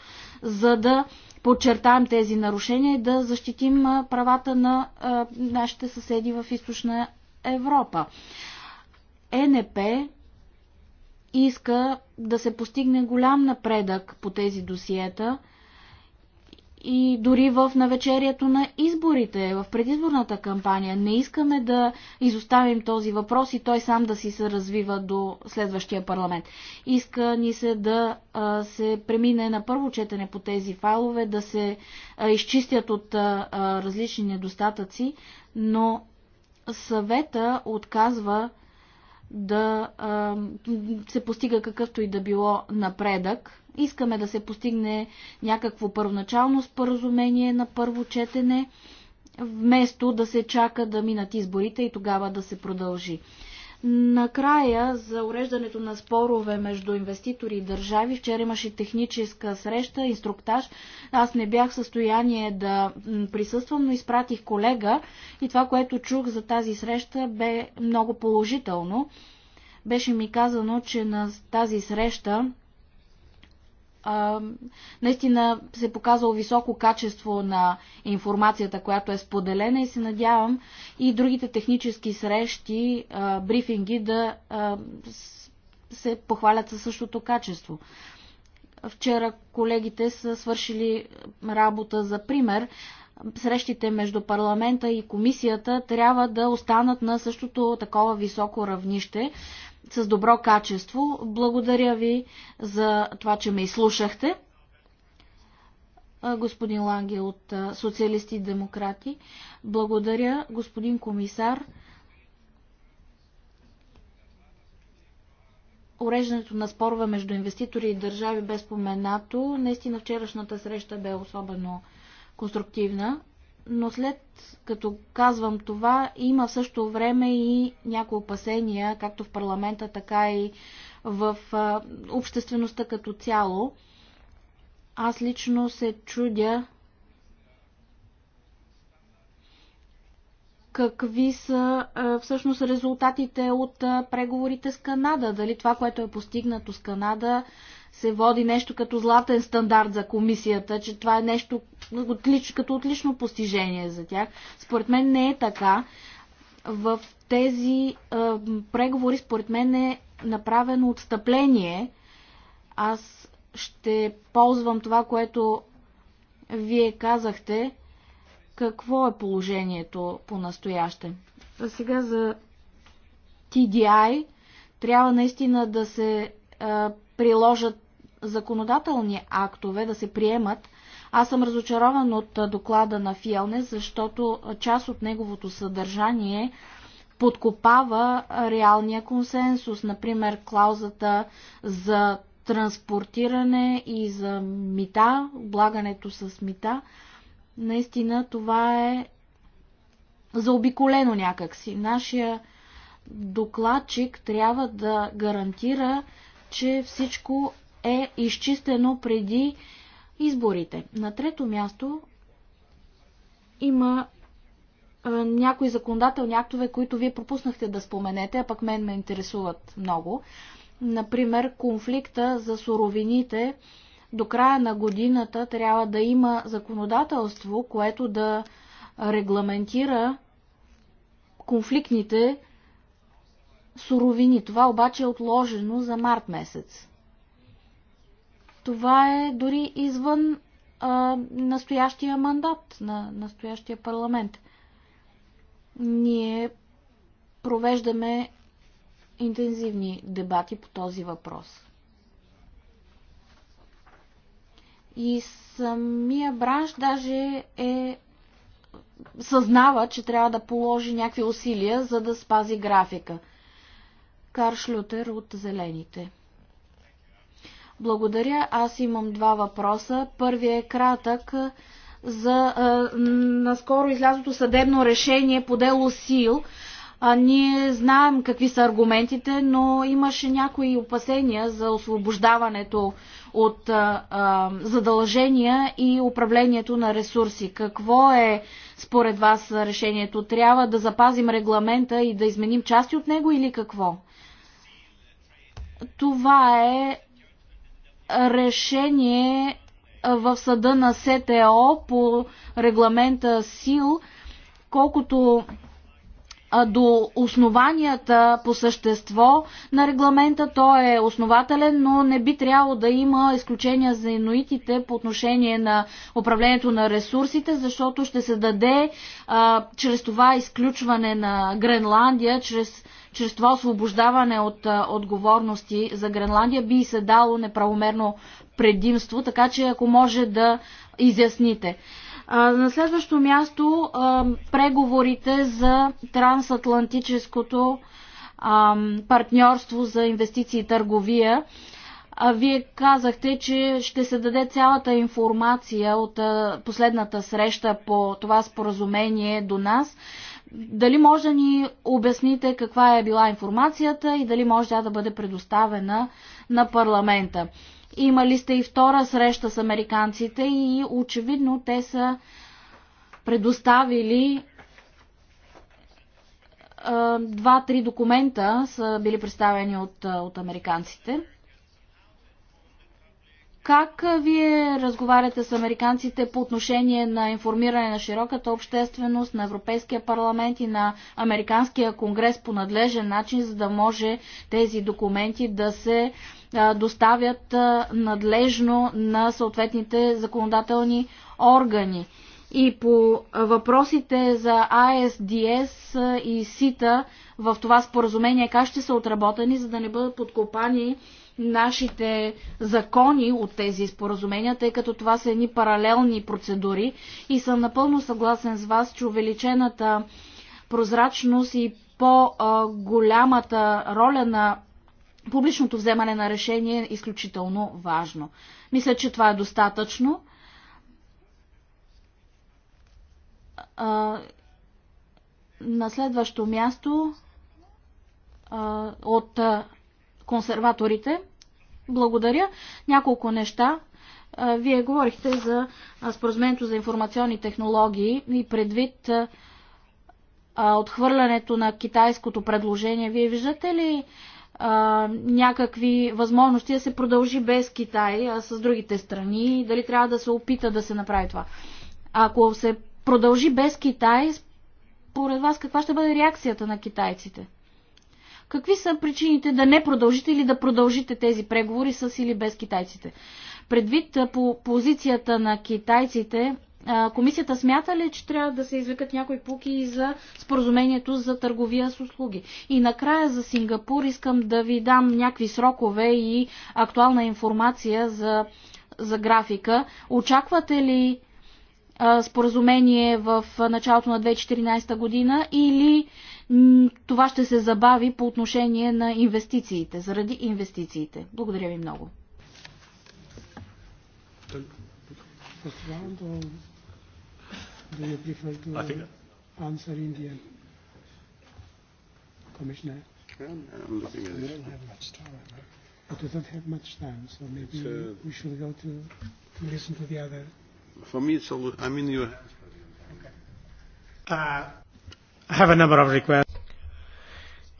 за да подчертаем тези нарушения и да защитим правата на нашите съседи в източна Европа. ЕНП иска да се постигне голям напредък по тези досиета – и дори в навечерието на изборите, в предизборната кампания. Не искаме да изоставим този въпрос и той сам да си се развива до следващия парламент. Иска ни се да се премине на първо четене по тези файлове, да се изчистят от различни недостатъци, но съвета отказва да се постига какъвто и да било напредък. Искаме да се постигне някакво първоначално споразумение на първо четене, вместо да се чака да минат изборите и тогава да се продължи. Накрая за уреждането на спорове между инвеститори и държави. Вчера имаше техническа среща, инструктаж. Аз не бях в състояние да присъствам, но изпратих колега и това, което чух за тази среща бе много положително. Беше ми казано, че на тази среща а, наистина се показало високо качество на информацията, която е споделена и се надявам и другите технически срещи, а, брифинги да а, се похвалят със същото качество. Вчера колегите са свършили работа за пример. Срещите между парламента и комисията трябва да останат на същото такова високо равнище, с добро качество. Благодаря ви за това, че ме изслушахте. Господин Ланге от Социалисти и Демократи. Благодаря, господин комисар. уреждането на спорове между инвеститори и държави бе споменато. Наистина вчерашната среща бе особено конструктивна но след като казвам това, има в време и някои опасения, както в парламента, така и в обществеността като цяло. Аз лично се чудя какви са всъщност резултатите от преговорите с Канада. Дали това, което е постигнато с Канада, се води нещо като златен стандарт за комисията, че това е нещо отлич, като отлично постижение за тях. Според мен не е така. В тези е, преговори, според мен е направено отстъпление. Аз ще ползвам това, което вие казахте. Какво е положението по настояще? А сега за TDI трябва наистина да се е, приложат законодателни актове да се приемат. Аз съм разочарован от доклада на Фиелне, защото част от неговото съдържание подкопава реалния консенсус, например клаузата за транспортиране и за мита, облагането с мита. Наистина това е заобиколено някакси. Нашия докладчик трябва да гарантира, че всичко е изчистено преди изборите. На трето място има някои законодателни актове, които вие пропуснахте да споменете, а пък мен ме интересуват много. Например, конфликта за суровините до края на годината трябва да има законодателство, което да регламентира конфликтните суровини. Това обаче е отложено за март месец. Това е дори извън а, настоящия мандат на настоящия парламент. Ние провеждаме интензивни дебати по този въпрос. И самия бранш даже е съзнава, че трябва да положи някакви усилия, за да спази графика. Каршлютер от Зелените. Благодаря. Аз имам два въпроса. Първият е кратък за а, наскоро излязото съдебно решение по дело СИЛ. А, ние знаем какви са аргументите, но имаше някои опасения за освобождаването от а, а, задължения и управлението на ресурси. Какво е според вас решението? Трябва да запазим регламента и да изменим части от него или какво? Това е решение в съда на СТО по регламента СИЛ, колкото до основанията по същество на регламента. Той е основателен, но не би трябвало да има изключения за инуитите по отношение на управлението на ресурсите, защото ще се даде а, чрез това изключване на Гренландия, чрез чрез това освобождаване от отговорности за Гренландия би се дало неправомерно предимство, така че ако може да изясните. На следващо място преговорите за трансатлантическото партньорство за инвестиции и търговия. Вие казахте, че ще се даде цялата информация от последната среща по това споразумение до нас дали може да ни обясните каква е била информацията и дали може тя да бъде предоставена на парламента? Имали сте и втора среща с американците и очевидно те са предоставили два-три документа са били представени от, от американците. Как вие разговаряте с американците по отношение на информиране на широката общественост, на Европейския парламент и на Американския конгрес по надлежен начин, за да може тези документи да се доставят надлежно на съответните законодателни органи? и по въпросите за ISDS и СИТА в това споразумение, как ще са отработени, за да не бъдат подкопани нашите закони от тези споразумения, тъй като това са едни паралелни процедури и съм напълно съгласен с вас, че увеличената прозрачност и по-голямата роля на публичното вземане на решение е изключително важно. Мисля, че това е достатъчно. А, на следващо място а, от а, консерваторите. Благодаря. Няколко неща. А, вие говорихте за споразумението за информационни технологии и предвид а, отхвърлянето на китайското предложение. Вие виждате ли а, някакви възможности да се продължи без Китай а с другите страни? Дали трябва да се опита да се направи това? Ако се продължи без Китай, според вас каква ще бъде реакцията на китайците? Какви са причините да не продължите или да продължите тези преговори с или без китайците? Предвид по позицията на китайците, комисията смята ли, че трябва да се извикат някои пуки за споразумението за търговия с услуги? И накрая за Сингапур искам да ви дам някакви срокове и актуална информация за, за графика. Очаквате ли споразумение в началото на 2014 година или това ще се забави по отношение на инвестициите, заради инвестициите. Благодаря ви много. I'm looking at it. We don't have much time. But we don't have much time, so maybe uh, we should go to, to listen to the other for me, it's all, in your hands. Uh, I have a number of requests.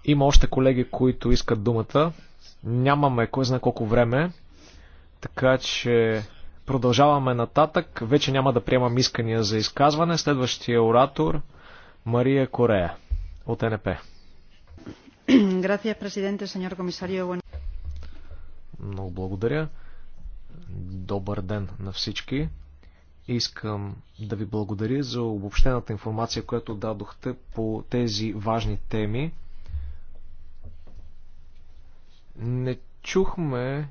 Има още колеги, които искат думата. Нямаме кой знае колко време, така че продължаваме нататък. Вече няма да приемам искания за изказване. Следващия оратор Мария Корея от НП. Gracias, presidente, señor comisario. Много благодаря. Добър ден на всички. Искам да ви благодаря за обобщената информация, която дадохте по тези важни теми. Не чухме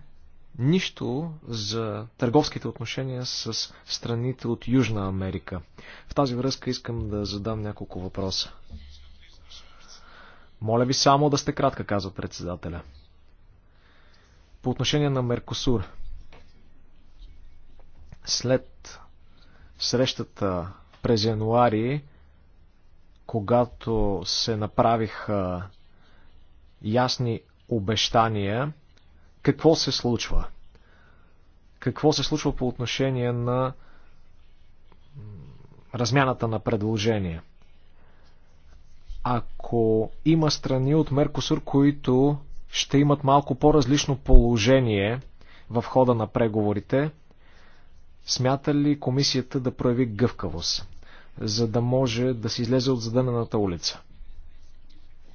нищо за търговските отношения с страните от Южна Америка. В тази връзка искам да задам няколко въпроса. Моля ви само да сте кратка, казва председателя. По отношение на Меркосур. След срещата през януари, когато се направиха ясни обещания, какво се случва? Какво се случва по отношение на размяната на предложения? Ако има страни от Меркосур, които ще имат малко по-различно положение в хода на преговорите, Смята ли комисията да прояви гъвкавост, за да може да се излезе от задънената улица?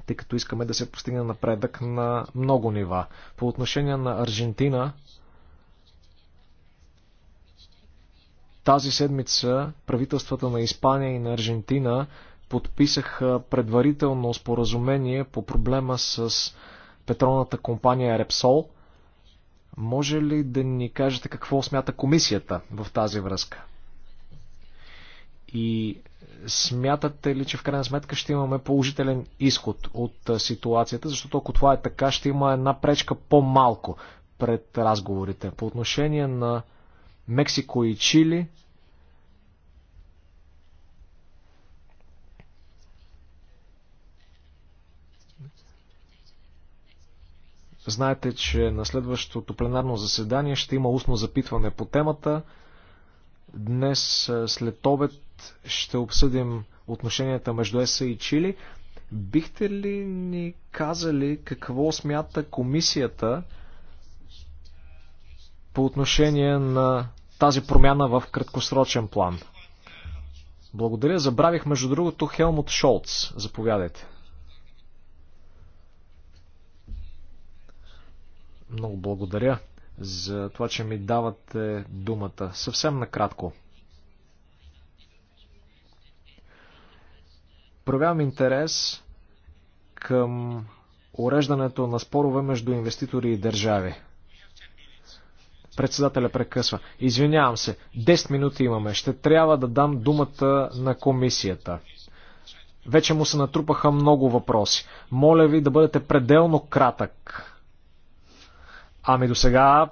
Тъй като искаме да се постигне напредък на много нива. По отношение на Аржентина, тази седмица правителствата на Испания и на Аржентина подписаха предварително споразумение по проблема с петролната компания Репсол. Може ли да ни кажете какво смята комисията в тази връзка? И смятате ли, че в крайна сметка ще имаме положителен изход от ситуацията, защото ако това е така, ще има една пречка по-малко пред разговорите. По отношение на Мексико и Чили, Знаете, че на следващото пленарно заседание ще има устно запитване по темата. Днес е, след обед ще обсъдим отношенията между ЕСА и Чили. Бихте ли ни казали какво смята комисията по отношение на тази промяна в краткосрочен план? Благодаря. Забравих между другото Хелмут Шолц. Заповядайте. Много благодаря за това, че ми давате думата. Съвсем накратко. Проявявам интерес към уреждането на спорове между инвеститори и държави. Председателя прекъсва. Извинявам се, 10 минути имаме. Ще трябва да дам думата на комисията. Вече му се натрупаха много въпроси. Моля ви да бъдете пределно кратък. Ами до сега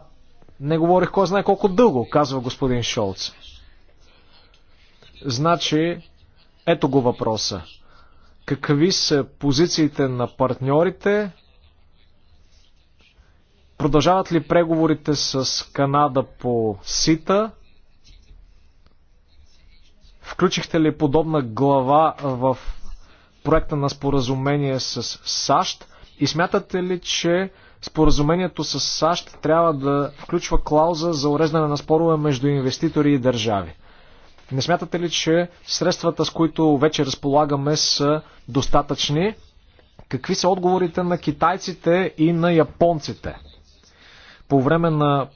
не говорих кой знае колко дълго, казва господин Шолц. Значи, ето го въпроса. Какви са позициите на партньорите? Продължават ли преговорите с Канада по СИТА? Включихте ли подобна глава в проекта на споразумение с САЩ? И смятате ли, че Споразумението с САЩ трябва да включва клауза за уреждане на спорове между инвеститори и държави. Не смятате ли, че средствата, с които вече разполагаме, са достатъчни? Какви са отговорите на китайците и на японците? По време на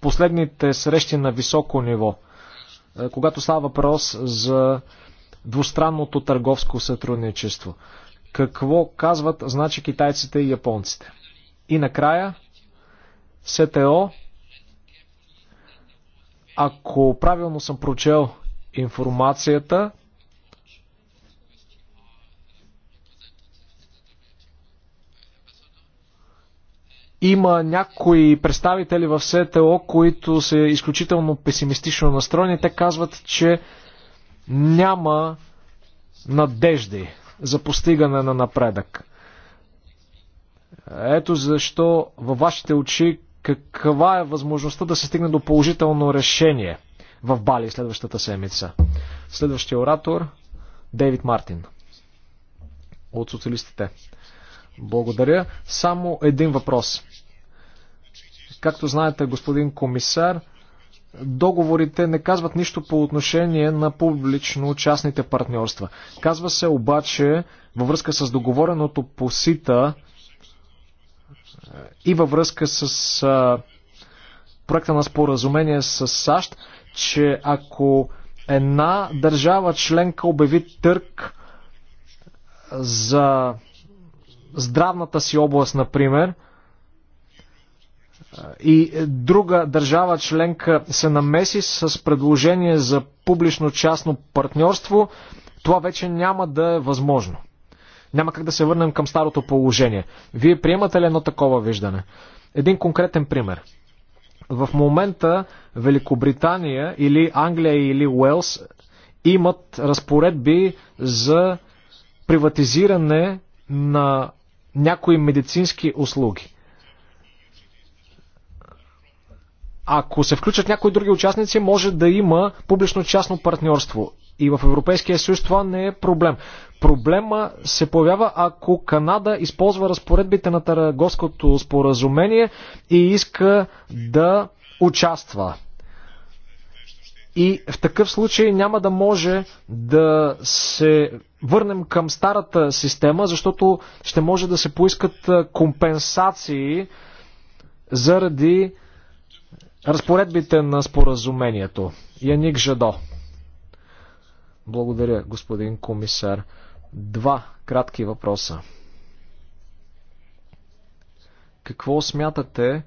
последните срещи на високо ниво, е, когато става въпрос за двустранното търговско сътрудничество. Какво казват, значи, китайците и японците? И накрая, СТО, ако правилно съм прочел информацията, има някои представители в СТО, които са изключително песимистично настроени. Те казват, че няма надежди за постигане на напредък. Ето защо във вашите очи каква е възможността да се стигне до положително решение в Бали следващата седмица? Следващия оратор Дейвид Мартин от социалистите. Благодаря. Само един въпрос. Както знаете, господин комисар, договорите не казват нищо по отношение на публично-частните партньорства. Казва се обаче във връзка с договореното по СИТА и във връзка с а, проекта на споразумение с САЩ, че ако една държава членка обяви търк за здравната си област, например, и друга държава членка се намеси с предложение за публично-частно партньорство, това вече няма да е възможно. Няма как да се върнем към старото положение. Вие приемате ли едно такова виждане? Един конкретен пример. В момента Великобритания или Англия или Уелс имат разпоредби за приватизиране на някои медицински услуги. Ако се включат някои други участници, може да има публично-частно партньорство. И в Европейския съюз това не е проблем. Проблема се появява ако Канада използва разпоредбите на Тарагоското споразумение и иска да участва. И в такъв случай няма да може да се върнем към старата система, защото ще може да се поискат компенсации заради разпоредбите на споразумението. Яник Жадо. Благодаря, господин комисар. Два кратки въпроса. Какво смятате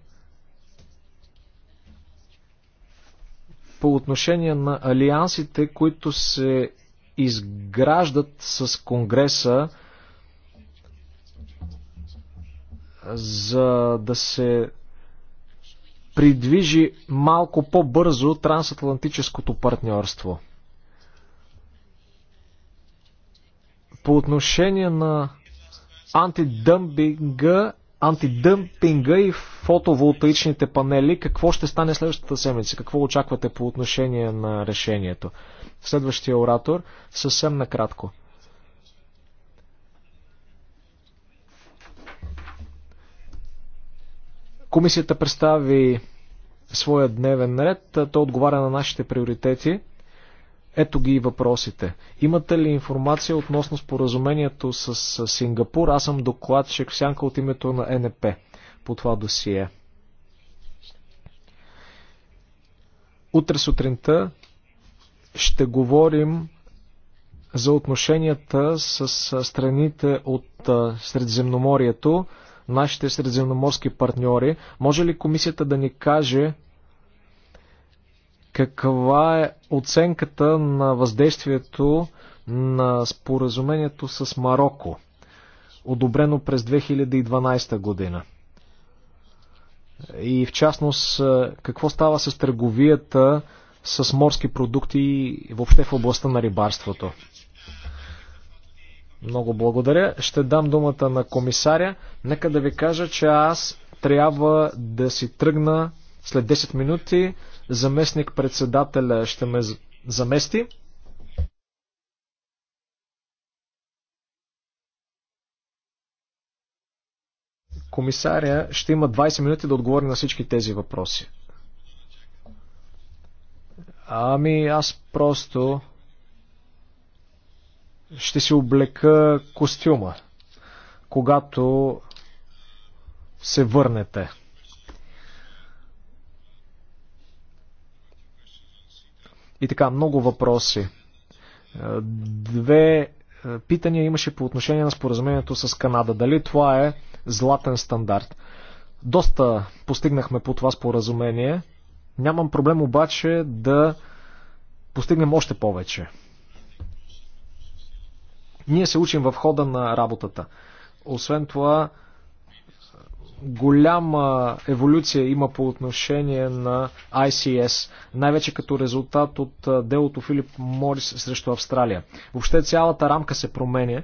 по отношение на алиансите, които се изграждат с Конгреса за да се придвижи малко по-бързо трансатлантическото партньорство? По отношение на антидъмпинга, антидъмпинга и фотоволтаичните панели, какво ще стане следващата седмица? Какво очаквате по отношение на решението? Следващия оратор, съвсем накратко. Комисията представи своя дневен ред. Той отговаря на нашите приоритети – ето ги и въпросите. Имате ли информация относно споразумението с Сингапур? Аз съм докладчик сянка от името на НП по това досие. Утре сутринта ще говорим за отношенията с страните от Средиземноморието, нашите средиземноморски партньори. Може ли комисията да ни каже каква е оценката на въздействието на споразумението с Марокко, одобрено през 2012 година? И в частност, какво става с търговията с морски продукти въобще в областта на рибарството? Много благодаря. Ще дам думата на комисаря. Нека да ви кажа, че аз трябва да си тръгна след 10 минути заместник председателя ще ме замести. Комисаря ще има 20 минути да отговори на всички тези въпроси. Ами аз просто ще си облека костюма, когато се върнете. И така, много въпроси. Е, две е, питания имаше по отношение на споразумението с Канада. Дали това е златен стандарт? Доста постигнахме по това споразумение. Нямам проблем обаче да постигнем още повече. Ние се учим в хода на работата. Освен това, голяма еволюция има по отношение на ICS, най-вече като резултат от делото Филип Морис срещу Австралия. Въобще цялата рамка се променя,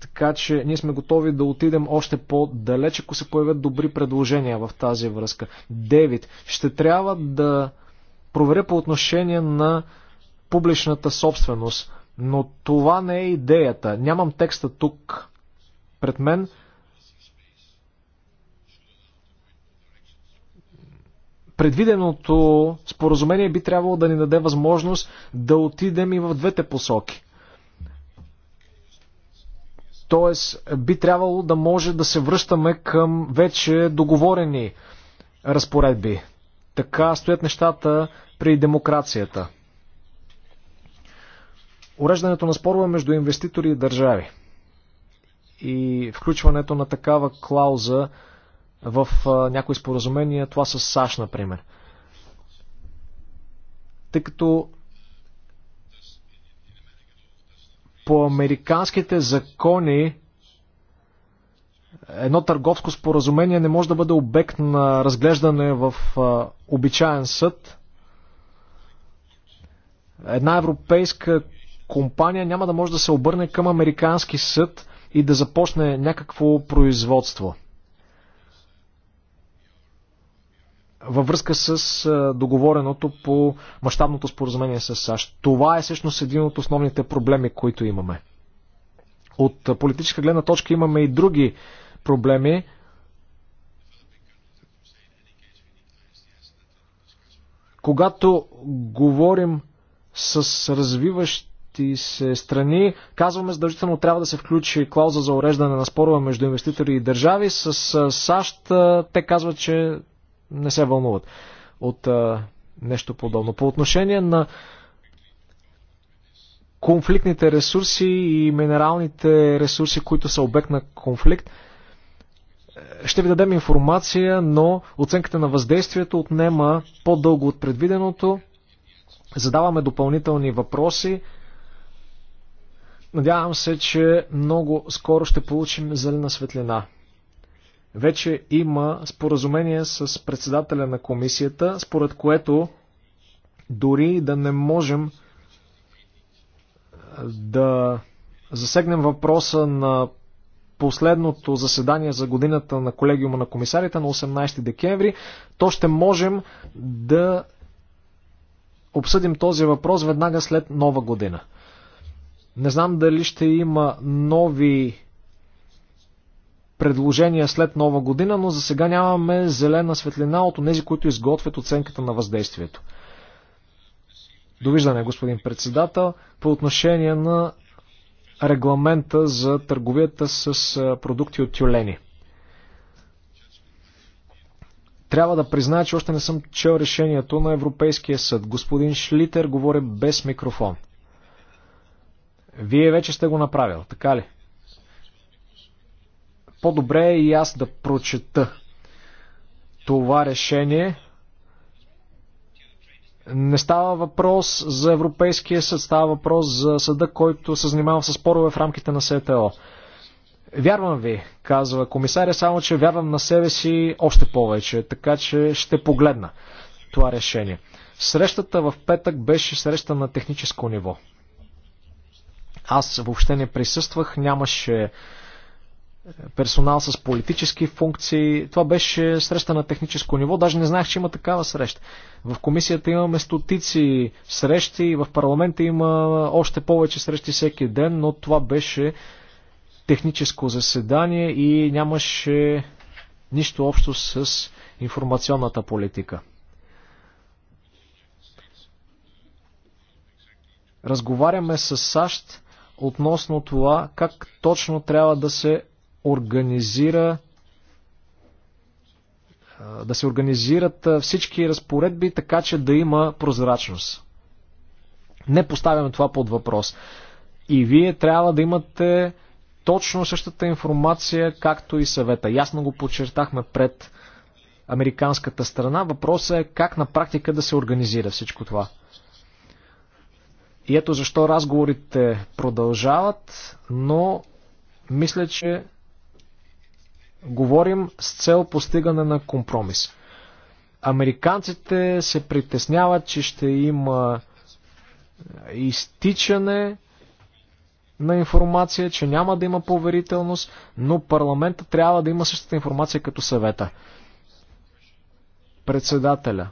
така че ние сме готови да отидем още по-далеч, ако се появят добри предложения в тази връзка. Девид, ще трябва да проверя по отношение на публичната собственост, но това не е идеята. Нямам текста тук пред мен, предвиденото споразумение би трябвало да ни даде възможност да отидем и в двете посоки. Тоест, би трябвало да може да се връщаме към вече договорени разпоредби. Така стоят нещата при демокрацията. Уреждането на спорове между инвеститори и държави и включването на такава клауза в някои споразумения, това с САЩ, например. Тъй като по американските закони едно търговско споразумение не може да бъде обект на разглеждане в обичаен съд. Една европейска компания няма да може да се обърне към американски съд и да започне някакво производство. във връзка с договореното по мащабното споразумение с САЩ. Това е всъщност един от основните проблеми, които имаме. От политическа гледна точка имаме и други проблеми. Когато говорим с развиващи се страни, казваме задължително трябва да се включи клауза за уреждане на спорове между инвеститори и държави. С САЩ те казват, че не се вълнуват от а, нещо подобно. По отношение на конфликтните ресурси и минералните ресурси, които са обект на конфликт, ще ви дадем информация, но оценката на въздействието отнема по-дълго от предвиденото. Задаваме допълнителни въпроси. Надявам се, че много скоро ще получим зелена светлина вече има споразумение с председателя на комисията, според което дори да не можем да засегнем въпроса на последното заседание за годината на колегиума на комисарите на 18 декември, то ще можем да обсъдим този въпрос веднага след нова година. Не знам дали ще има нови предложения след нова година, но за сега нямаме зелена светлина от тези, които изготвят оценката на въздействието. Довиждане, господин председател, по отношение на регламента за търговията с продукти от тюлени. Трябва да призная, че още не съм чел решението на Европейския съд. Господин Шлитер говори без микрофон. Вие вече сте го направил, така ли? по-добре е и аз да прочета това решение. Не става въпрос за Европейския съд, става въпрос за съда, който се занимава с спорове в рамките на СТО. Вярвам ви, казва комисаря, само че вярвам на себе си още повече, така че ще погледна това решение. Срещата в петък беше среща на техническо ниво. Аз въобще не присъствах, нямаше персонал с политически функции. Това беше среща на техническо ниво. Даже не знаех, че има такава среща. В комисията имаме стотици срещи, в парламента има още повече срещи всеки ден, но това беше техническо заседание и нямаше нищо общо с информационната политика. Разговаряме с САЩ относно това как точно трябва да се организира да се организират всички разпоредби, така че да има прозрачност. Не поставяме това под въпрос. И вие трябва да имате точно същата информация, както и съвета. Ясно го подчертахме пред американската страна. Въпросът е как на практика да се организира всичко това. И ето защо разговорите продължават, но мисля, че Говорим с цел постигане на компромис. Американците се притесняват, че ще има е, изтичане на информация, че няма да има поверителност, но парламента трябва да има същата информация като съвета. Председателя.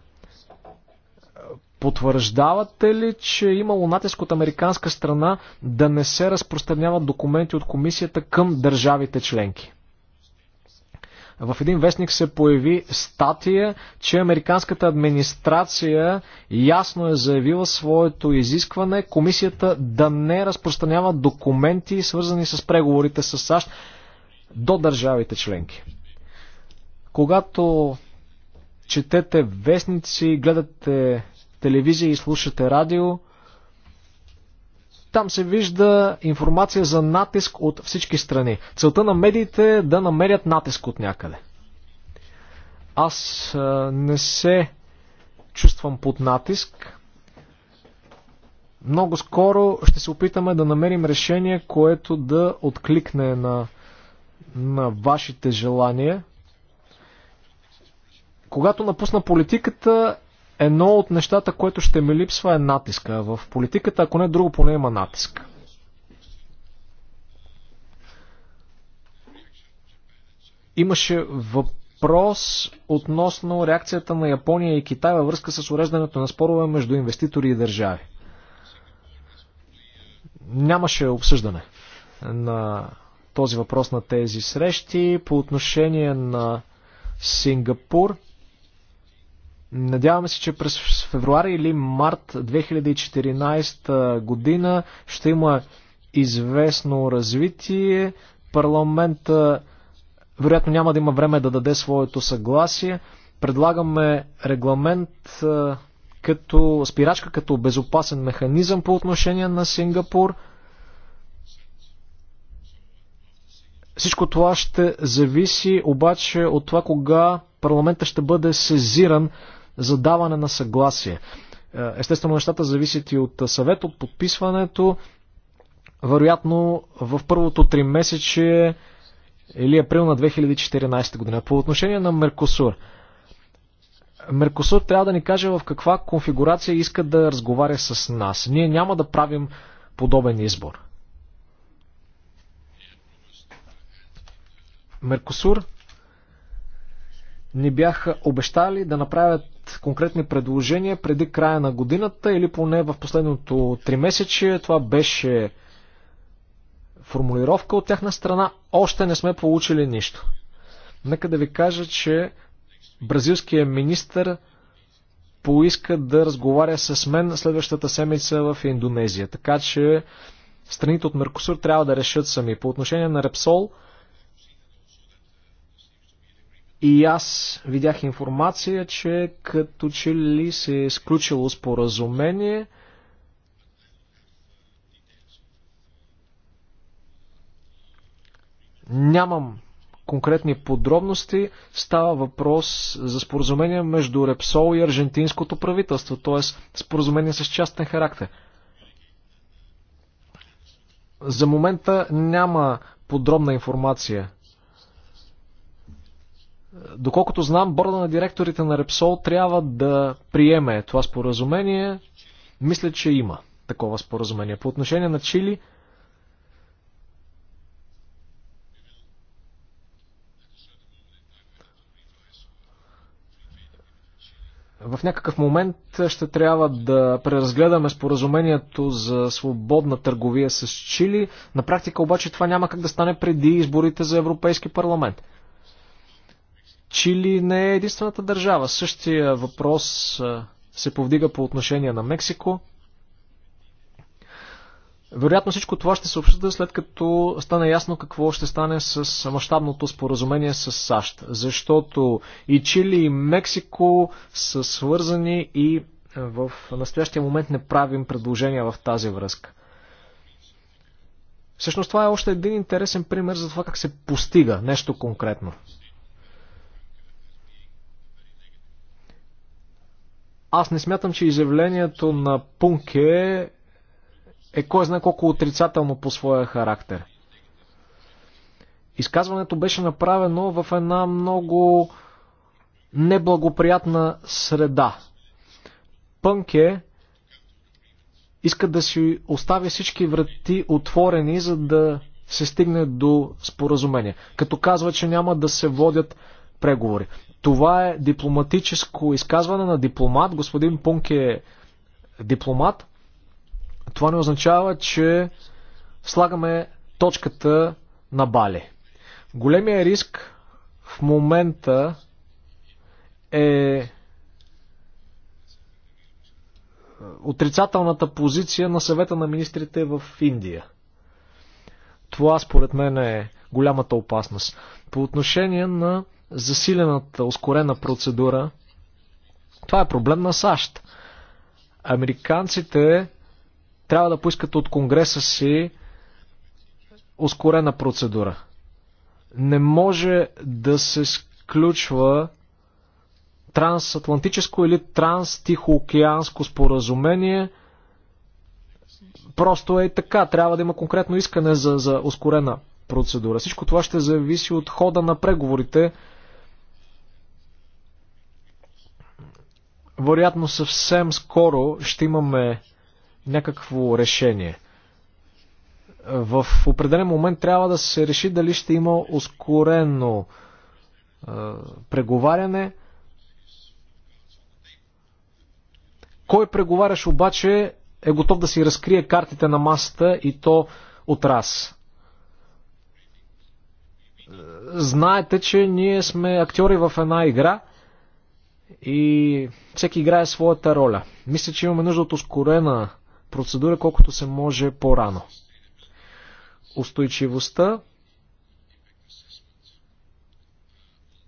Потвърждавате ли, че имало натиск от американска страна да не се разпространяват документи от комисията към държавите членки? в един вестник се появи статия, че американската администрация ясно е заявила своето изискване комисията да не разпространява документи, свързани с преговорите с САЩ до държавите членки. Когато четете вестници, гледате телевизия и слушате радио, там се вижда информация за натиск от всички страни. Целта на медиите е да намерят натиск от някъде. Аз не се чувствам под натиск. Много скоро ще се опитаме да намерим решение, което да откликне на, на вашите желания. Когато напусна политиката, Едно от нещата, което ще ми липсва е натиска. В политиката, ако не друго, поне има натиск. Имаше въпрос относно реакцията на Япония и Китай във връзка с уреждането на спорове между инвеститори и държави. Нямаше обсъждане на този въпрос на тези срещи. По отношение на Сингапур, Надяваме се, че през февруари или март 2014 година ще има известно развитие. Парламента вероятно няма да има време да даде своето съгласие. Предлагаме регламент като спирачка, като безопасен механизъм по отношение на Сингапур. Всичко това ще зависи обаче от това кога парламента ще бъде сезиран за даване на съгласие. Е, естествено, нещата зависят и от съвет, от подписването. Вероятно, в първото три месече или април на 2014 година. По отношение на Меркосур. Меркосур трябва да ни каже в каква конфигурация иска да разговаря с нас. Ние няма да правим подобен избор. Меркосур ни бяха обещали да направят конкретни предложения преди края на годината или поне в последното три месече. Това беше формулировка от тяхна страна. Още не сме получили нищо. Нека да ви кажа, че бразилският министр поиска да разговаря с мен следващата седмица в Индонезия. Така че страните от Меркосур трябва да решат сами. По отношение на Репсол, и аз видях информация, че като че ли се е сключило споразумение. Нямам конкретни подробности. Става въпрос за споразумение между Репсол и аржентинското правителство, т.е. споразумение с частен характер. За момента няма подробна информация Доколкото знам, борда на директорите на Репсол трябва да приеме това споразумение. Мисля, че има такова споразумение. По отношение на Чили, в някакъв момент ще трябва да преразгледаме споразумението за свободна търговия с Чили. На практика обаче това няма как да стане преди изборите за Европейски парламент. Чили не е единствената държава. Същия въпрос се повдига по отношение на Мексико. Вероятно всичко това ще се обсъжда след като стане ясно какво ще стане с мащабното споразумение с САЩ. Защото и Чили, и Мексико са свързани и в настоящия момент не правим предложения в тази връзка. Всъщност това е още един интересен пример за това как се постига нещо конкретно. Аз не смятам, че изявлението на Пунке е кой знае колко отрицателно по своя характер. Изказването беше направено в една много неблагоприятна среда. Пънке иска да си остави всички врати отворени, за да се стигне до споразумение. Като казва, че няма да се водят преговори. Това е дипломатическо изказване на дипломат. Господин Пунк е дипломат. Това не означава, че слагаме точката на Бали. Големия риск в момента е отрицателната позиция на съвета на министрите в Индия. Това според мен е голямата опасност. По отношение на засилената, ускорена процедура. Това е проблем на САЩ. Американците трябва да поискат от Конгреса си ускорена процедура. Не може да се сключва трансатлантическо или транстихоокеанско споразумение. Просто е така. Трябва да има конкретно искане за, за ускорена процедура. Всичко това ще зависи от хода на преговорите вероятно съвсем скоро ще имаме някакво решение. В определен момент трябва да се реши дали ще има ускорено е, преговаряне. Кой преговаряш обаче е готов да си разкрие картите на масата и то от раз. Знаете, че ние сме актьори в една игра – и всеки играе своята роля. Мисля, че имаме нужда от ускорена процедура, колкото се може по-рано. Устойчивостта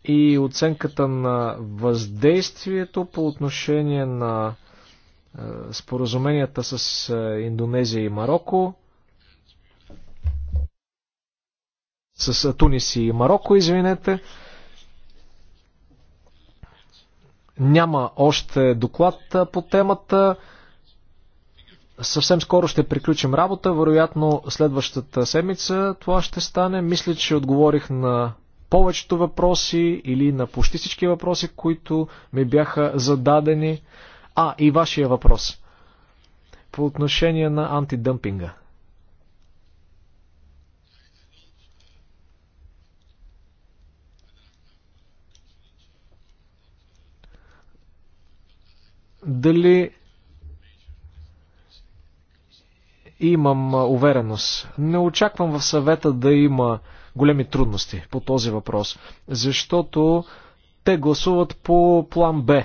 и оценката на въздействието по отношение на е, споразуменията с е, Индонезия и Марокко, с е, Тунис и Марокко, извинете, Няма още доклад по темата. Съвсем скоро ще приключим работа, вероятно следващата седмица това ще стане. Мисля, че отговорих на повечето въпроси или на почти всички въпроси, които ми бяха зададени. А, и вашия въпрос. По отношение на антидъмпинга. дали имам увереност. Не очаквам в съвета да има големи трудности по този въпрос, защото те гласуват по план Б.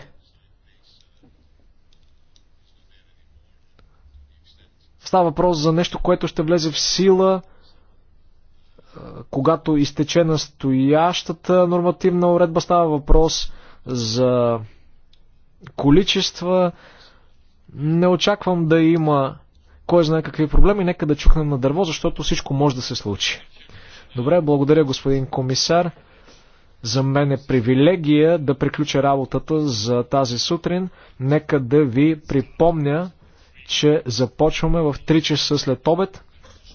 Става въпрос за нещо, което ще влезе в сила, когато изтече настоящата нормативна уредба. Става въпрос за количества. Не очаквам да има кой знае какви проблеми. Нека да чукнем на дърво, защото всичко може да се случи. Добре, благодаря господин комисар. За мен е привилегия да приключа работата за тази сутрин. Нека да ви припомня, че започваме в 3 часа след обед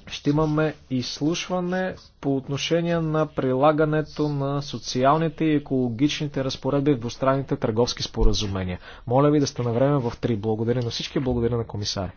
ще имаме изслушване по отношение на прилагането на социалните и екологичните разпоредби в двустранните търговски споразумения. Моля ви да сте на време в три. Благодаря на всички, благодаря на комисаря.